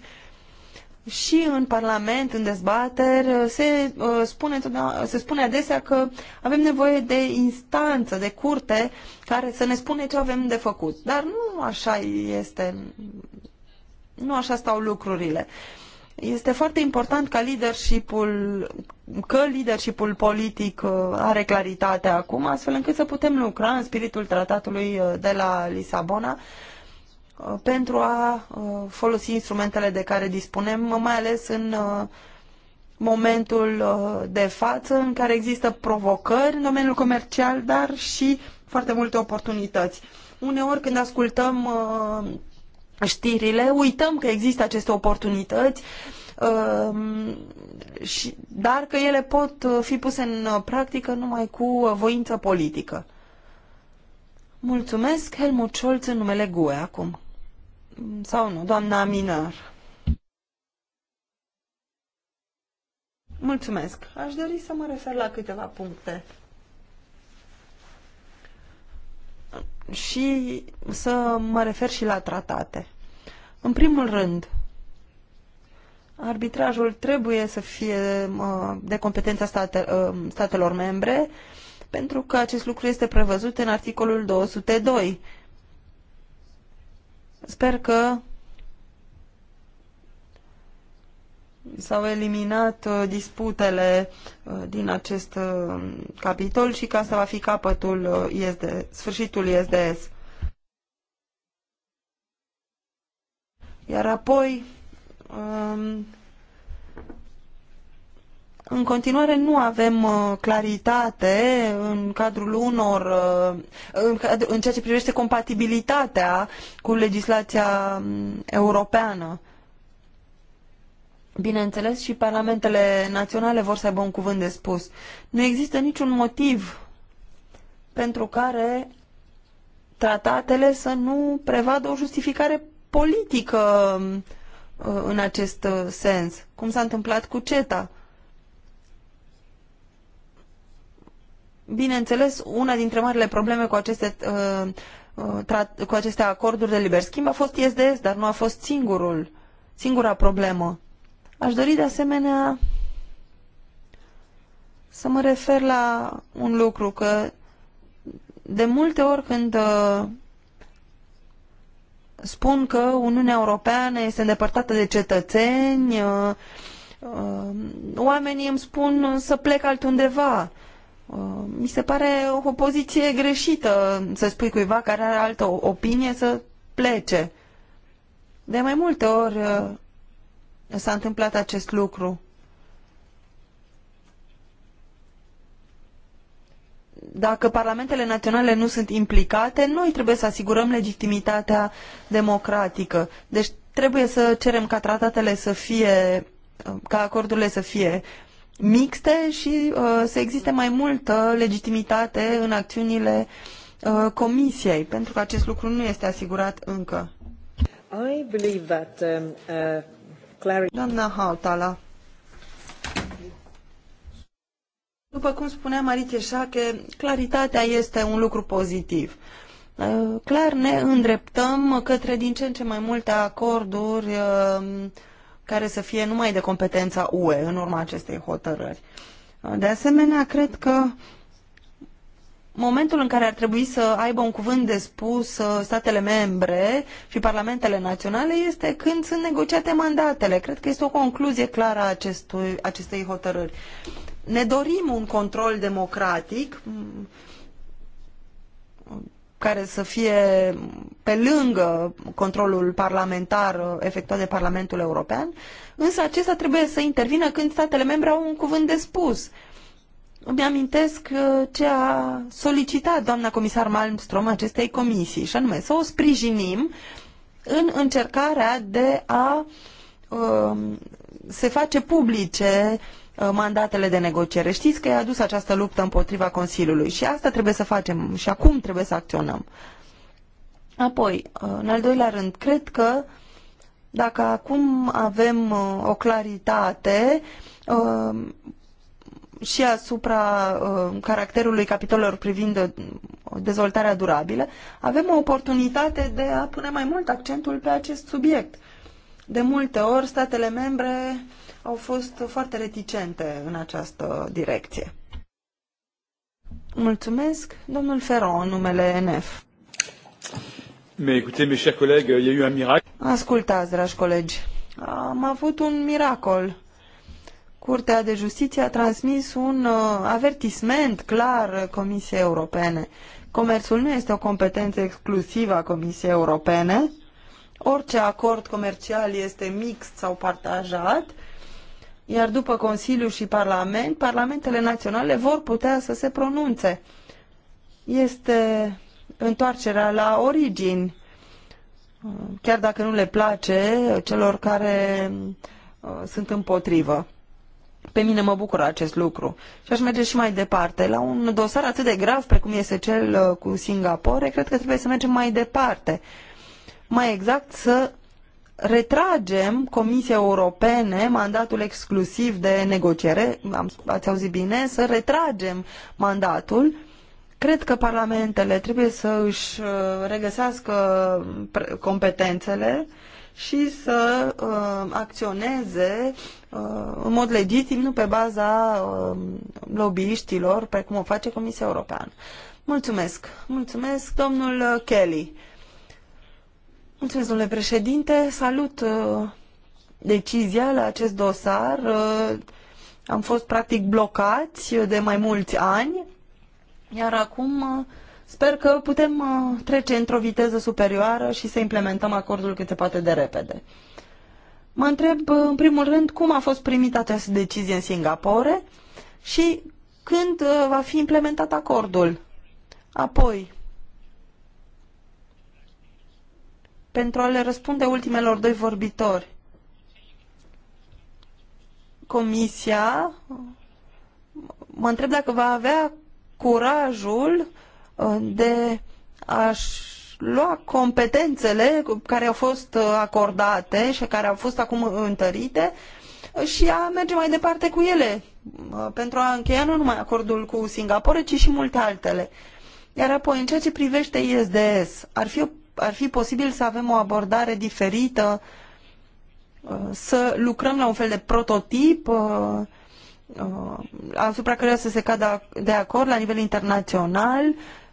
A: și în Parlament, în dezbateri, se uh, spune, se spune adesea că avem nevoie de instanță, de curte, care să ne spune ce avem de făcut. Dar nu așa este, nu așa stau lucrurile. Este foarte important ca leadership-ul, că leadership-ul politic uh, are claritate acum, astfel încât să putem lucra în spiritul tratatului uh, de la Lisabona Uh, pentru a uh, folosi instrumentele de care dispunem, uh, mai ales în momentul de față în care există provocări în domeniul comercial, dar și foarte multe oportunități. Uneori când ascultăm știrile, uităm că există aceste oportunități, dar că ele pot fi puse în practică numai cu voință politică. Mulțumesc, Helmut Scholz, în numele GUE acum sau nu, doamna Minar. Mulțumesc. Aș dori să mă refer la câteva puncte. Și să mă refer și la tratate. În primul rând, arbitrajul trebuie să fie de competența state, ă, statelor membre, pentru că acest lucru este prevăzut în articolul 202 Sper că s-au eliminat uh, disputele uh, din acest uh, capitol și că asta va fi capătul ISD, sfârșitul ISDS. Iar apoi um, în continuare nu avem uh, claritate în cadrul unor, uh, în ceea ce privește compatibilitatea cu legislația mm, europeană. Bineînțeles, și parlamentele naționale vor să aibă un cuvânt de spus. Nu există niciun motiv pentru care tratatele să nu prevadă o justificare politică mm, în acest uh, sens, cum s-a întâmplat cu CETA. Bineînțeles, una dintre marile probleme cu aceste, uh, uh, cu aceste acorduri de liber schimb a fost ISDS, dar nu a fost singurul, singura problemă. Aș dori de asemenea să mă refer la un lucru, că de multe ori când uh, spun că Uniunea Europeană este îndepărtată de cetățeni, oamenii îmi spun să plec altundeva. Uh, mi se pare o poziție greșită să spui cuiva care are altă opinie să plece. De mai multe ori uh, s-a întâmplat acest lucru. Dacă parlamentele naționale nu sunt implicate, noi trebuie să asigurăm legitimitatea democratică. Deci trebuie să cerem ca tratatele să fie, uh, ca acordurile să fie mixte și uh, să existe mai multă legitimitate în acțiunile uh, comisiei, pentru că acest lucru nu este asigurat încă. I believe that, um, uh, clarity... Doamna Hautala, după cum spunea Maritie Șache, claritatea este un lucru pozitiv. Uh, clar ne îndreptăm către din ce în ce mai multe acorduri uh, care să fie numai de competența UE în urma acestei hotărâri. De asemenea, cred că momentul în care ar trebui să aibă un cuvânt de spus uh, statele membre și parlamentele naționale este când sunt negociate mandatele. Cred că este o concluzie clară a acestui, acestei hotărâri. Ne dorim un control democratic, care să fie pe lângă controlul parlamentar uh, efectuat de Parlamentul European, însă acesta trebuie să intervină când statele membre au un cuvânt de spus. Îmi amintesc uh, ce a solicitat doamna comisar Malmström acestei comisii, și anume să o sprijinim în încercarea de a uh, se face publice uh, mandatele de negociere. Știți că i-a adus această luptă împotriva Consiliului și asta trebuie să facem și acum trebuie să acționăm. Apoi, uh, în al doilea rând, cred că dacă acum avem uh, o claritate și asupra caracterului capitolelor privind dezvoltarea durabilă, avem o oportunitate de a pune mai mult accentul pe acest subiect de multe ori, statele membre au fost foarte reticente în această direcție. Mulțumesc, domnul Ferro, în numele NF. Mais écoutez, mes chers collègues, il y a eu un miracle. Ascultați, dragi colegi, am avut un miracol. Curtea de Justiție a transmis un uh, avertisment clar Comisiei Europene. Comerțul nu este o competență exclusivă a Comisiei Europene, Orice acord comercial este mixt sau partajat, iar după Consiliu și Parlament, parlamentele naționale vor putea să se pronunțe. Este întoarcerea la origini. Chiar dacă nu le place celor care uh, sunt împotrivă. Pe mine mă bucură acest lucru. Și aș merge și mai departe. La un dosar atât de grav precum este cel uh, cu Singapore, cred că trebuie să mergem mai departe. Uh, mai exact să retragem Comisia Europene mandatul exclusiv de negociere, am, ați auzit bine, să retragem mandatul. Cred că parlamentele trebuie să își uh, regăsească competențele și să uh, acționeze uh, în mod legitim, nu pe baza uh, lobbyiștilor, cum o face Comisia Europeană. Mulțumesc. Mulțumesc, domnul Kelly. Mulțumesc, domnule președinte. Salut uh, decizia la acest dosar. Uh, am fost practic blocați de mai mulți ani, iar acum uh, sper că putem trece într-o viteză superioară și să implementăm acordul cât se poate de repede. Mă întreb, în primul rând, cum a fost primită această decizie în Singapore și când va fi implementat acordul. Apoi, pentru a le răspunde ultimelor doi vorbitori. Comisia mă întreb dacă va avea curajul uh, de a-și lua competențele care au fost uh, acordate și care au fost acum întărite uh, și a merge mai departe cu ele pentru a încheia nu numai acordul cu Singapore, ci și multe altele. Iar apoi, în ceea ce privește ISDS, ar fi o ar fi posibil să avem o abordare diferită, uh, să lucrăm la un fel de prototip uh, uh, asupra căruia să se cadă de acord la nivel internațional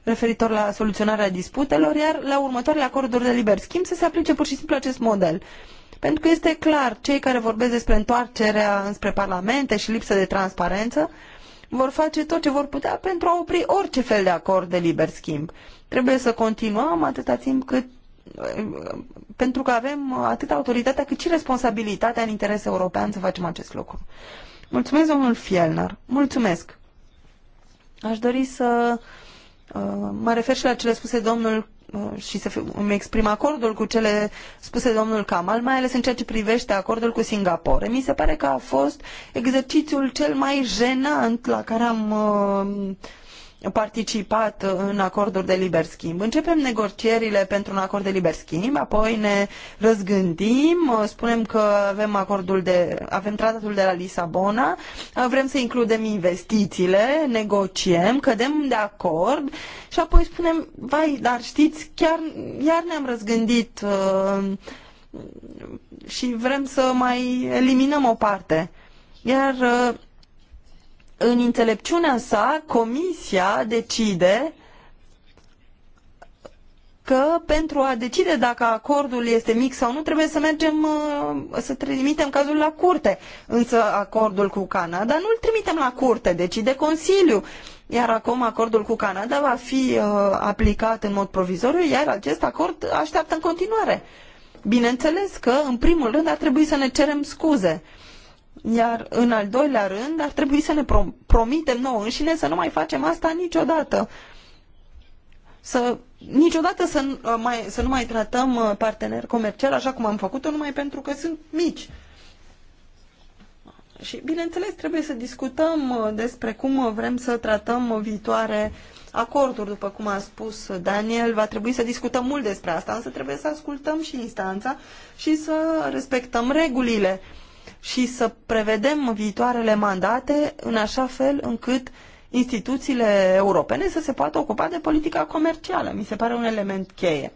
A: referitor la soluționarea disputelor, iar la următoarele acorduri de liber schimb să se aplice pur și simplu acest model. Pentru că este clar, cei care vorbesc despre întoarcerea înspre parlamente și lipsă de transparență vor face tot ce vor putea pentru a opri orice fel de acord de liber schimb. Trebuie să continuăm atâta timp cât pentru că avem atât autoritatea cât și responsabilitatea în interes european să facem acest lucru. Mulțumesc, domnul Fielner. Mulțumesc. Aș dori să uh, mă refer și la cele spuse domnul uh, și să îmi exprim acordul cu cele spuse domnul Kamal, mai ales în ceea ce privește acordul cu Singapore. Mi se pare că a fost exercițiul cel mai jenant la care am uh, participat în acorduri de liber schimb. Începem negocierile pentru un acord de liber schimb, apoi ne răzgândim, spunem că avem acordul de, avem tratatul de la Lisabona, vrem să includem investițiile, negociem, cădem de acord și apoi spunem, vai, dar știți, chiar iar ne-am răzgândit uh, și vrem să mai eliminăm o parte. Iar uh, în înțelepciunea sa, comisia decide că pentru a decide dacă acordul este mic sau nu, trebuie să mergem uh, să trimitem cazul la curte. Însă acordul cu Canada nu îl trimitem la curte, decide Consiliu. Iar acum acordul cu Canada va fi uh, aplicat în mod provizoriu, iar acest acord așteaptă în continuare. Bineînțeles că, în primul rând, ar trebui să ne cerem scuze. Uh, iar în al doilea rând ar trebui să ne prom promitem nouă înșine să nu mai facem asta niciodată. Să niciodată să, uh, mai, să nu mai tratăm uh, parteneri comerciali așa cum am făcut-o numai pentru că sunt mici. Și, bineînțeles, trebuie să discutăm uh, despre cum vrem să tratăm viitoare acorduri, după cum a spus Daniel. Va trebui să discutăm mult despre asta, însă trebuie să ascultăm și instanța și să respectăm regulile. Uh, și să prevedem viitoarele mandate în așa fel încât instituțiile europene să se poată ocupa de politica comercială. Mi se pare un element cheie.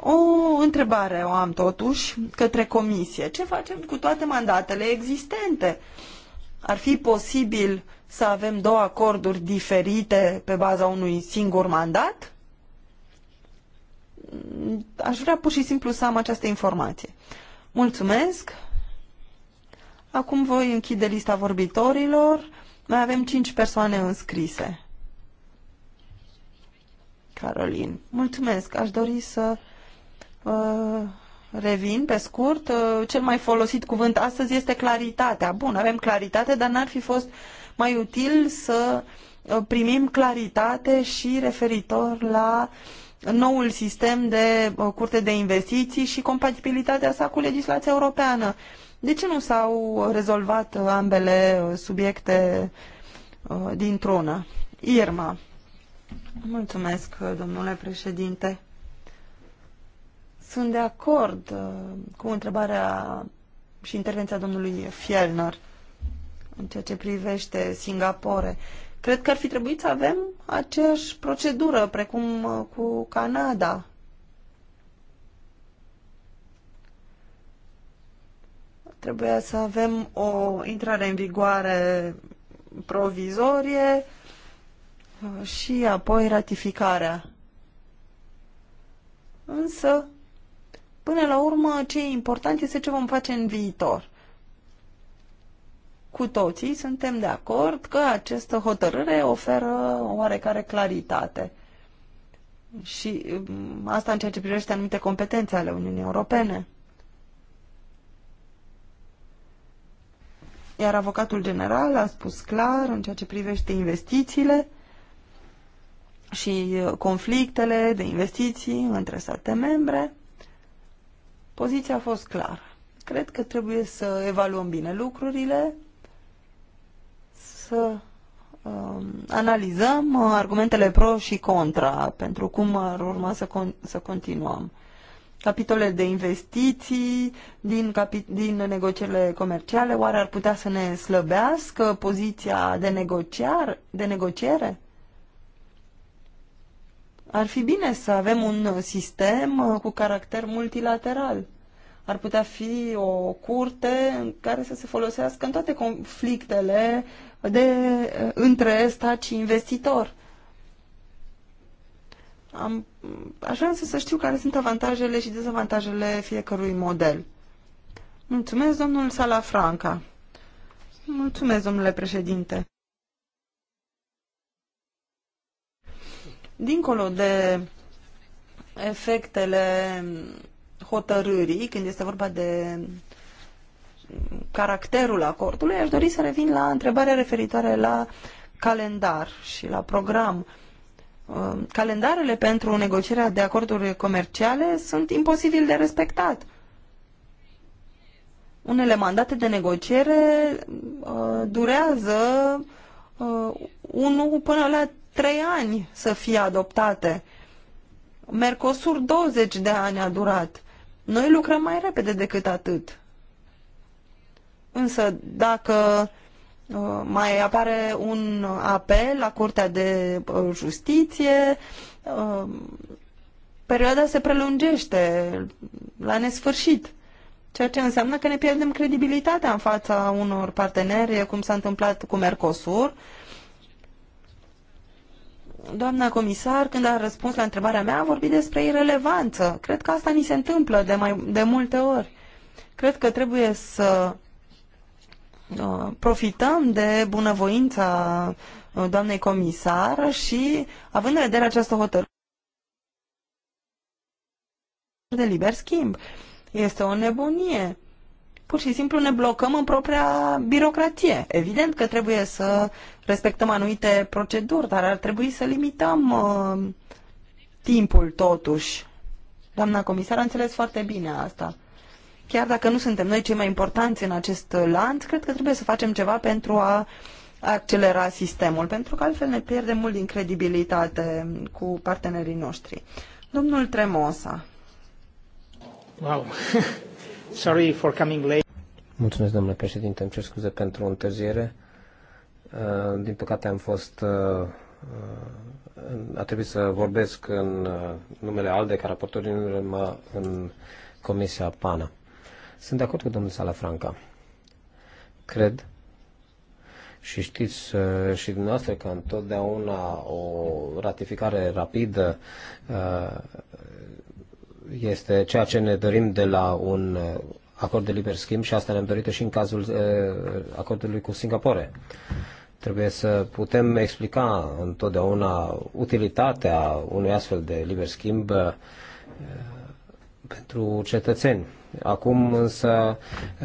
A: O întrebare o am totuși către comisie. Ce facem cu toate mandatele existente? Ar fi posibil să avem două acorduri diferite pe baza unui singur mandat? Aș vrea pur și simplu să am această informație. Mulțumesc! Acum voi închide lista vorbitorilor. Mai avem 5 persoane înscrise. Carolin, mulțumesc. Aș dori să uh, revin pe scurt. Uh, cel mai folosit cuvânt astăzi este claritatea. Bun, avem claritate, dar n-ar fi fost mai util să uh, primim claritate și referitor la noul sistem de uh, curte de investiții și compatibilitatea sa cu legislația europeană. Uh, de ce nu s-au rezolvat uh, ambele uh, subiecte uh, dintr-una? Irma. Mulțumesc, domnule președinte. Sunt de acord cu întrebarea și intervenția domnului Fielner în ceea ce privește Singapore. Cred că ar fi trebuit să avem aceeași procedură precum cu Canada. Trebuie să avem o intrare în vigoare provizorie uh, și apoi ratificarea. Însă, până la urmă, ce e important este ce vom face în viitor. Cu toții suntem de acord că această hotărâre oferă oarecare claritate. Și um, asta în ceea ce privește anumite competențe ale Uniunii Europene. Iar avocatul general a spus clar în ceea ce privește investițiile și uh, conflictele de investiții între state membre, poziția a fost clară. Cred că trebuie să evaluăm bine lucrurile, să um, analizăm uh, argumentele pro și contra pentru cum ar urma să, con- să continuăm capitole de investiții, din, din negocierile comerciale, oare ar putea să ne slăbească poziția de, negociar, de negociere? Ar fi bine să avem un sistem uh, cu caracter multilateral. Ar putea fi o curte în care să se folosească în toate conflictele de, uh, între stat și investitor am, aș vrea să știu care sunt avantajele și dezavantajele fiecărui model. Mulțumesc, domnul Salafranca. Mulțumesc, domnule președinte. Dincolo de efectele hotărârii, când este vorba de caracterul acordului, aș dori să revin la întrebarea referitoare la calendar și la program. Uh, Um, calendarele pentru negocierea de acorduri comerciale sunt imposibil de respectat. Unele mandate de negociere uh, durează uh, unul până la trei ani să fie adoptate. Mercosur 20 de ani a durat. Noi lucrăm mai repede decât atât. Însă, dacă uh, Uh, mai apare un apel la Curtea de uh, Justiție, uh, perioada se prelungește la nesfârșit, ceea ce înseamnă că ne pierdem credibilitatea în fața unor parteneri, cum s-a întâmplat cu Mercosur. Doamna comisar, când a răspuns la întrebarea mea, a vorbit despre irelevanță. Cred că asta ni se întâmplă de, mai, de multe ori. Cred că trebuie să Uh, profităm de bunăvoința uh, doamnei comisar și, având în vedere această hotărâre de liber schimb, este o nebunie. Pur și simplu ne blocăm în propria birocratie. Evident că trebuie să respectăm anumite proceduri, dar ar trebui să limităm uh, timpul totuși. Doamna comisar a înțeles foarte bine asta. Chiar dacă nu suntem noi cei mai importanți în acest lanț, cred că trebuie să facem ceva pentru a accelera sistemul, pentru că altfel ne pierdem mult din credibilitate cu partenerii noștri. Domnul Tremosa.
B: Wow. Sorry for coming late. Mulțumesc, domnule președinte. Îmi cer scuze pentru întârziere. Uh, din păcate am fost... Uh, uh, a trebuit să vorbesc în numele ALDE, ca raportor din în Comisia PANA. Sunt de acord cu domnul Salafranca. Cred și știți uh, și dumneavoastră că întotdeauna o ratificare rapidă uh, este ceea ce ne dorim de la un acord de liber schimb și asta ne-am dorit și în cazul uh, acordului cu Singapore. Trebuie să putem explica întotdeauna utilitatea unui astfel de liber schimb pentru cetățeni. Acum însă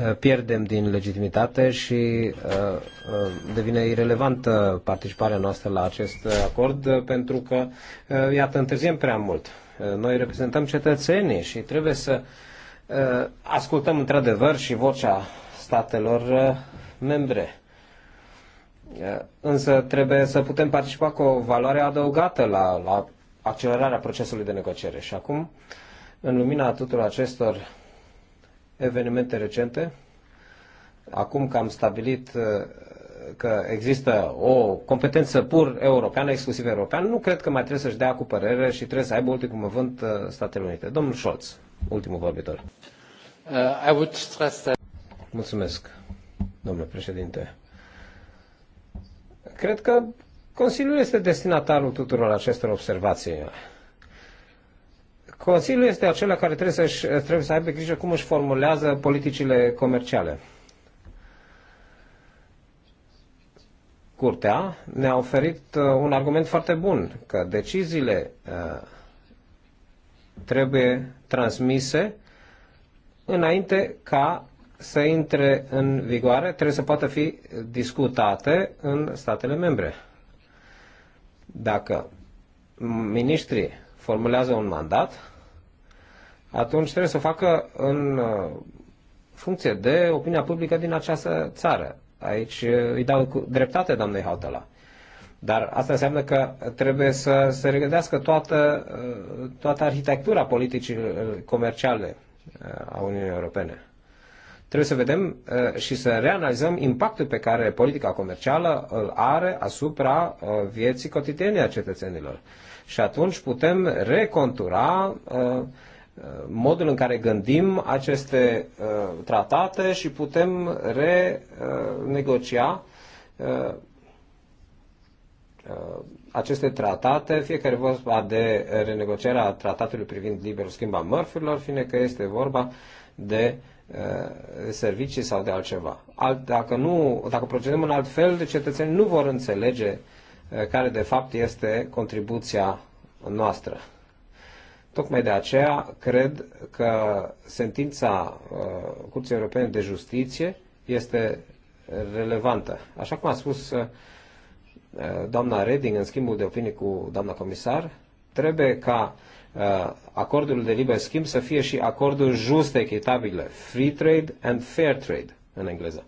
B: eh, pierdem din legitimitate și eh, eh, devine irelevantă participarea noastră la acest acord pentru că, iată, întârziem prea mult. Noi reprezentăm cetățenii și trebuie să ascultăm într-adevăr și vocea statelor membre. Însă trebuie să putem participa cu o valoare adăugată la, la accelerarea procesului de negociere. Și acum, în lumina tuturor acestor evenimente recente. Acum că am stabilit uh, că există o competență pur europeană, exclusiv europeană, nu cred că mai trebuie să-și dea cu părere și trebuie să aibă ultimul cuvânt uh, Statele Unite. Domnul Scholz, ultimul vorbitor. Uh, I would stress that... Mulțumesc, domnule președinte. Cred că Consiliul este destinatarul tuturor acestor observații. Consiliul este acela care trebuie să, -și, trebuie să aibă grijă cum își formulează politicile comerciale. Curtea ne-a oferit uh, un argument foarte bun, că deciziile uh, trebuie transmise înainte ca să intre în vigoare, trebuie să poată fi discutate în statele membre. Dacă ministrii formulează un mandat, atunci trebuie să o facă în uh, funcție de opinia publică din această țară. Aici uh, îi dau dreptate doamnei Hautala. Dar asta înseamnă că trebuie să se regădească toată, uh, toată arhitectura politicii comerciale a Uniunii Europene. Trebuie să vedem și să reanalizăm impactul pe care politica comercială îl are asupra vieții cotidiene a cetățenilor și atunci putem recontura uh, uh, modul în care gândim aceste uh, tratate și putem renegocia aceste tratate, fiecare vorba de renegocierea tratatului privind liberul schimb al mărfurilor, fine că este vorba de servicii sau de altceva. Alt, dacă, nu, dacă procedăm în alt fel, cetățenii nu vor înțelege Eh, care de fapt este contribuția noastră. Tocmai de aceea cred că sentința eh, Curții Europene de Justiție este relevantă. Așa cum a spus eh, doamna Reding în schimbul de opinii cu doamna comisar, trebuie ca acordul de liber schimb să fie și acordul just echitabile, free trade and fair trade în engleză.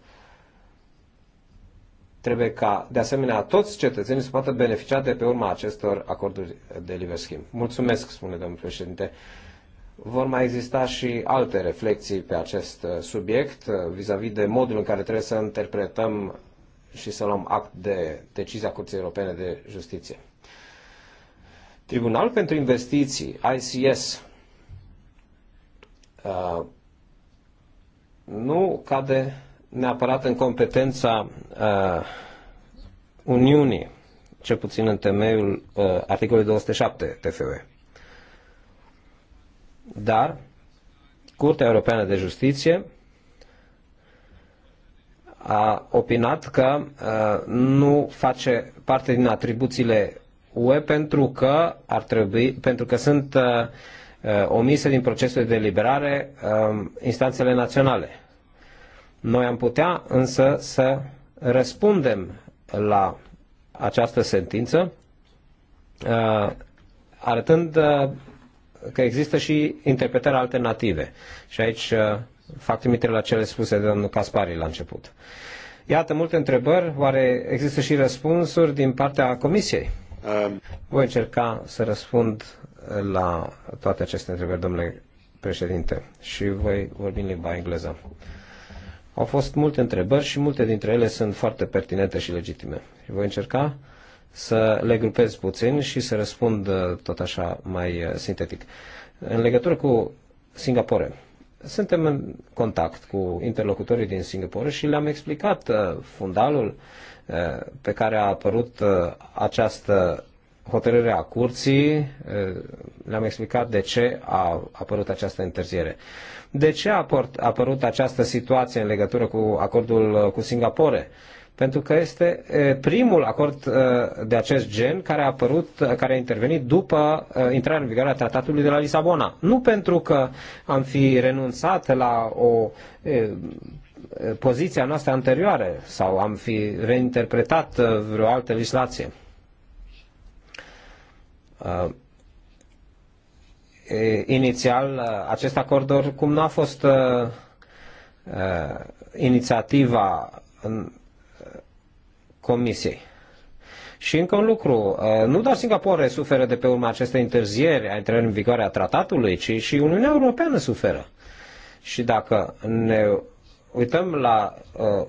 B: Trebuie ca, de asemenea, toți cetățenii să poată beneficia de pe urma acestor acorduri de liber schimb. Mulțumesc, spune domnul președinte. Vor mai exista și alte reflexii pe acest uh, subiect uh, vis-a-vis -vis de modul în care trebuie să interpretăm și să luăm act de decizia Curții Europene de Justiție. Tribunal pentru Investiții, ICS, uh, nu cade neapărat în competența uh, Uniunii, cel puțin în temeiul uh, articolului 207 TFUE. Dar Curtea Europeană de Justiție a opinat că uh, nu face parte din atribuțiile UE pentru că ar trebui, pentru că sunt uh, uh omise din procesul de deliberare uh, instanțele naționale. Noi am putea însă să răspundem la această sentință uh, arătând uh, că există și interpretări alternative. Și aici uh, fac trimitere la cele spuse de domnul Caspari la început. Iată multe întrebări, oare există și răspunsuri din partea Comisiei? Um. Voi încerca să răspund la toate aceste întrebări, domnule președinte, și voi vorbi în limba engleză. Au fost multe întrebări și multe dintre ele sunt foarte pertinente și legitime. Și voi încerca să le grupez puțin și să răspund uh, tot așa mai uh, sintetic. În legătură cu Singapore, suntem în contact cu interlocutorii din Singapore și le-am explicat uh, fundalul pe care a apărut această hotărârea curții, le-am explicat de ce a apărut această întârziere. De ce a apărut această situație în legătură cu acordul cu Singapore? Pentru că este primul acord de acest gen care a apărut, care a intervenit după intrarea în vigoare a tratatului de la Lisabona. Nu pentru că am fi renunțat la o poziția noastră anterioară sau am fi reinterpretat vreo altă legislație. Uh, inițial, uh, acest acord oricum nu a fost uh, inițiativa Comisiei. Și încă un lucru, nu doar Singapore suferă de pe urma acestei întârzieri a intrării în vigoare a tratatului, ci și Uniunea Europeană suferă. Și dacă ne uităm la uh,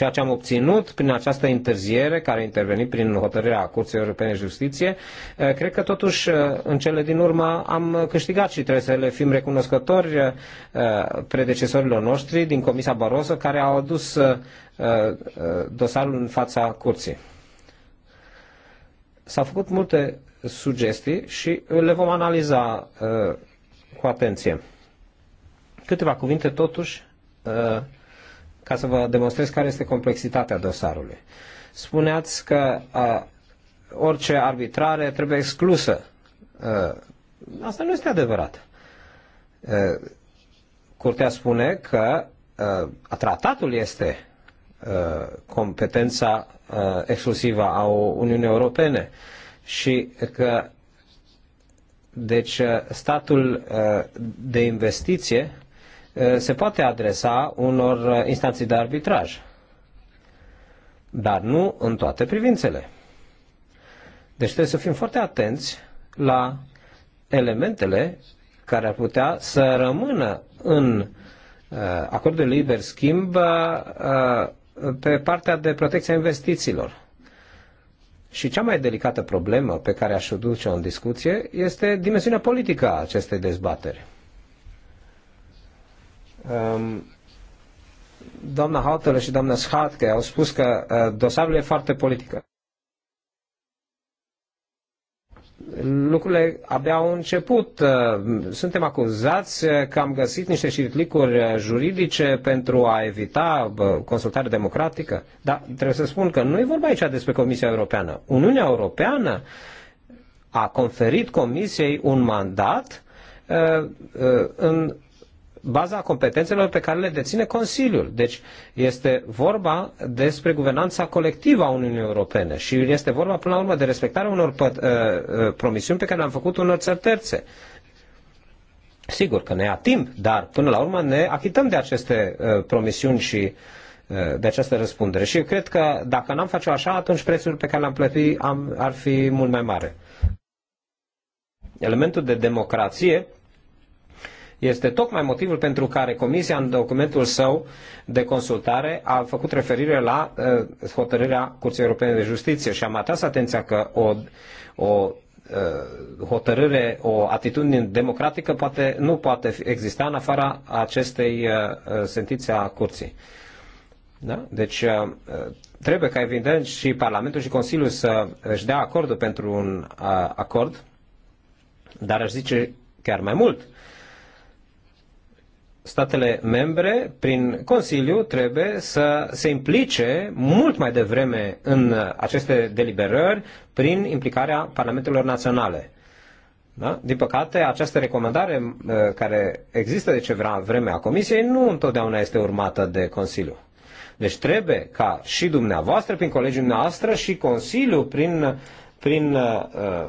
B: Ceea ce am obținut prin această întârziere care a intervenit prin hotărârea Curții Europene de Justiție, eh, cred că totuși eh, în cele din urmă am câștigat și trebuie să le fim recunoscători eh, predecesorilor noștri din Comisia Barroso care au adus dosarul în fața Curții. S-au făcut multe sugestii și le vom analiza cu atenție. Câteva cuvinte totuși ca să vă demonstrez care este complexitatea dosarului. Spuneați că a, orice arbitrare trebuie exclusă. A, asta nu este adevărat. A, curtea spune că a, tratatul este competența exclusivă a Uniunii Europene și că deci statul de investiție Eh, se poate adresa unor eh, instanții de arbitraj, dar nu în toate privințele. Deci trebuie să fim foarte atenți la elementele care ar putea să rămână în eh, acordul liber schimb pe partea de protecția investițiilor. Și cea mai delicată problemă pe care aș duce-o în discuție este dimensiunea politică a acestei dezbateri. Um, doamna Hautelă și doamna Schatke au spus că uh, dosarul e foarte politică. Lucrurile abia au început. Uh, suntem acuzați că am găsit niște șiritlicuri uh, juridice pentru a evita consultare democratică, dar trebuie să spun că nu e vorba aici despre Comisia Europeană. Uniunea Europeană a conferit Comisiei un mandat în baza competențelor pe care le deține Consiliul. Deci este vorba despre guvernanța colectivă a Uniunii Europene și este vorba până la urmă de respectarea unor uh, uh, promisiuni pe care le-am făcut unor țări terțe. Sigur că ne ia timp, dar până la urmă ne achităm de aceste uh, promisiuni și uh, de această răspundere. Și eu cred că dacă n-am face așa, atunci prețul pe care l-am plătit am, ar fi mult mai mare. Elementul de democrație este tocmai motivul pentru care Comisia, în documentul său de consultare, a făcut referire la uh, hotărârea Curții Europene de Justiție și am atras atenția că o, o uh, hotărâre, o atitudine democratică poate, nu poate exista în afara acestei uh, sentințe a curții. Da? Deci trebuie ca evident și Parlamentul și Consiliul să își dea acordul pentru un acord, dar aș zice chiar mai mult statele membre, prin Consiliu, trebuie să se implice mult mai devreme în aceste deliberări prin implicarea Parlamentelor Naționale. Da? Din păcate, această recomandare ă, care există de ceva vreme a Comisiei nu întotdeauna este urmată de Consiliu. Deci trebuie ca și dumneavoastră, prin colegii noastră, și Consiliu prin, prin uh,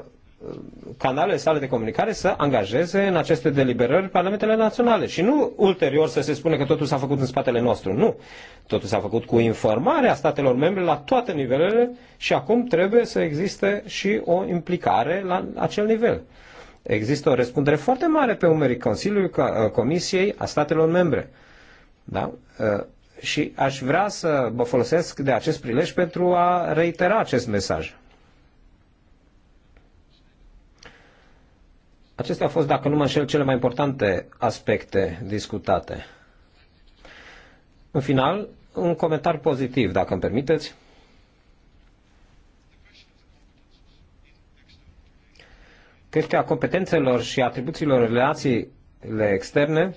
B: canalele sale de comunicare să angajeze în aceste deliberări parlamentele naționale și nu ulterior să se spune că totul s-a făcut în spatele nostru. Nu. Totul s-a făcut cu informarea statelor membre la toate nivelele și acum trebuie să existe și o implicare la acel nivel. Există o răspundere foarte mare pe umerii Consiliului, uh, Comisiei, a statelor membre. Da? Uh, și aș vrea să vă folosesc de acest prilej pentru a reitera acest mesaj Acestea au fost, dacă nu mă înșel, cele mai importante aspecte discutate. În final, un comentar pozitiv, dacă îmi permiteți. creșterea competențelor și atribuțiilor relațiile externe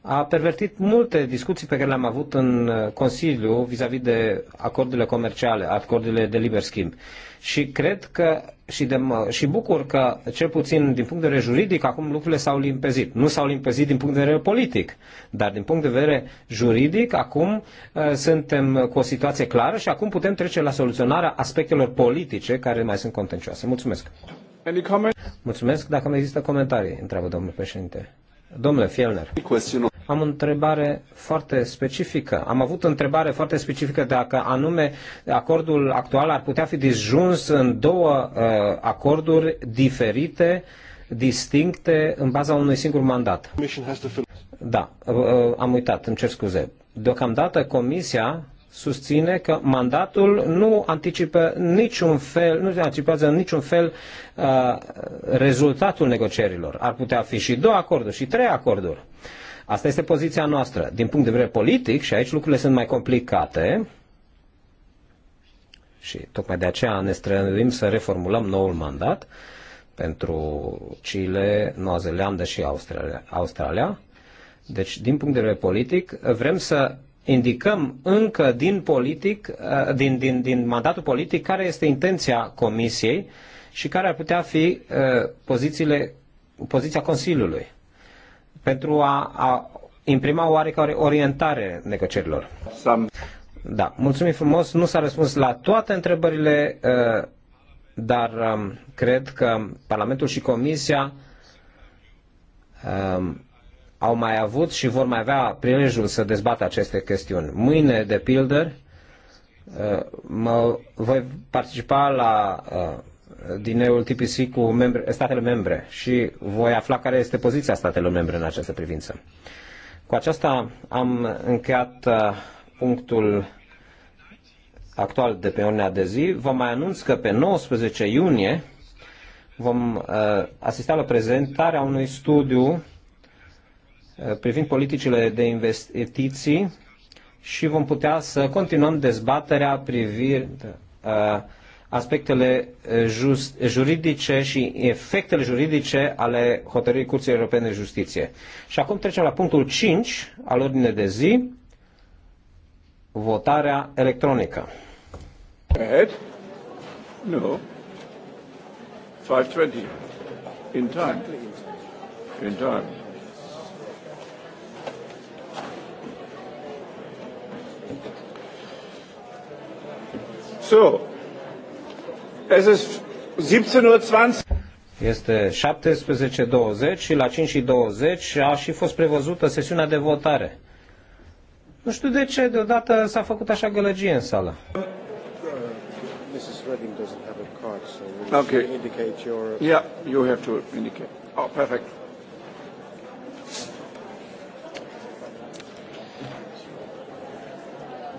B: a pervertit multe discuții pe care le-am avut în Consiliu vis-a-vis -vis de acordurile comerciale, acordurile de liber schimb și cred că și, de, și bucur că, cel puțin din punct de vedere juridic, acum lucrurile s-au limpezit. Nu s-au limpezit din punct de vedere politic, dar din punct de vedere juridic, acum uh, suntem cu o situație clară și acum putem trece la soluționarea aspectelor politice care mai sunt contencioase. Mulțumesc! Mulțumesc. Dacă mai există comentarii, întreabă domnul președinte. Domnule Fielner, am o întrebare foarte specifică. Am avut o întrebare foarte specifică dacă anume acordul actual ar putea fi disjuns în două uh, acorduri diferite, distincte, în baza unui singur mandat. Da, uh, uh, am uitat, îmi cer scuze. Deocamdată Comisia susține că mandatul nu anticipă niciun fel, nu anticipează în niciun fel uh, rezultatul negocierilor. Ar putea fi și două acorduri și trei acorduri. Asta este poziția noastră. Din punct de vedere politic, și aici lucrurile sunt mai complicate, și tocmai de aceea ne străduim să reformulăm noul mandat pentru Chile, Noua Zeelandă și Australia. Australia. Deci, din punct de vedere politic, vrem să indicăm încă din, politic, uh, din, din, din mandatul politic care este intenția Comisiei și care ar putea fi uh, pozițiile, poziția Consiliului pentru a, a imprima oarecare orientare negocierilor. Da, mulțumim frumos. Nu s-a răspuns la toate întrebările, uh, dar um, cred că Parlamentul și Comisia um, au mai avut și vor mai avea prilejul să dezbată aceste chestiuni. Mâine, de pildă, uh, mă voi participa la uh, dineul TPC cu membre, statele membre și voi afla care este poziția statelor membre în această privință. Cu aceasta am încheiat uh, punctul actual de pe ordinea de zi. Vă mai anunț că pe 19 iunie vom asista la prezentarea unui studiu Eh, privind politicile de investiții și vom putea să continuăm dezbaterea privind eh, aspectele just, juridice și efectele juridice ale hotărârii Curții Europene de Justiție. Și acum trecem la punctul 5 al ordinei de zi, votarea electronică.
C: Ahead? No. 5.20. In time. In time. So, es ist 17.20
B: Este 17.20 și la 5.20 a și fost prevăzută sesiunea de votare. Nu știu de ce, deodată s-a făcut așa gălăgie în sală.
A: Okay. Yeah, you have to indicate. Oh, perfect.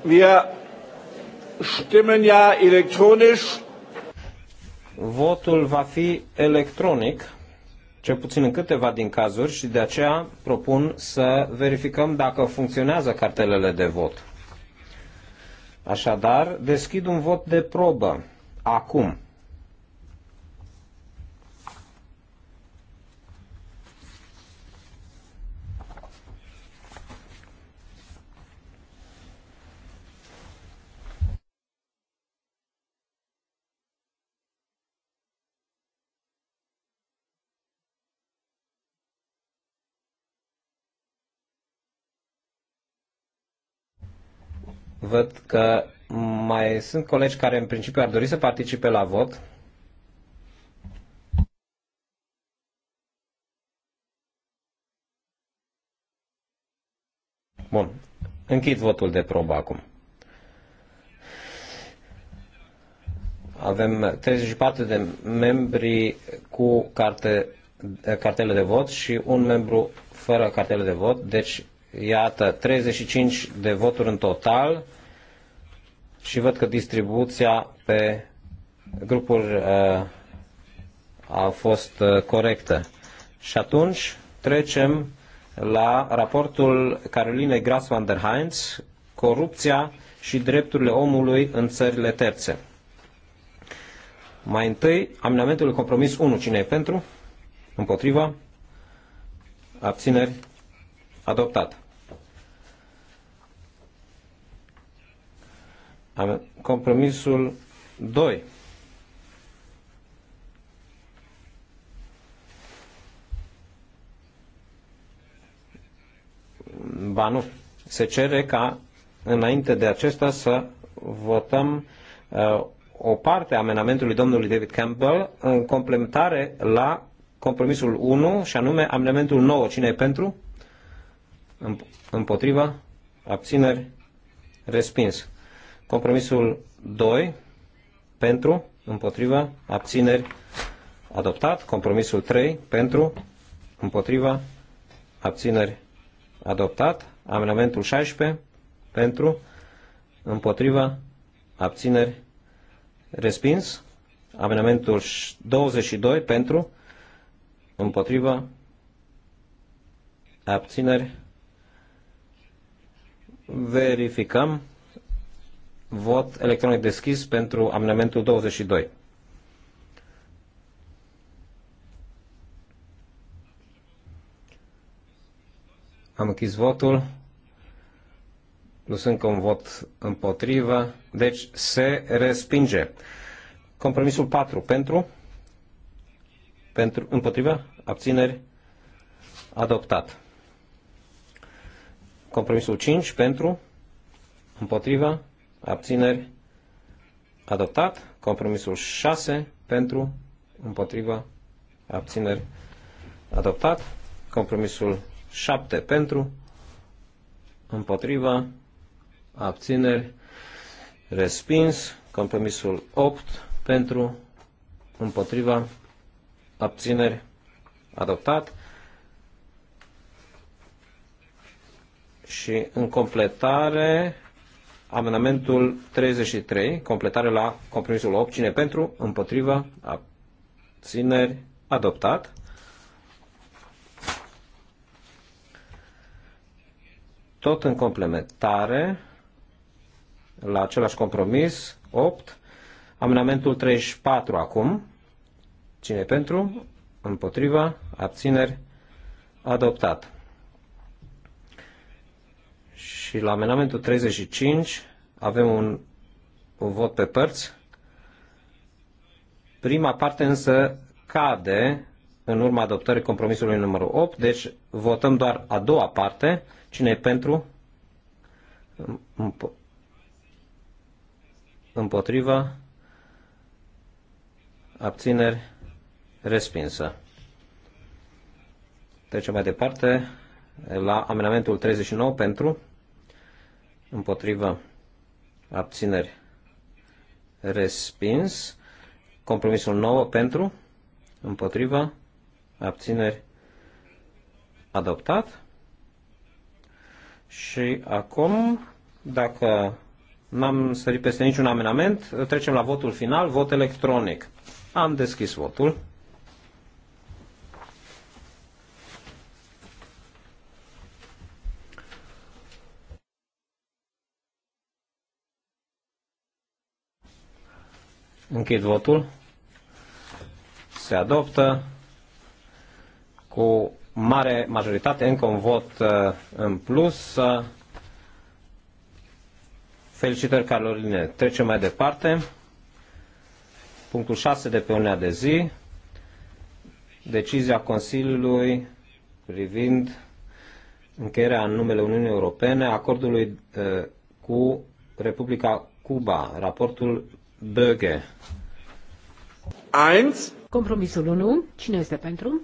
A: Wir stimmen
B: ja elektronisch. Votul va fi electronic, cel puțin în câteva din cazuri, și de aceea propun să verificăm dacă funcționează cartelele de vot. Așadar, deschid un vot de probă. Acum. Văd că mai sunt colegi care în principiu ar dori să participe la vot. Bun. Închid votul de probă acum. Avem 34 de membri cu carte, cartele de vot și un membru fără cartele de vot. Deci, iată, 35 de voturi în total și văd că distribuția pe grupuri uh, a fost uh, corectă. Și atunci trecem la raportul Caroline Gras van der Heinz, Corupția și drepturile omului în țările terțe. Mai întâi, amendamentul compromis 1. Cine e pentru? Împotriva? Abțineri? Adoptat. Compromisul 2. Ba nu. Se cere ca înainte de acesta să votăm uh, o parte a amendamentului domnului David Campbell în complementare la compromisul 1 și anume amendamentul 9. Cine e pentru? Împotriva? Abțineri? Respins. Compromisul 2 pentru, împotriva, abțineri, adoptat. Compromisul 3 pentru, împotriva, abțineri, adoptat. Amendamentul 16 pentru, împotriva, abțineri, respins. Amendamentul 22 pentru, împotriva, abțineri, verificăm Vot electronic deschis pentru amendamentul 22. Am închis votul. Plus încă un vot împotrivă. Deci se respinge. Compromisul 4 pentru. Pentru împotrivă. Abțineri. Adoptat. Compromisul 5 pentru. Împotriva abțineri, adoptat. Compromisul 6 pentru, împotriva, abțineri, adoptat. Compromisul 7 pentru, împotriva, abțineri, respins. Compromisul 8 pentru, împotriva, abțineri, adoptat. Și în completare, Amendamentul 33, completare la compromisul 8, cine pentru, împotrivă, abțineri, adoptat. Tot în complementare, la același compromis, 8, amendamentul 34 acum, cine pentru, împotrivă, abțineri, adoptat. Și la amenamentul 35 avem un, un vot pe părți. Prima parte însă cade în urma adoptării compromisului numărul 8, deci votăm doar a doua parte. Cine e pentru? Împotriva? Abțineri? Respinsă. Trecem mai departe la amenamentul 39 pentru, împotriva abțineri respins. Compromisul 9 pentru împotriva abțineri adoptat. Și acum, dacă n-am sărit peste niciun amenament, trecem la votul final, vot electronic. Am deschis votul. Închid votul. Se adoptă cu mare majoritate, încă un vot uh, în plus. Uh, felicitări, Caroline. Trecem mai departe. Punctul 6 de pe unea de zi. Decizia Consiliului privind încheierea în numele Uniunii Europene acordului uh, cu Republica Cuba, raportul
C: Böge. 1. Compromisul 1. Cine este pentru?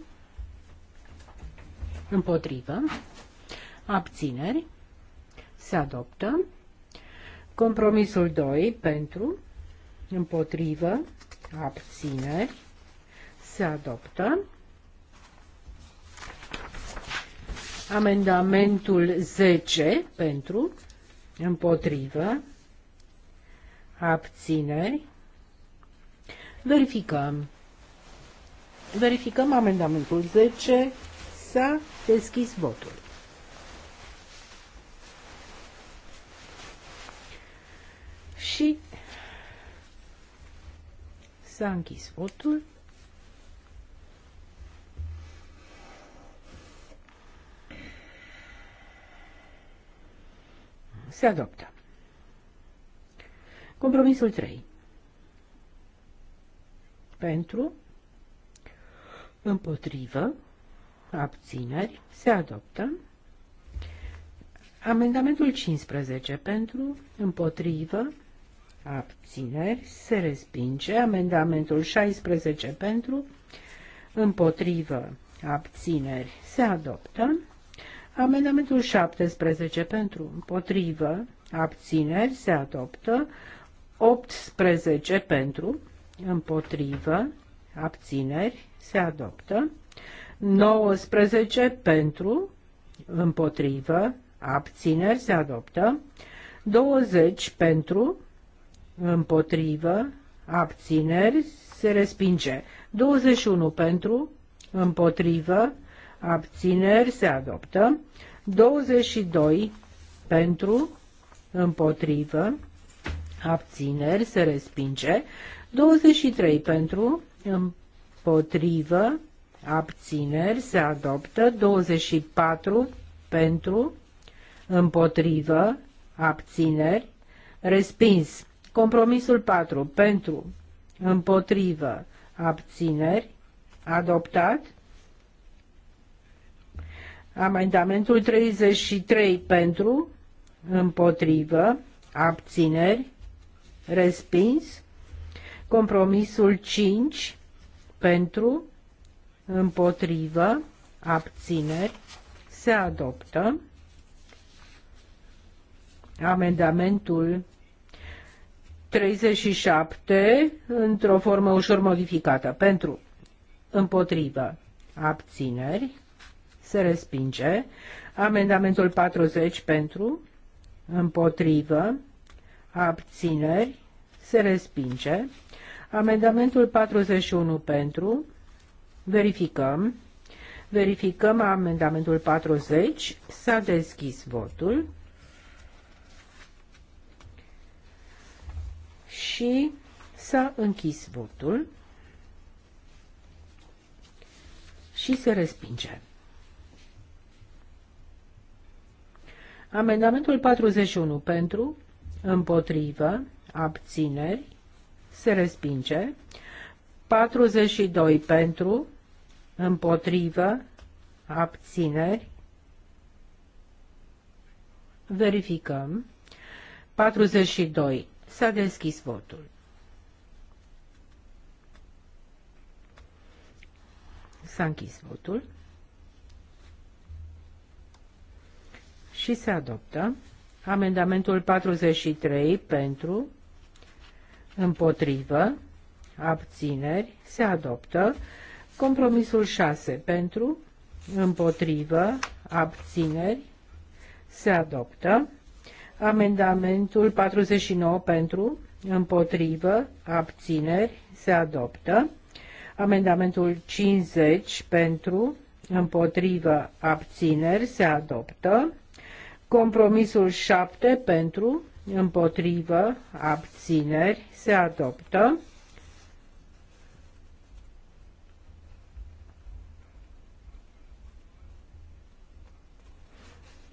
C: Împotrivă. Abțineri. Se adoptă. Compromisul 2. Pentru. Împotrivă. Abțineri. Se adoptă. Amendamentul 10. Pentru. Împotrivă abțineri. Verificăm. Verificăm amendamentul 10. S-a deschis votul. Și s-a închis votul. Se adoptă. Compromisul 3. Pentru, împotrivă, abțineri, se adoptă. Amendamentul 15 pentru, împotrivă, abțineri, se respinge. Amendamentul 16 pentru, împotrivă, abțineri, se adoptă. Amendamentul 17 pentru, împotrivă, abțineri, se adoptă. 18 pentru, împotrivă, abțineri, se adoptă. 19 pentru, împotrivă, abțineri, se adoptă. 20 pentru, împotrivă, abțineri, se respinge. 21 pentru, împotrivă, abțineri, se adoptă. 22 pentru, împotrivă, abțineri, se respinge. 23 pentru, împotrivă, abțineri, se adoptă. 24 pentru, împotrivă, abțineri, respins. Compromisul 4 pentru, împotrivă, abțineri, adoptat. Amendamentul 33 pentru, împotrivă, abțineri, respins. Compromisul 5 pentru, împotrivă, abțineri, se adoptă. Amendamentul 37 într-o formă ușor modificată pentru, împotrivă, abțineri, se respinge. Amendamentul 40 pentru, împotrivă, abțineri, se respinge. Amendamentul 41 pentru, verificăm, verificăm amendamentul 40, s-a deschis votul și s-a închis votul și se respinge. Amendamentul 41 pentru, împotrivă, abțineri, se respinge. 42 pentru, împotrivă, abțineri, verificăm. 42. S-a deschis votul. S-a închis votul și se adoptă. Amendamentul 43 pentru, împotrivă, abțineri, se adoptă. Compromisul 6 pentru, împotrivă, abțineri, se adoptă. Amendamentul 49 pentru, împotrivă, abțineri, se adoptă. Amendamentul 50 pentru, împotrivă, abțineri, se adoptă. Compromisul 7 pentru, împotrivă, abțineri, se adoptă.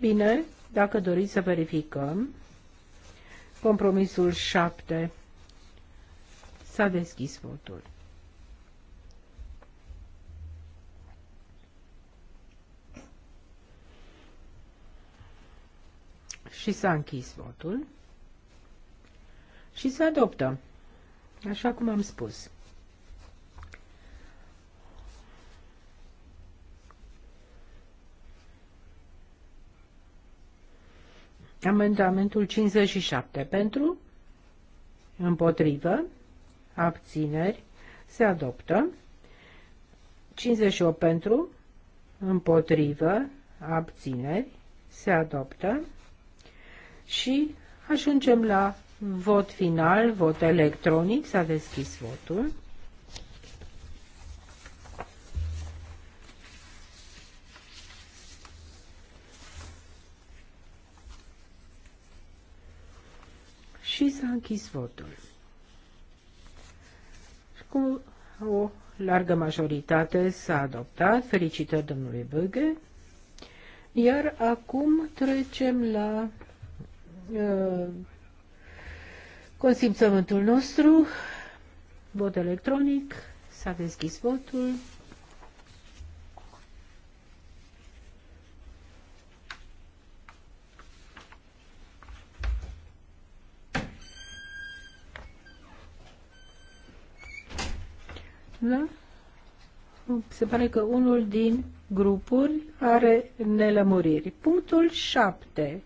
C: Bine, dacă doriți să verificăm, compromisul 7 s-a deschis votul. și s-a închis votul și se adoptă, așa cum am spus. Amendamentul 57 pentru, împotrivă, abțineri, se adoptă. 58 pentru, împotrivă, abțineri, se adoptă și ajungem la vot final, vot electronic. S-a deschis votul. și s-a închis votul. Cu o largă majoritate s-a adoptat. Felicitări domnului Băghe. Iar acum trecem la Uh, consimțământul nostru. Vot electronic. S-a deschis votul. Da? Se pare că unul din grupuri are nelămuriri. Punctul 7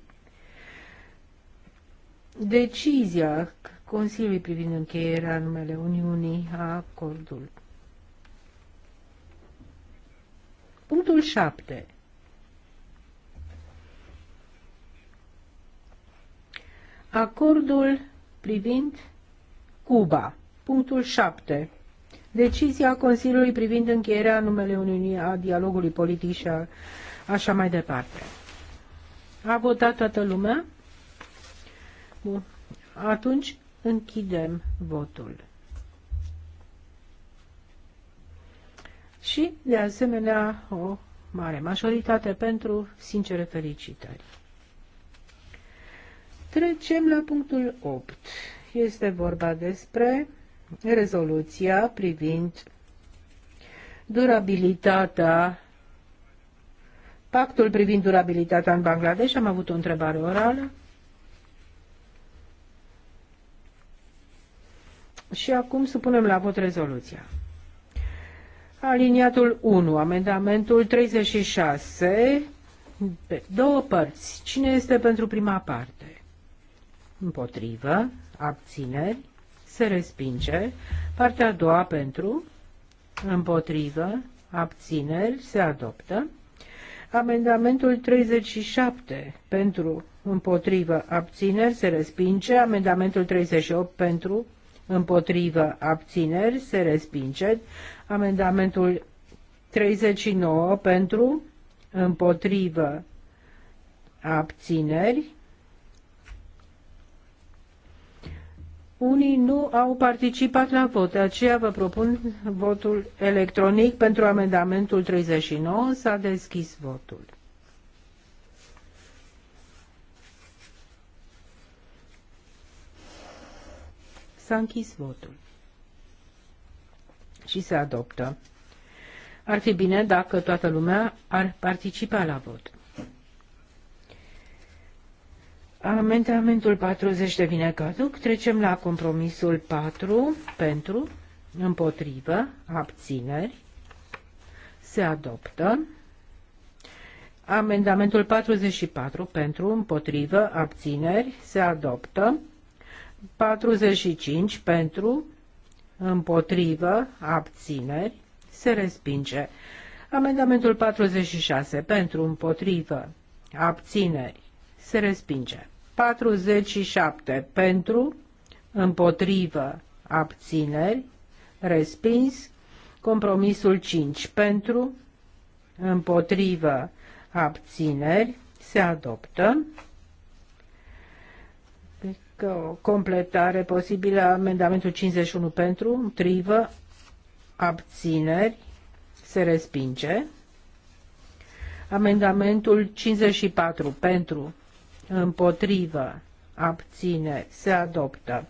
C: decizia Consiliului privind încheierea numele Uniunii a acordului. Punctul 7. Acordul privind Cuba. Punctul 7. Decizia Consiliului privind încheierea numele Uniunii a dialogului politic și a, așa mai departe. A votat toată lumea? Bun. Atunci închidem votul. Și, de asemenea, o mare majoritate pentru sincere felicitări. Trecem la punctul 8. Este vorba despre rezoluția privind durabilitatea pactul privind durabilitatea în Bangladesh. Am avut o întrebare orală. Și acum supunem la vot rezoluția. Aliniatul 1, amendamentul 36, pe două părți. Cine este pentru prima parte? Împotrivă, abțineri, se respinge. Partea a doua pentru, împotrivă, abțineri, se adoptă. Amendamentul 37 pentru, împotrivă, abțineri, se respinge. Amendamentul 38 pentru, împotrivă, abțineri, se respinge. Amendamentul 39 pentru, împotrivă, abțineri. Unii nu au participat la vot, aceea vă propun votul electronic pentru amendamentul 39. S-a deschis votul. S-a închis votul. Și se adoptă. Ar fi bine dacă toată lumea ar participa la vot. Amendamentul 40 devine caduc. Trecem la compromisul 4 pentru, împotrivă, abțineri. Se adoptă. Amendamentul 44 pentru, împotrivă, abțineri. Se adoptă. 45 pentru, împotrivă, abțineri, se respinge. Amendamentul 46 pentru, împotrivă, abțineri, se respinge. 47 pentru, împotrivă, abțineri, respins. Compromisul 5 pentru, împotrivă, abțineri, se adoptă că o completare posibilă amendamentul 51 pentru, trivă, abțineri, se respinge. Amendamentul 54 pentru, împotrivă, abține, se adoptă.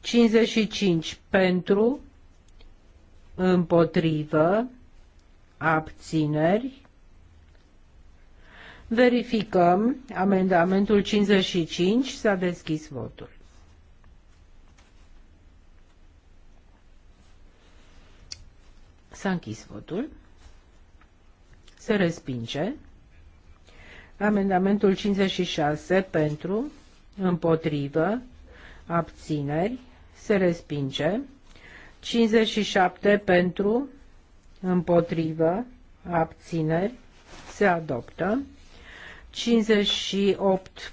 C: 55 pentru, împotrivă, abțineri, Verificăm amendamentul 55. S-a deschis votul. S-a închis votul. Se respinge. Amendamentul 56 pentru, împotrivă, abțineri, se respinge. 57 pentru, împotrivă, abțineri, se adoptă. 58,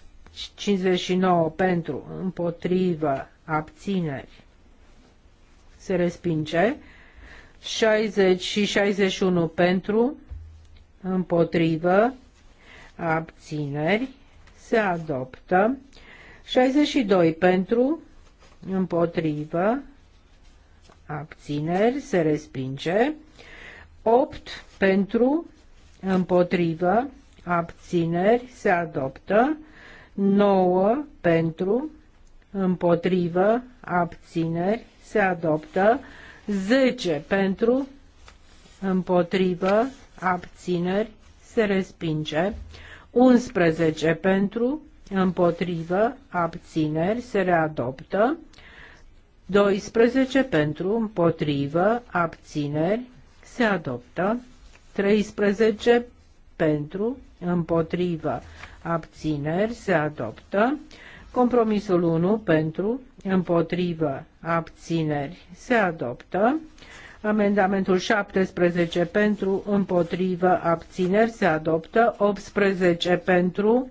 C: 59 pentru, împotrivă, abțineri, se respinge. 60 și 61 pentru, împotrivă, abțineri, se adoptă. 62 pentru, împotrivă, abțineri, se respinge. 8 pentru, împotrivă, abțineri se adoptă, 9 pentru, împotrivă, abțineri se adoptă, 10 pentru, împotrivă, abțineri se respinge, 11 pentru, împotrivă, abțineri se readoptă, 12 pentru, împotrivă, abțineri se adoptă, 13 pentru, împotrivă, abțineri, se adoptă. Compromisul 1 pentru, împotrivă, abțineri, se adoptă. Amendamentul 17 pentru, împotrivă, abțineri, se adoptă. 18 pentru,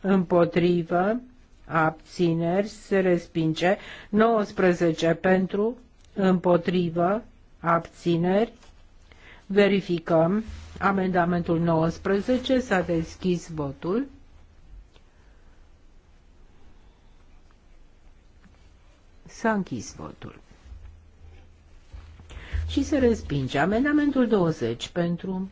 C: împotrivă, abțineri, se respinge. 19 pentru, împotrivă, abțineri, Verificăm. Amendamentul 19 s-a deschis votul. S-a închis votul. Și se respinge amendamentul 20 pentru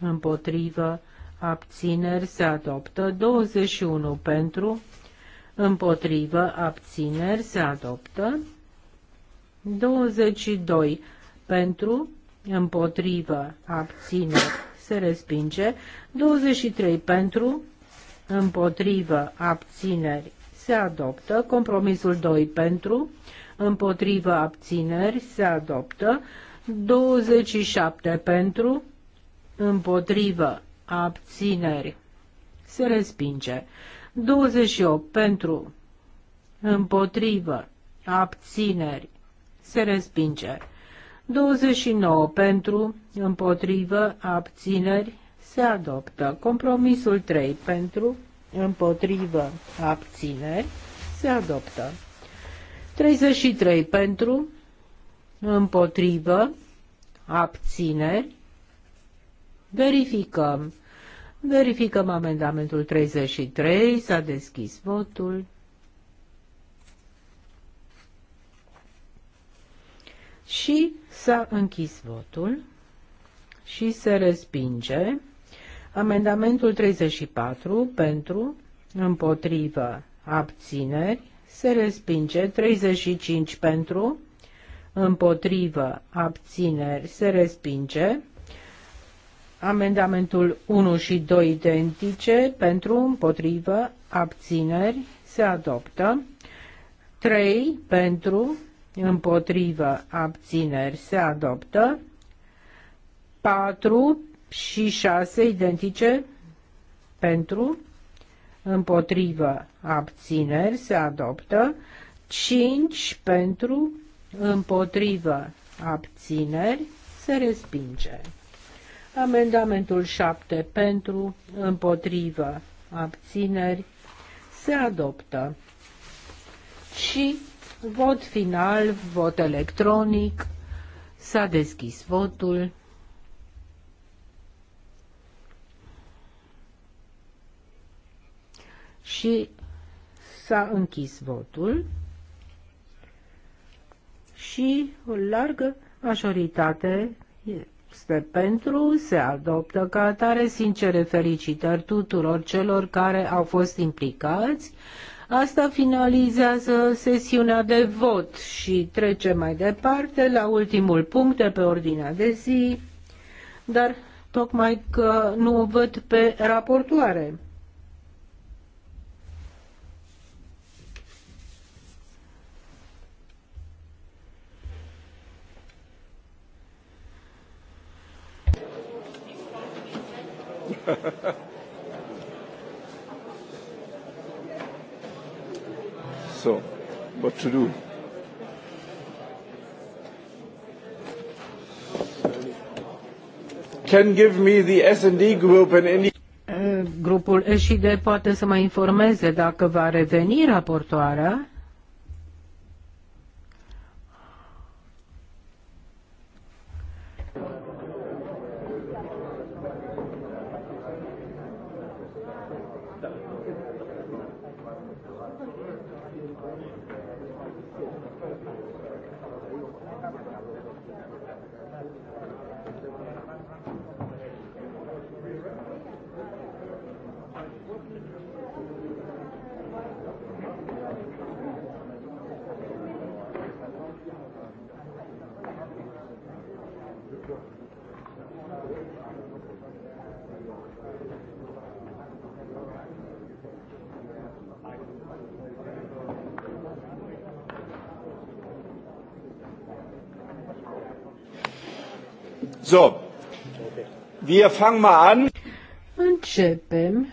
C: împotrivă abțineri se adoptă 21 pentru împotrivă abțineri se adoptă 22 pentru împotrivă, abțineri, se respinge. 23 pentru, împotrivă, abțineri, se adoptă. Compromisul 2 pentru, împotrivă, abțineri, se adoptă. 27 pentru, împotrivă, abțineri, se respinge. 28 pentru, împotrivă, abțineri, se respinge. 29 pentru, împotrivă, abțineri, se adoptă. Compromisul 3 pentru, împotrivă, abțineri, se adoptă. 33 pentru, împotrivă, abțineri, verificăm. Verificăm amendamentul 33, s-a deschis votul. Și s-a închis votul și se respinge amendamentul 34 pentru, împotrivă, abțineri, se respinge 35 pentru, împotrivă, abțineri, se respinge amendamentul 1 și 2 identice pentru, împotrivă, abțineri, se adoptă 3 pentru, împotrivă, abțineri, se adoptă. 4 și 6 identice pentru, împotrivă, abțineri, se adoptă. 5 pentru, împotrivă, abțineri, se respinge. Amendamentul 7 pentru, împotrivă, abțineri, se adoptă. Și Vot final, vot electronic. S-a deschis votul. Și s-a închis votul. Și o largă majoritate este pentru, se adoptă ca atare sincere felicitări tuturor celor care au fost implicați Asta finalizează sesiunea de vot și trecem mai departe la ultimul punct de pe ordinea de zi, dar tocmai că nu o văd pe raportoare.
B: Ha ha ha.
A: So, what to do? Can give me the S&D group and any
C: eh, Grupul SID poate să mă informeze dacă va reveni raportoarea. So, wir fangen mal an. Începem.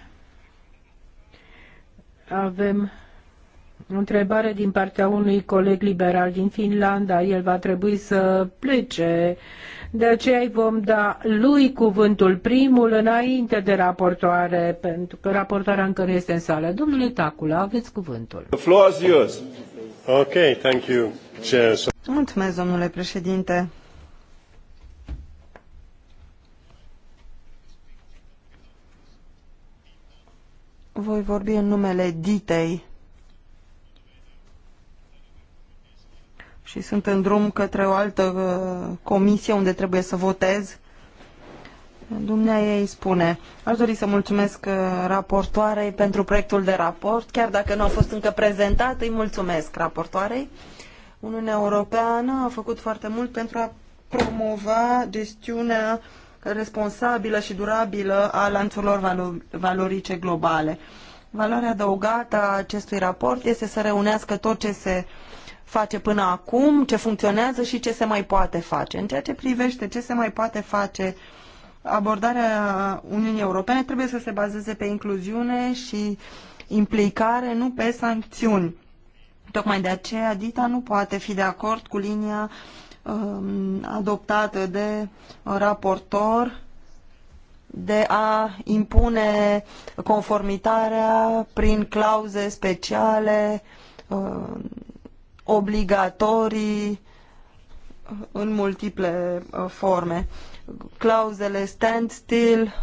C: Avem o întrebare din partea unui coleg liberal din Finlanda. El va trebui să plece. De aceea îi vom da lui cuvântul primul înainte de raportoare, pentru că raportoarea încă nu este în sală. Domnule Tacula, aveți cuvântul. The floor is yours. Okay, thank you, Chair.
A: Mulțumesc, domnule președinte. Voi vorbi în numele Ditei și sunt în drum către o altă uh, comisie unde trebuie să votez. Dumnea ei spune, aș dori să mulțumesc uh, raportoarei pentru proiectul de raport, chiar dacă nu a fost încă prezentat, îi mulțumesc raportoarei. Uniunea Europeană a făcut foarte mult pentru a promova gestiunea uh, responsabilă și durabilă a lanțurilor valorice globale. Valoarea adăugată a acestui raport este să reunească tot ce se face până acum, ce funcționează și ce se mai poate face. În ceea ce privește ce se mai poate face, abordarea Uniunii Europene trebuie să se bazeze pe incluziune și implicare, nu pe sancțiuni. Tocmai de aceea, Dita nu poate fi de acord cu linia Um, adoptată de raportor de a impune conformitarea prin clauze speciale um, obligatorii uh, în multiple uh, forme. Clauzele standstill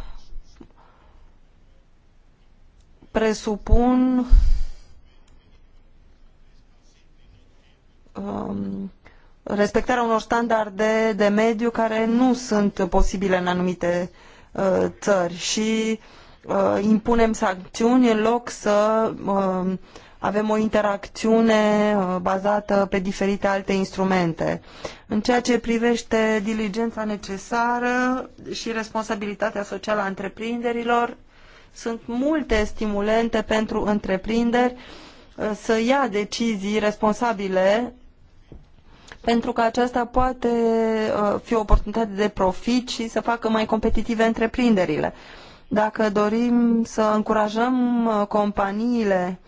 A: presupun um, respectarea unor standarde de mediu care nu sunt posibile în anumite uh, țări și uh, impunem sancțiuni în loc să uh, avem o interacțiune uh, bazată pe diferite alte instrumente. În ceea ce privește diligența necesară și responsabilitatea socială a întreprinderilor, sunt multe stimulente pentru întreprinderi uh, să ia decizii responsabile pentru că aceasta poate uh, fi o oportunitate de profit și să facă mai competitive întreprinderile. Dacă dorim să încurajăm uh, companiile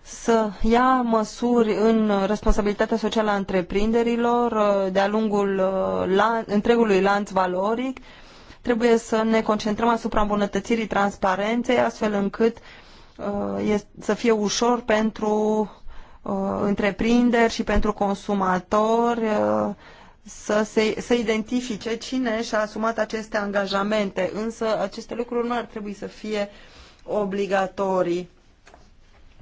A: să ia măsuri în responsabilitatea socială a întreprinderilor uh, de-a lungul lan, întregului lanț valoric, trebuie să ne concentrăm asupra îmbunătățirii transparenței, astfel încât uh, să fie ușor pentru Uh, întreprinderi și pentru consumatori uh, să, se, să identifice cine și-a asumat aceste angajamente, însă aceste lucruri nu ar trebui să fie obligatorii,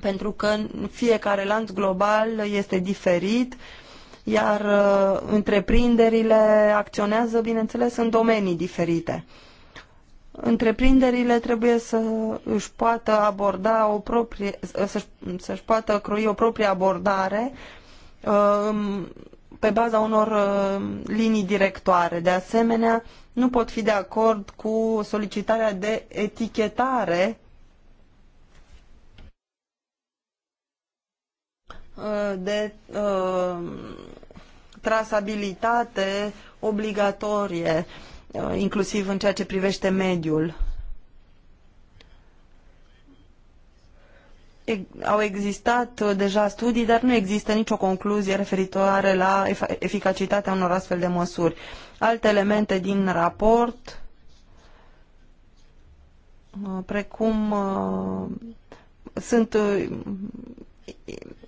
A: pentru că fiecare lanț global este diferit, iar uh, întreprinderile acționează, bineînțeles, în domenii diferite. Întreprinderile trebuie să își poată aborda o proprie, să-și, să poată croi o proprie abordare uh, pe baza unor uh, linii directoare. De asemenea, nu pot fi de acord cu solicitarea de etichetare uh, de trasabilitate obligatorie. Uh, Uh, inclusiv în ceea ce privește mediul. Au existat uh, deja studii, dar nu există nicio concluzie referitoare la eficacitatea unor astfel de măsuri. Alte elemente din raport, uh, precum sunt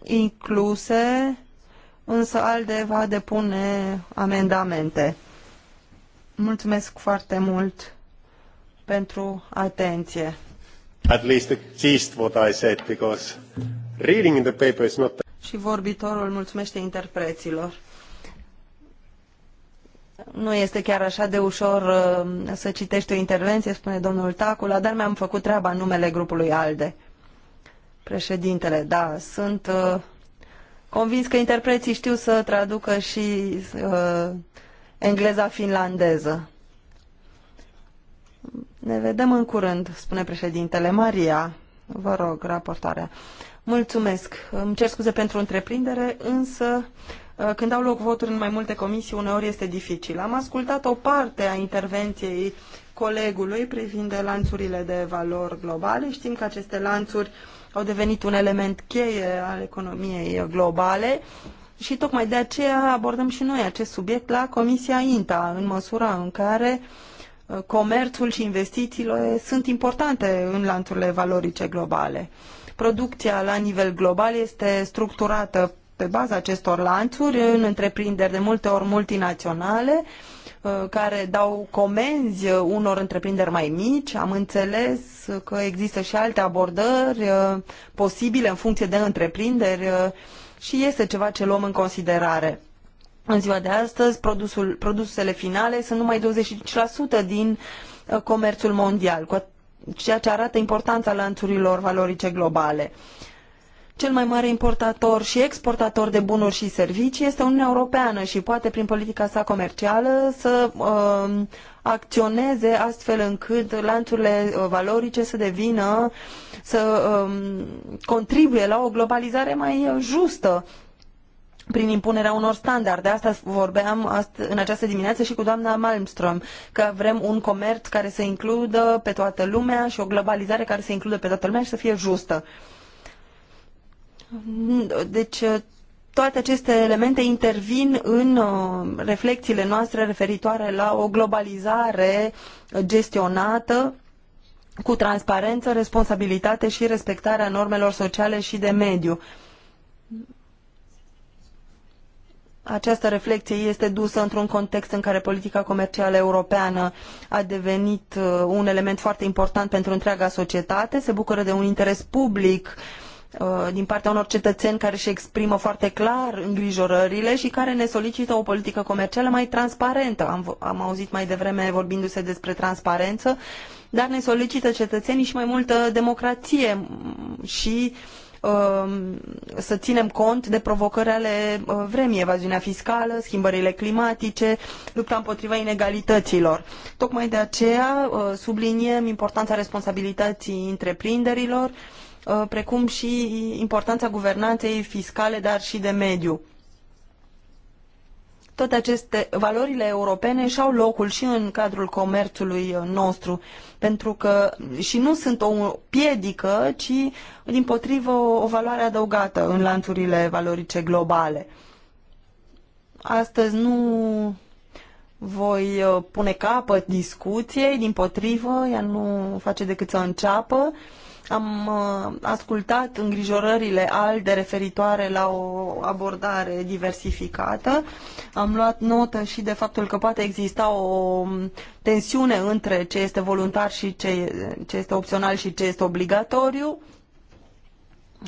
A: incluse, însă ALDE va depune amendamente. Mulțumesc foarte mult pentru atenție.
C: At least the gist what I said, because reading the paper is not...
A: Și vorbitorul mulțumește interpreților. Nu este chiar așa de ușor uh, să citești o intervenție, spune domnul Tacula, dar mi-am făcut treaba în numele grupului ALDE. Președintele, da, sunt uh, convins că interpreții știu să traducă și uh, engleza finlandeză. Ne vedem în curând, spune președintele Maria. Vă rog, raportarea. Mulțumesc. Îmi cer scuze pentru întreprindere, însă uh, când au loc voturi în mai multe comisii, uneori este dificil. Am ascultat o parte a intervenției colegului privind de lanțurile de valori globale. Știm că aceste lanțuri au devenit un element cheie al economiei globale și tocmai de aceea abordăm și noi acest subiect la Comisia INTA, în măsura în care uh, comerțul și investițiile sunt importante în lanțurile valorice globale. Producția la nivel global este structurată pe baza acestor lanțuri în întreprinderi de multe ori multinaționale uh, care dau comenzi unor întreprinderi mai mici. Am înțeles că există și alte abordări uh, posibile în funcție de întreprinderi și este ceva ce luăm în considerare. În ziua de astăzi, produsul, produsele finale sunt numai 25% din uh, comerțul mondial, ceea ce arată importanța lanțurilor valorice globale cel mai mare importator și exportator de bunuri și servicii este Uniunea Europeană și poate prin politica sa comercială să uh, acționeze astfel încât lanțurile uh, valorice să devină, să uh, contribuie la o globalizare mai uh, justă prin impunerea unor standarde. Asta vorbeam ast- în această dimineață și cu doamna Malmström, că vrem un comerț care să includă pe toată lumea și o globalizare care să includă pe toată lumea și să fie justă. Uh, deci uh, toate aceste elemente intervin în uh, reflexiile noastre referitoare la o globalizare gestionată cu transparență, responsabilitate și respectarea normelor sociale și de mediu. Această reflexie este dusă într-un context în care politica comercială europeană a devenit uh, un element foarte important pentru întreaga societate, se bucură de un interes public uh, Uh, din partea unor cetățeni care își exprimă foarte clar îngrijorările și care ne solicită o politică comercială mai transparentă. Am, am auzit mai devreme vorbindu-se despre transparență, dar ne solicită cetățenii și mai multă democrație și um, să ținem cont de provocări ale uh, vremii, evaziunea fiscală, schimbările climatice, lupta împotriva inegalităților. Tocmai de aceea uh, subliniem importanța responsabilității întreprinderilor, uh, Uh, precum și importanța guvernanței fiscale, dar și de mediu. Toate aceste valorile europene și-au locul și în cadrul comerțului uh, nostru, pentru că și nu sunt o piedică, ci din potrivă o valoare adăugată în lanțurile valorice globale. Astăzi nu voi uh, pune capăt discuției, din potrivă, ea nu face decât să înceapă. Am uh, ascultat îngrijorările ALDE referitoare la o abordare diversificată. Am luat notă și de faptul că poate exista o tensiune între ce este voluntar și ce, ce este opțional și ce este obligatoriu.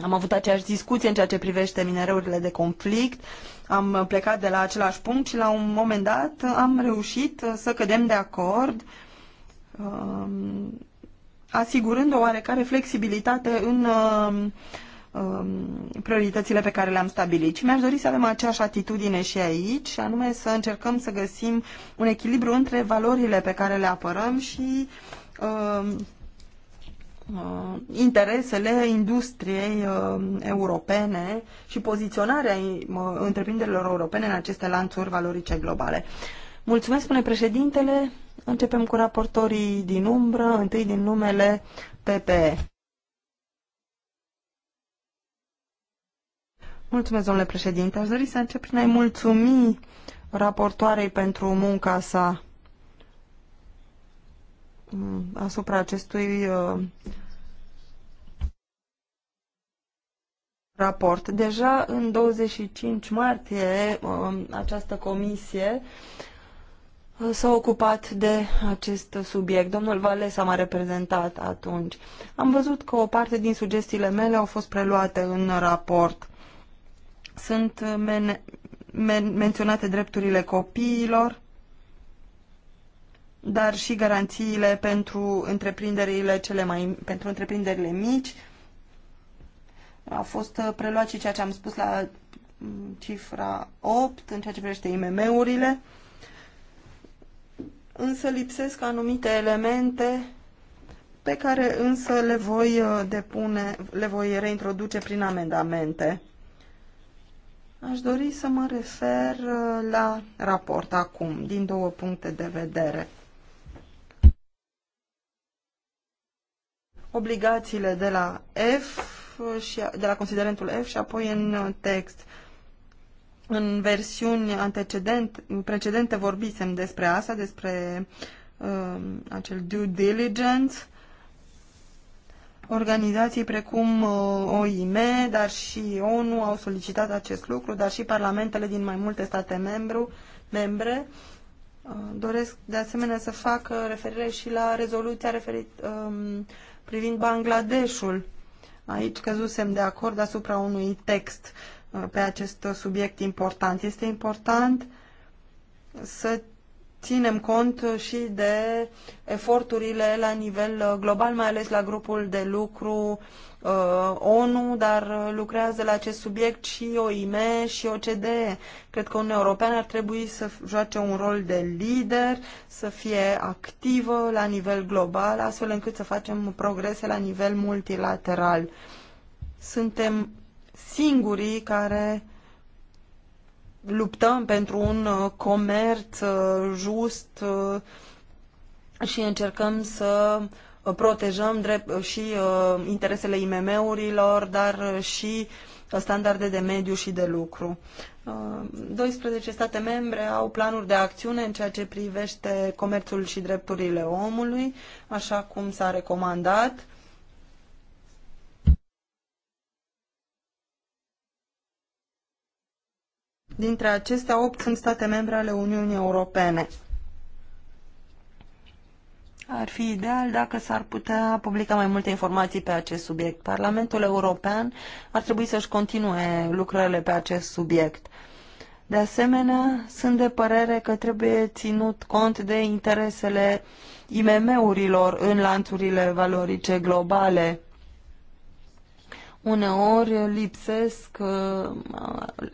A: Am avut aceeași discuție în ceea ce privește minereurile de conflict. Am plecat de la același punct și la un moment dat am reușit să cădem de acord um, asigurând o oarecare flexibilitate în um, um, prioritățile pe care le-am stabilit. Și mi-aș dori să avem aceeași atitudine și aici, și anume să încercăm să găsim un echilibru între valorile pe care le apărăm și uh, uh, interesele industriei uh, europene și poziționarea întreprinderilor europene în aceste lanțuri valorice globale. Mulțumesc, spune președintele. Începem cu raportorii din umbră, întâi din numele PPE. Mulțumesc, domnule președinte. Aș dori să încep prin a-i mulțumi raportoarei pentru munca sa mm, asupra acestui uh, raport. Deja în 25 martie uh, această comisie s-a ocupat de acest subiect. Domnul Valesa m-a reprezentat atunci. Am văzut că o parte din sugestiile mele au fost preluate în raport. Sunt men- men- menționate drepturile copiilor, dar și garanțiile pentru întreprinderile cele mai pentru întreprinderile mici. A fost preluat și ceea ce am spus la mm, cifra 8 în ceea ce privește IMM-urile. Uh, însă lipsesc anumite elemente pe care însă le voi uh, depune, le voi reintroduce prin amendamente. Aș dori să mă refer uh, la raport acum, din două puncte de vedere. Obligațiile de la F uh, și de la considerentul F și apoi în text. În versiuni antecedent, precedente vorbisem despre asta, despre uh, acel due diligence, Organizații precum uh, OIM, dar și ONU au solicitat acest lucru, dar și parlamentele din mai multe state membru, membre uh, doresc de asemenea să fac referire și la rezoluția referit, uh, privind Bangladeshul. Aici căzusem de acord asupra unui text pe acest subiect important. Este important să ținem cont și de eforturile la nivel global, mai ales la grupul de lucru uh, ONU, dar lucrează la acest subiect și OIM și OCDE. Cred că Uniunea Europeană ar trebui să joace un rol de lider, să fie activă la nivel global, astfel încât să facem progrese la nivel multilateral. Suntem singurii care luptăm pentru un uh, comerț uh, just uh, și încercăm să protejăm drept și interesele IMM-urilor, dar și standarde de mediu și de lucru. 12 state membre au planuri de acțiune în ceea ce privește comerțul și drepturile omului, așa cum s-a recomandat Dintre acestea, 8 sunt state membre ale Uniunii Europene. Ar fi ideal dacă s-ar putea publica mai multe informații pe acest subiect. Parlamentul European ar trebui să-și continue lucrările pe acest subiect. De asemenea, sunt de părere că trebuie ținut cont de interesele IMM-urilor în lanțurile valorice globale uneori lipsesc, uh,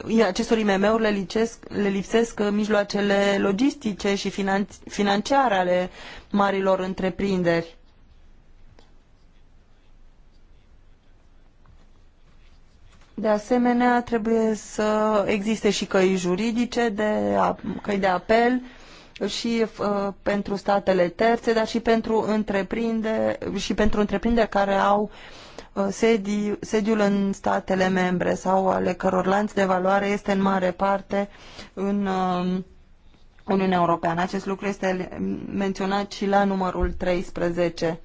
A: uh, acestor IMM-uri le, lipsesc, le lipsesc uh, mijloacele logistice și financiare ale marilor întreprinderi. De asemenea, trebuie să existe și căi juridice, de, căi de apel și uh, pentru statele terțe, dar și pentru întreprinderi, și pentru întreprinderi care au uh, Uh, sediul în statele membre sau ale căror lanț de valoare este în mare parte în um, Uniunea Europeană. Acest lucru este menționat și la numărul 13.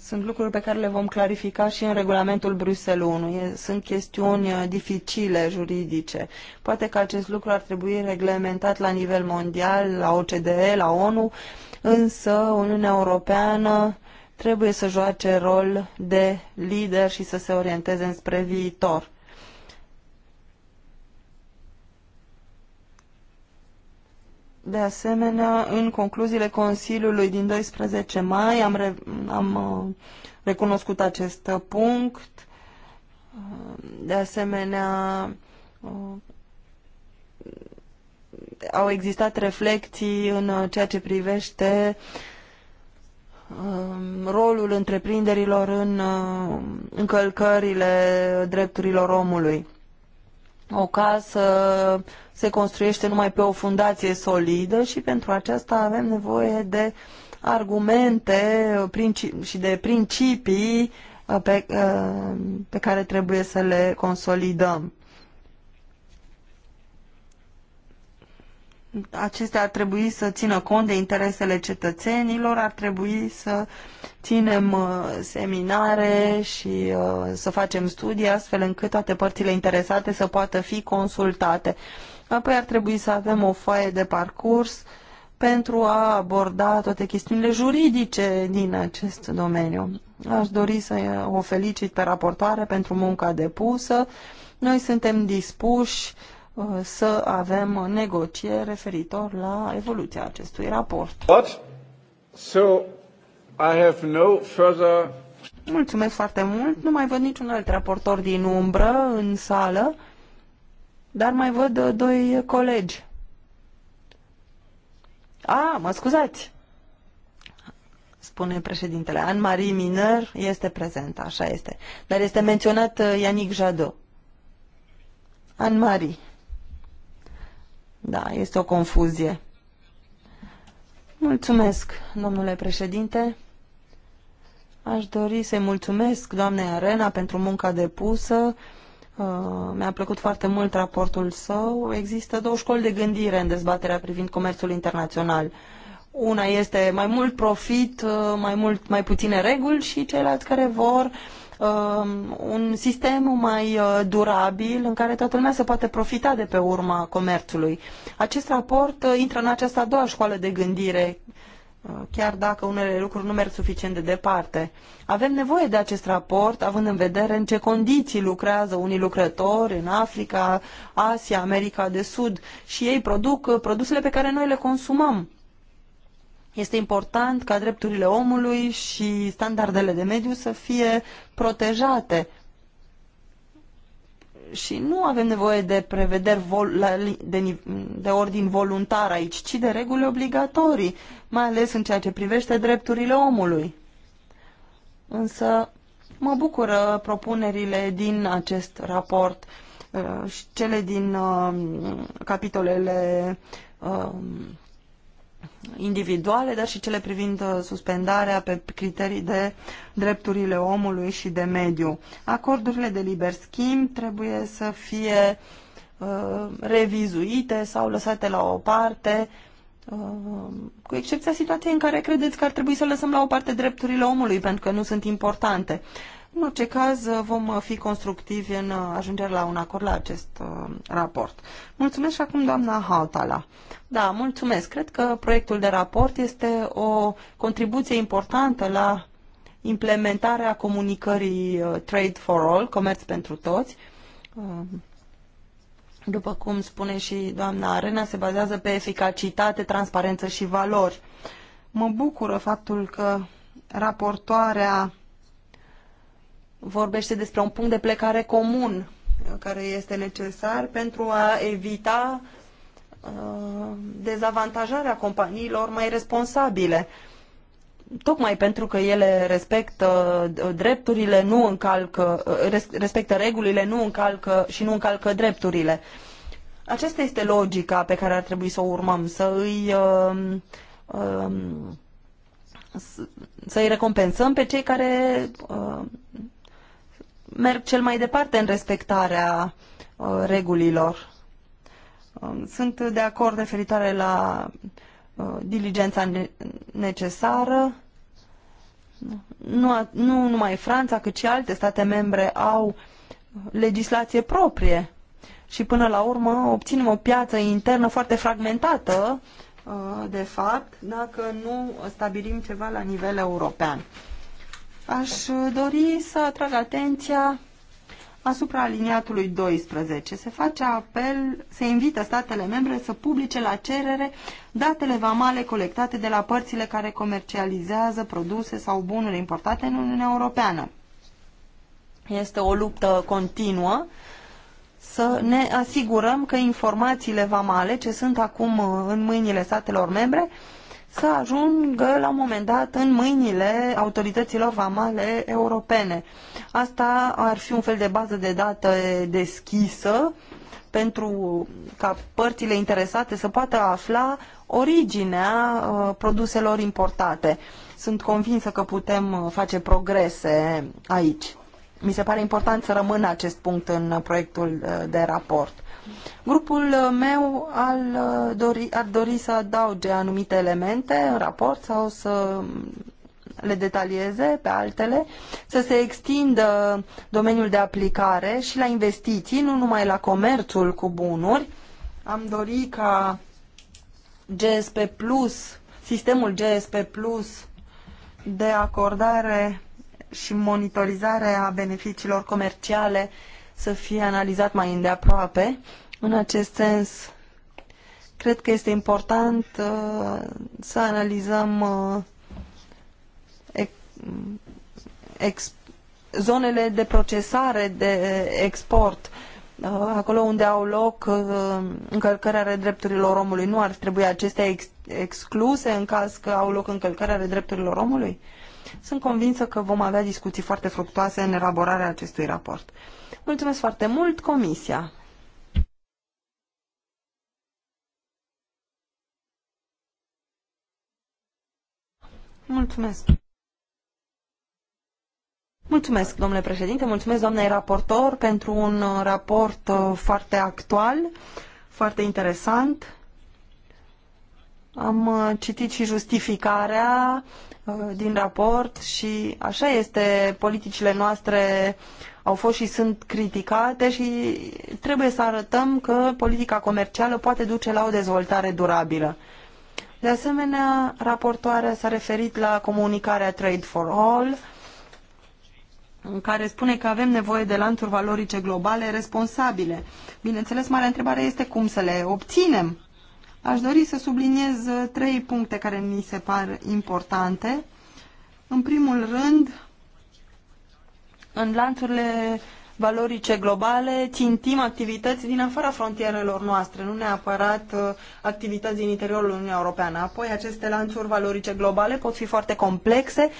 A: Sunt lucruri pe care le vom clarifica și în regulamentul Bruxelles 1. Sunt chestiuni uh, dificile juridice. Poate că acest lucru ar trebui reglementat la nivel mondial, la OCDE, la ONU, însă Uniunea Europeană trebuie să joace rol de lider și să se orienteze înspre viitor. De asemenea, în concluziile Consiliului din 12 mai am, re am uh, recunoscut acest punct. De asemenea, uh, au existat reflecții în uh, ceea ce privește uh, Um, rolul întreprinderilor în uh, încălcările drepturilor omului. O casă se construiește numai pe o fundație solidă și pentru aceasta avem nevoie de argumente și de principii uh, pe, uh, pe care trebuie să le consolidăm. acestea ar trebui să țină cont de interesele cetățenilor, ar trebui să ținem uh, seminare și uh, să facem studii astfel încât toate părțile interesate să poată fi consultate. Apoi ar trebui să avem o foaie de parcurs pentru a aborda toate chestiunile juridice din acest domeniu. Aș dori să o felicit pe raportoare pentru munca depusă. Noi suntem dispuși uh, Uh, să avem negocieri referitor la evoluția acestui raport. What? So, I have no further... Mulțumesc foarte mult. Nu mai văd niciun alt raportor din umbră în sală, dar mai văd uh, doi colegi. A, mă scuzați, spune președintele. Anne-Marie Miner este prezent, așa este. Dar este menționat uh, Yannick Jadot. Anne-Marie. Da, este o confuzie. Mulțumesc, domnule președinte. Aș dori să-i mulțumesc doamnei Arena pentru munca depusă. Uh, mi-a plăcut foarte mult raportul său. Există două școli de gândire în dezbaterea privind comerțul internațional. Una este mai mult profit, uh, mai, mult, mai puține reguli și ceilalți care vor uh, Um, un sistem mai uh, durabil în care toată lumea se poate profita de pe urma comerțului. Acest raport uh, intră în această a doua școală de gândire uh, chiar dacă unele lucruri nu merg suficient de departe. Avem nevoie de acest raport, având în vedere în ce condiții lucrează unii lucrători în Africa, Asia, America de Sud și ei produc produsele pe care noi le consumăm. Este important ca drepturile omului și standardele de mediu să fie protejate. Și nu avem nevoie de prevederi de, de ordin voluntar aici, ci de reguli obligatorii, mai ales în ceea ce privește drepturile omului. Însă mă bucură propunerile din acest raport uh, și cele din uh, capitolele uh, individuale, dar și cele privind uh, suspendarea pe criterii de drepturile omului și de mediu. Acordurile de liber schimb trebuie să fie uh, revizuite sau lăsate la o parte, uh, cu excepția situației în care credeți că ar trebui să lăsăm la o parte drepturile omului, pentru că nu sunt importante. În orice caz, vom fi constructivi în uh, ajungerea la un acord la acest uh, raport. Mulțumesc și acum, doamna Hautala. Da, mulțumesc. Cred că proiectul de raport este o contribuție importantă la implementarea comunicării uh, Trade for All, Comerț pentru Toți. după cum spune și doamna Arena, se bazează pe eficacitate, transparență și valori. Mă bucură faptul că raportoarea vorbește despre un punct de plecare comun uh, care este necesar pentru a evita uh, dezavantajarea companiilor mai responsabile. Tocmai pentru că ele respectă uh, drepturile, nu încalcă, respectă regulile, nu încalcă și nu încalcă drepturile. Aceasta este logica pe care ar trebui să o urmăm, să îi um, să îi recompensăm pe cei care merg cel mai departe în respectarea uh, regulilor. Um, sunt de acord referitoare la uh, diligența necesară. Nu, nu numai Franța, cât și alte state membre au legislație proprie și până la urmă obținem o piață internă foarte fragmentată, uh, de fapt, dacă nu stabilim ceva la nivel european. Aș dori să atrag atenția asupra aliniatului 12. Se face apel, se invită statele membre să publice la cerere datele vamale colectate de la părțile care comercializează produse sau bunuri importate în Uniunea Europeană. Este o luptă continuă să ne asigurăm că informațiile vamale ce sunt acum în mâinile statelor membre uh, să ajungă la un moment dat în mâinile autorităților vamale europene. Asta ar fi un fel de bază de date deschisă pentru ca părțile interesate să poată afla originea uh, produselor importate. Sunt convinsă că putem uh, face progrese aici. Mi se pare important să rămână acest punct în proiectul uh, de raport. Grupul uh, meu ar uh, dori, ar dori să adauge anumite elemente în raport sau să mm, le detalieze pe altele, să se extindă domeniul de aplicare și la investiții, nu numai la comerțul cu bunuri. Am dorit ca GSP Plus, sistemul GSP Plus de acordare și monitorizare a beneficiilor comerciale uh, să fie analizat mai îndeaproape. În acest sens, cred că este important uh, să analizăm uh, ex, zonele de procesare de export. Uh, acolo unde au loc uh, încălcări ale drepturilor omului, nu ar trebui acestea ex excluse în caz că au loc încălcări ale drepturilor omului? Sunt convinsă că vom avea discuții foarte fructoase în elaborarea acestui raport. Mulțumesc foarte mult, Comisia. Mulțumesc. Mulțumesc, domnule președinte, mulțumesc doamnei raportor pentru un raport uh, foarte actual, foarte interesant. Am uh, citit și justificarea Uh, din raport și așa este, politicile noastre au fost și sunt criticate și trebuie să arătăm că politica comercială poate duce la o dezvoltare durabilă. De asemenea, raportoarea s-a referit la comunicarea Trade for All, în care spune că avem nevoie de lanțuri valorice globale responsabile. Bineînțeles, marea întrebare este cum să le obținem. Aș dori să subliniez uh, trei puncte care mi se par importante. În primul rând, în lanțurile valorice globale, țintim activități din afara frontierelor noastre, nu neapărat uh, activități din interiorul Uniunii Europeană. Apoi, aceste lanțuri valorice globale pot fi foarte complexe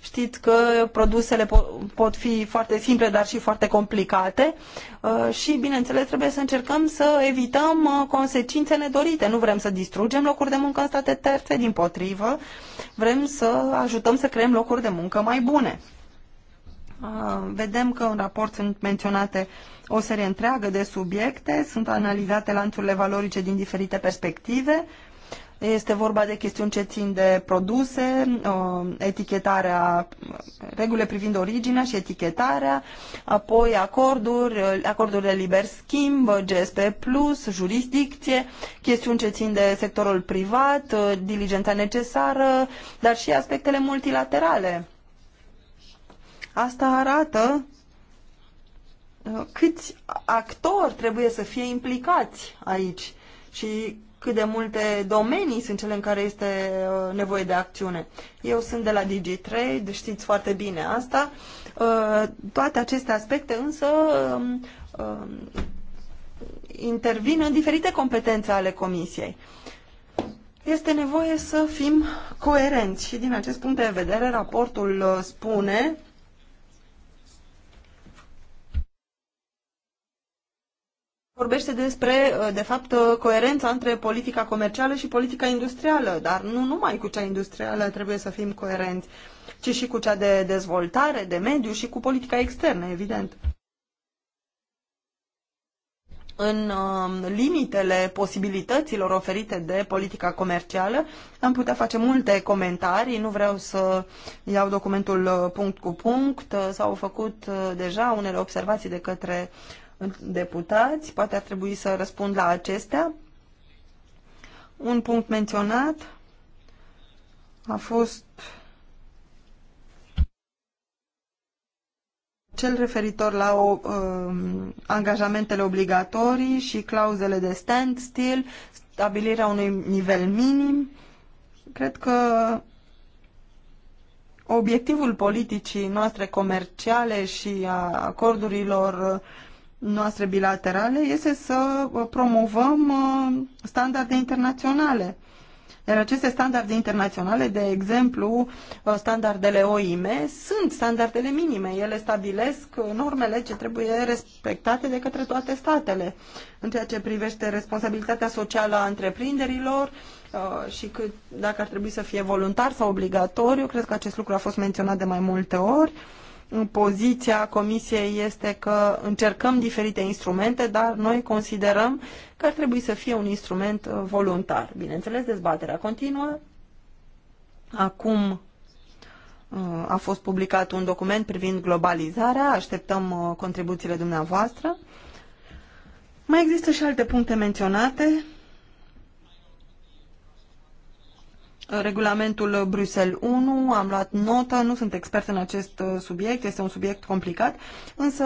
A: Știți că produsele pot fi foarte simple, dar și foarte complicate uh, și, bineînțeles, trebuie să încercăm să evităm uh, consecințe nedorite. Nu vrem să distrugem locuri de muncă în state terțe, din potrivă, vrem să ajutăm să creăm locuri de muncă mai bune. Uh, vedem că în raport sunt menționate o serie întreagă de subiecte, sunt analizate lanțurile valorice din diferite perspective, este vorba de chestiuni ce țin de produse, uh, etichetarea, regulile privind originea și etichetarea, apoi acorduri, uh, acordurile liber schimb, GSP+, jurisdicție, chestiuni ce țin de sectorul privat, uh, diligența necesară, dar și aspectele multilaterale. Asta arată câți actori trebuie să fie implicați aici și cât de multe domenii sunt cele în care este uh, nevoie de acțiune. Eu sunt de la DigiTrade, știți foarte bine asta. Uh, toate aceste aspecte însă um, um, intervin în diferite competențe ale Comisiei. Este nevoie să fim coerenți și din acest punct de vedere raportul uh, spune vorbește despre, uh, de fapt, uh, coerența între politica comercială și politica industrială, dar nu numai cu cea industrială trebuie să fim coerenți, ci și cu cea de dezvoltare, de mediu și cu politica externă, evident. În um, limitele posibilităților oferite de politica comercială, am putea face multe comentarii, nu vreau să iau documentul uh, punct cu punct, s-au făcut deja unele observații de către deputați, poate ar trebui să răspund la acestea. Un punct menționat a fost cel referitor la o, um, angajamentele obligatorii și clauzele de standstill, stabilirea unui nivel minim. Cred că obiectivul politicii noastre comerciale și a acordurilor noastre bilaterale este să uh, promovăm uh, standarde internaționale. Iar aceste standarde internaționale, de exemplu, uh, standardele OIM, sunt standardele minime. Ele stabilesc normele ce trebuie respectate de către toate statele în ceea ce privește responsabilitatea socială a întreprinderilor și cât, dacă ar trebui să fie voluntar sau obligatoriu. Cred că acest lucru a fost menționat de mai multe ori poziția Comisiei este că încercăm diferite instrumente, dar noi considerăm că ar trebui să fie un instrument uh, voluntar. Bineînțeles, dezbaterea continuă. Acum uh, a fost publicat un document privind globalizarea, așteptăm uh, contribuțiile dumneavoastră. Mai există și alte puncte menționate regulamentul Bruxelles 1, am luat notă, nu sunt expert în acest uh, subiect, este un subiect complicat, însă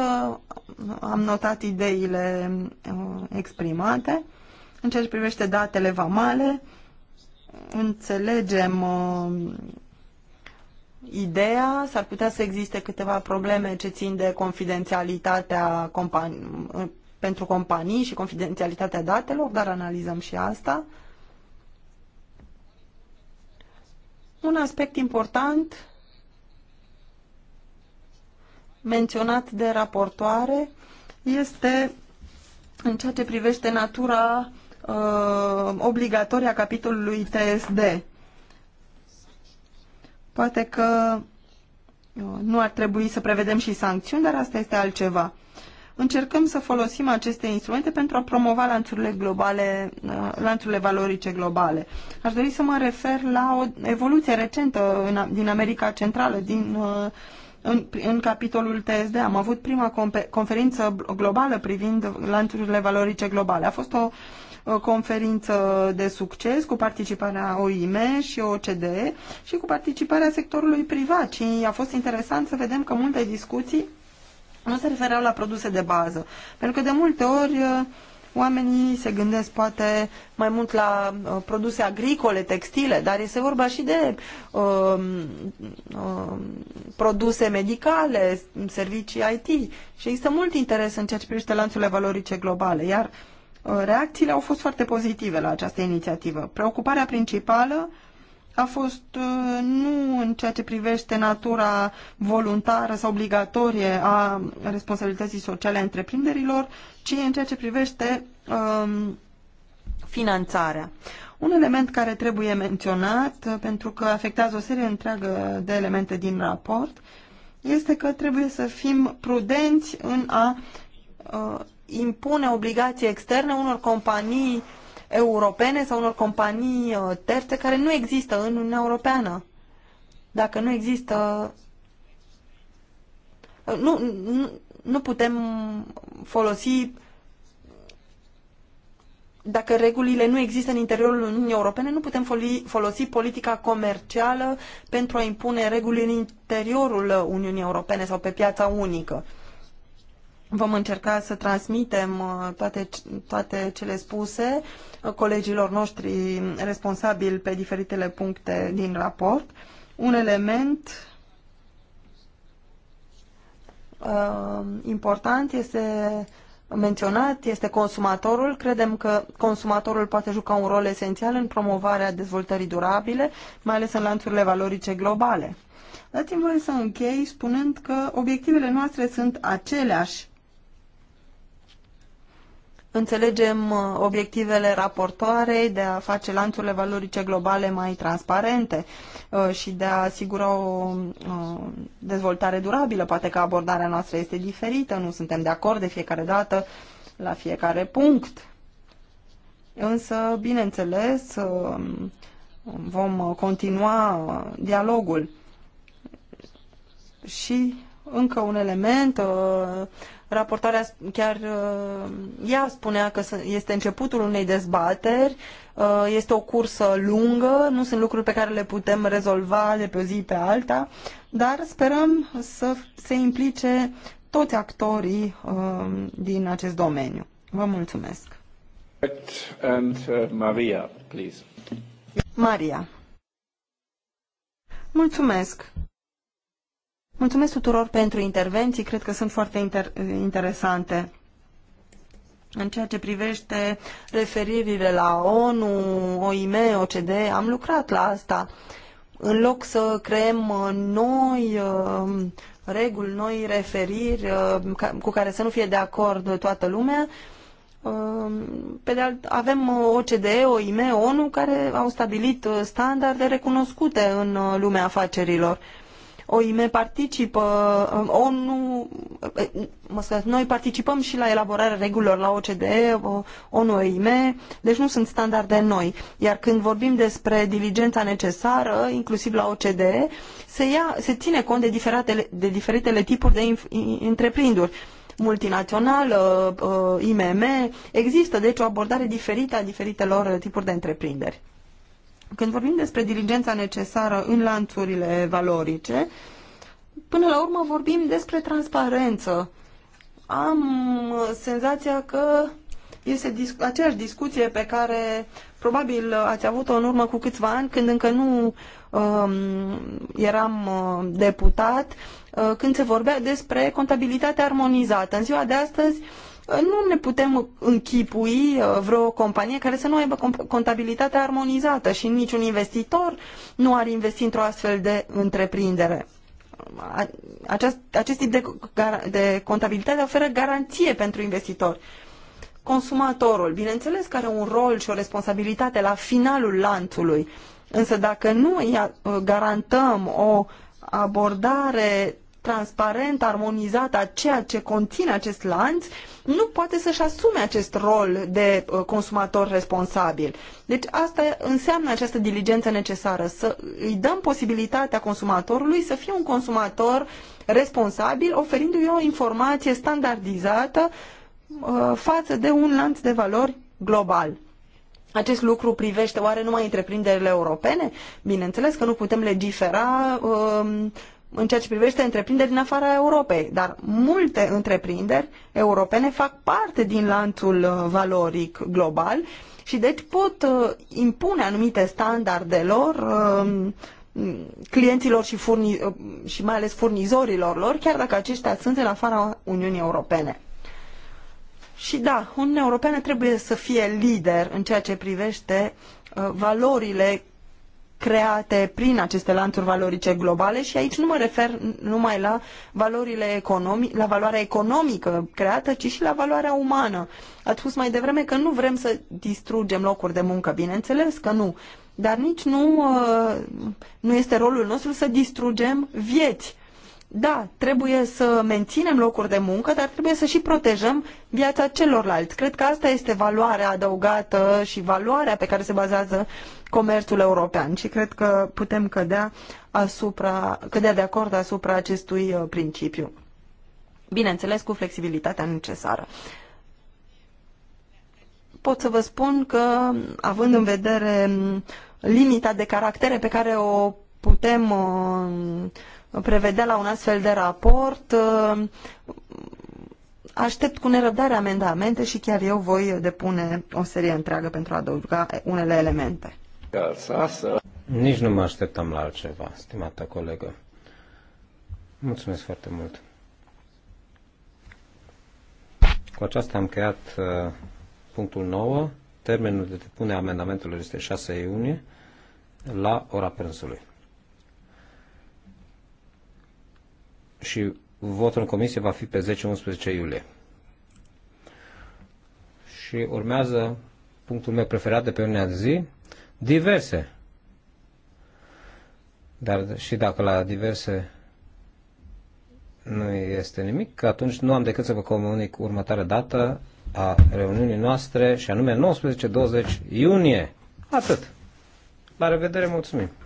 A: am notat ideile uh, exprimate. În ceea ce privește datele vamale, înțelegem uh, ideea, s-ar putea să existe câteva probleme ce țin de confidențialitatea compani- pentru companii și confidențialitatea datelor, dar analizăm și asta. Uh, Un aspect important menționat de raportoare este în ceea ce privește natura uh, obligatorie a capitolului TSD. Poate că uh, nu ar trebui să prevedem și sancțiuni, dar asta este altceva. Încercăm să folosim aceste instrumente pentru a promova lanțurile, globale, uh, lanțurile valorice globale. Aș dori să mă refer la o evoluție recentă în, din America Centrală, din uh, în, în capitolul TSD am avut prima conferință globală privind lanțurile valorice globale. A fost o conferință de succes cu participarea OIM și OCDE și cu participarea sectorului privat și a fost interesant să vedem că multe discuții nu se refereau la produse de bază. Pentru că de multe ori uh, oamenii se gândesc poate mai mult la uh, produse agricole, textile, dar este vorba și de uh, uh, produse medicale, servicii IT și există mult interes în ceea ce privește lanțurile valorice globale, iar uh, reacțiile au fost foarte pozitive la această inițiativă. Preocuparea principală uh, a fost uh, nu în ceea ce privește natura voluntară sau obligatorie a responsabilității sociale a întreprinderilor, ci în ceea ce privește um, finanțarea. Un element care trebuie menționat, uh, pentru că afectează o serie întreagă de elemente din raport, este că trebuie să fim prudenți în a uh, impune obligații externe unor companii europene sau unor companii uh, terțe care nu există în Uniunea Europeană. Dacă nu există... Uh, nu, nu, nu putem folosi dacă regulile nu există în interiorul Uniunii Europene, nu putem folosi politica comercială pentru a impune reguli în interiorul Uniunii Europene sau pe piața unică. Vom încerca să transmitem uh, toate, toate cele spuse uh, colegilor noștri responsabili pe diferitele puncte din raport. Un element uh, important este menționat este consumatorul. Credem că consumatorul poate juca un rol esențial în promovarea dezvoltării durabile, mai ales în lanțurile valorice globale. Dați-mi voie să închei spunând că obiectivele noastre sunt aceleași Înțelegem uh, obiectivele raportoarei de a face lanțurile valorice globale mai transparente uh, și de a asigura o uh, dezvoltare durabilă. Poate că abordarea noastră este diferită, nu suntem de acord de fiecare dată la fiecare punct. Însă, bineînțeles, vom continua dialogul. Și încă un element, Raportarea chiar uh, ea spunea că este începutul unei dezbateri, uh, este o cursă lungă, nu sunt lucruri pe care le putem rezolva de pe o zi pe alta, dar sperăm să se implice toți actorii uh, din acest domeniu. Vă mulțumesc.
C: And, Maria, please.
A: Maria. Mulțumesc. Mulțumesc tuturor pentru intervenții, cred că sunt foarte inter interesante. În ceea ce privește referirile la ONU, OIM, OCD, am lucrat la asta. În loc să creăm uh, noi uh, reguli, noi referiri uh, cu care să nu fie de acord toată lumea, pe de alt, avem OCDE, OIM, ONU, care au stabilit standarde recunoscute în lumea afacerilor OIM participă, uh, ONU, uh, uh, mă scuze, noi participăm și la elaborarea regulilor la OCDE, ONU, OIM, deci nu sunt standarde noi. Iar când vorbim despre diligența necesară, inclusiv la OCDE, se, ia, se ține cont de, de diferitele tipuri de întreprinduri multinațională, IMM, există deci o abordare diferită a diferitelor tipuri de întreprinderi. Când vorbim despre diligența necesară în lanțurile valorice, până la urmă vorbim despre transparență. Am senzația că este dis- aceeași discuție pe care probabil ați avut-o în urmă cu câțiva ani, când încă nu um, eram uh, deputat, uh, când se vorbea despre contabilitate armonizată. În ziua de astăzi uh, nu ne putem închipui uh, vreo companie care să nu aibă contabilitate armonizată și niciun investitor nu ar investi într-o astfel de întreprindere. Acest, acest tip de, de contabilitate oferă garanție pentru investitori. Consumatorul, bineînțeles, că are un rol și o responsabilitate la finalul lanțului, însă dacă nu uh, garantăm o abordare transparent, armonizată a ceea ce conține acest lanț, nu poate să-și asume acest rol de uh, consumator responsabil. Deci asta înseamnă această diligență necesară, să îi dăm posibilitatea consumatorului să fie un consumator responsabil, oferindu-i o informație standardizată uh, față de un lanț de valori global. Acest lucru privește oare numai întreprinderile europene? Bineînțeles că nu putem legifera uh, în ceea ce privește întreprinderi din afara Europei, dar multe întreprinderi europene fac parte din lanțul uh, valoric global și deci pot uh, impune anumite lor uh, clienților și, furni, și mai ales furnizorilor lor, chiar dacă aceștia sunt în afara Uniunii Europene. Și da, Uniunea Europeană trebuie să fie lider în ceea ce privește valorile create prin aceste lanțuri valorice globale și aici nu mă refer numai la valorile economice, la valoarea economică creată, ci și la valoarea umană. Ați spus mai devreme că nu vrem să distrugem locuri de muncă, bineînțeles că nu, dar nici nu, uh, nu este rolul nostru să distrugem vieți. Da, trebuie să menținem locuri de muncă, dar trebuie să și protejăm viața celorlalți. Cred că asta este valoarea adăugată și valoarea pe care se bazează uh, comerțul european și cred că putem cădea, asupra, cădea de acord asupra acestui uh, principiu. Bineînțeles, cu flexibilitatea necesară. Pot să vă spun că, având în vedere limita de caractere pe care o putem uh, prevedea la un astfel de raport, uh, aștept cu nerăbdare amendamente și chiar eu voi depune o serie întreagă pentru a adăuga unele elemente.
B: Nici nu mă așteptam la altceva, stimată colegă. Mulțumesc foarte mult. Cu aceasta am creat uh, punctul 9. Termenul de depune a amendamentelor este 6 iunie la ora prânzului. Și votul în comisie va fi pe 10-11 iulie. Și urmează punctul meu preferat de pe unea de zi, diverse. Dar și dacă la diverse nu este nimic, atunci nu am decât să vă comunic următoarea dată a reuniunii noastre, și anume 19-20 iunie. Atât. La revedere, mulțumim!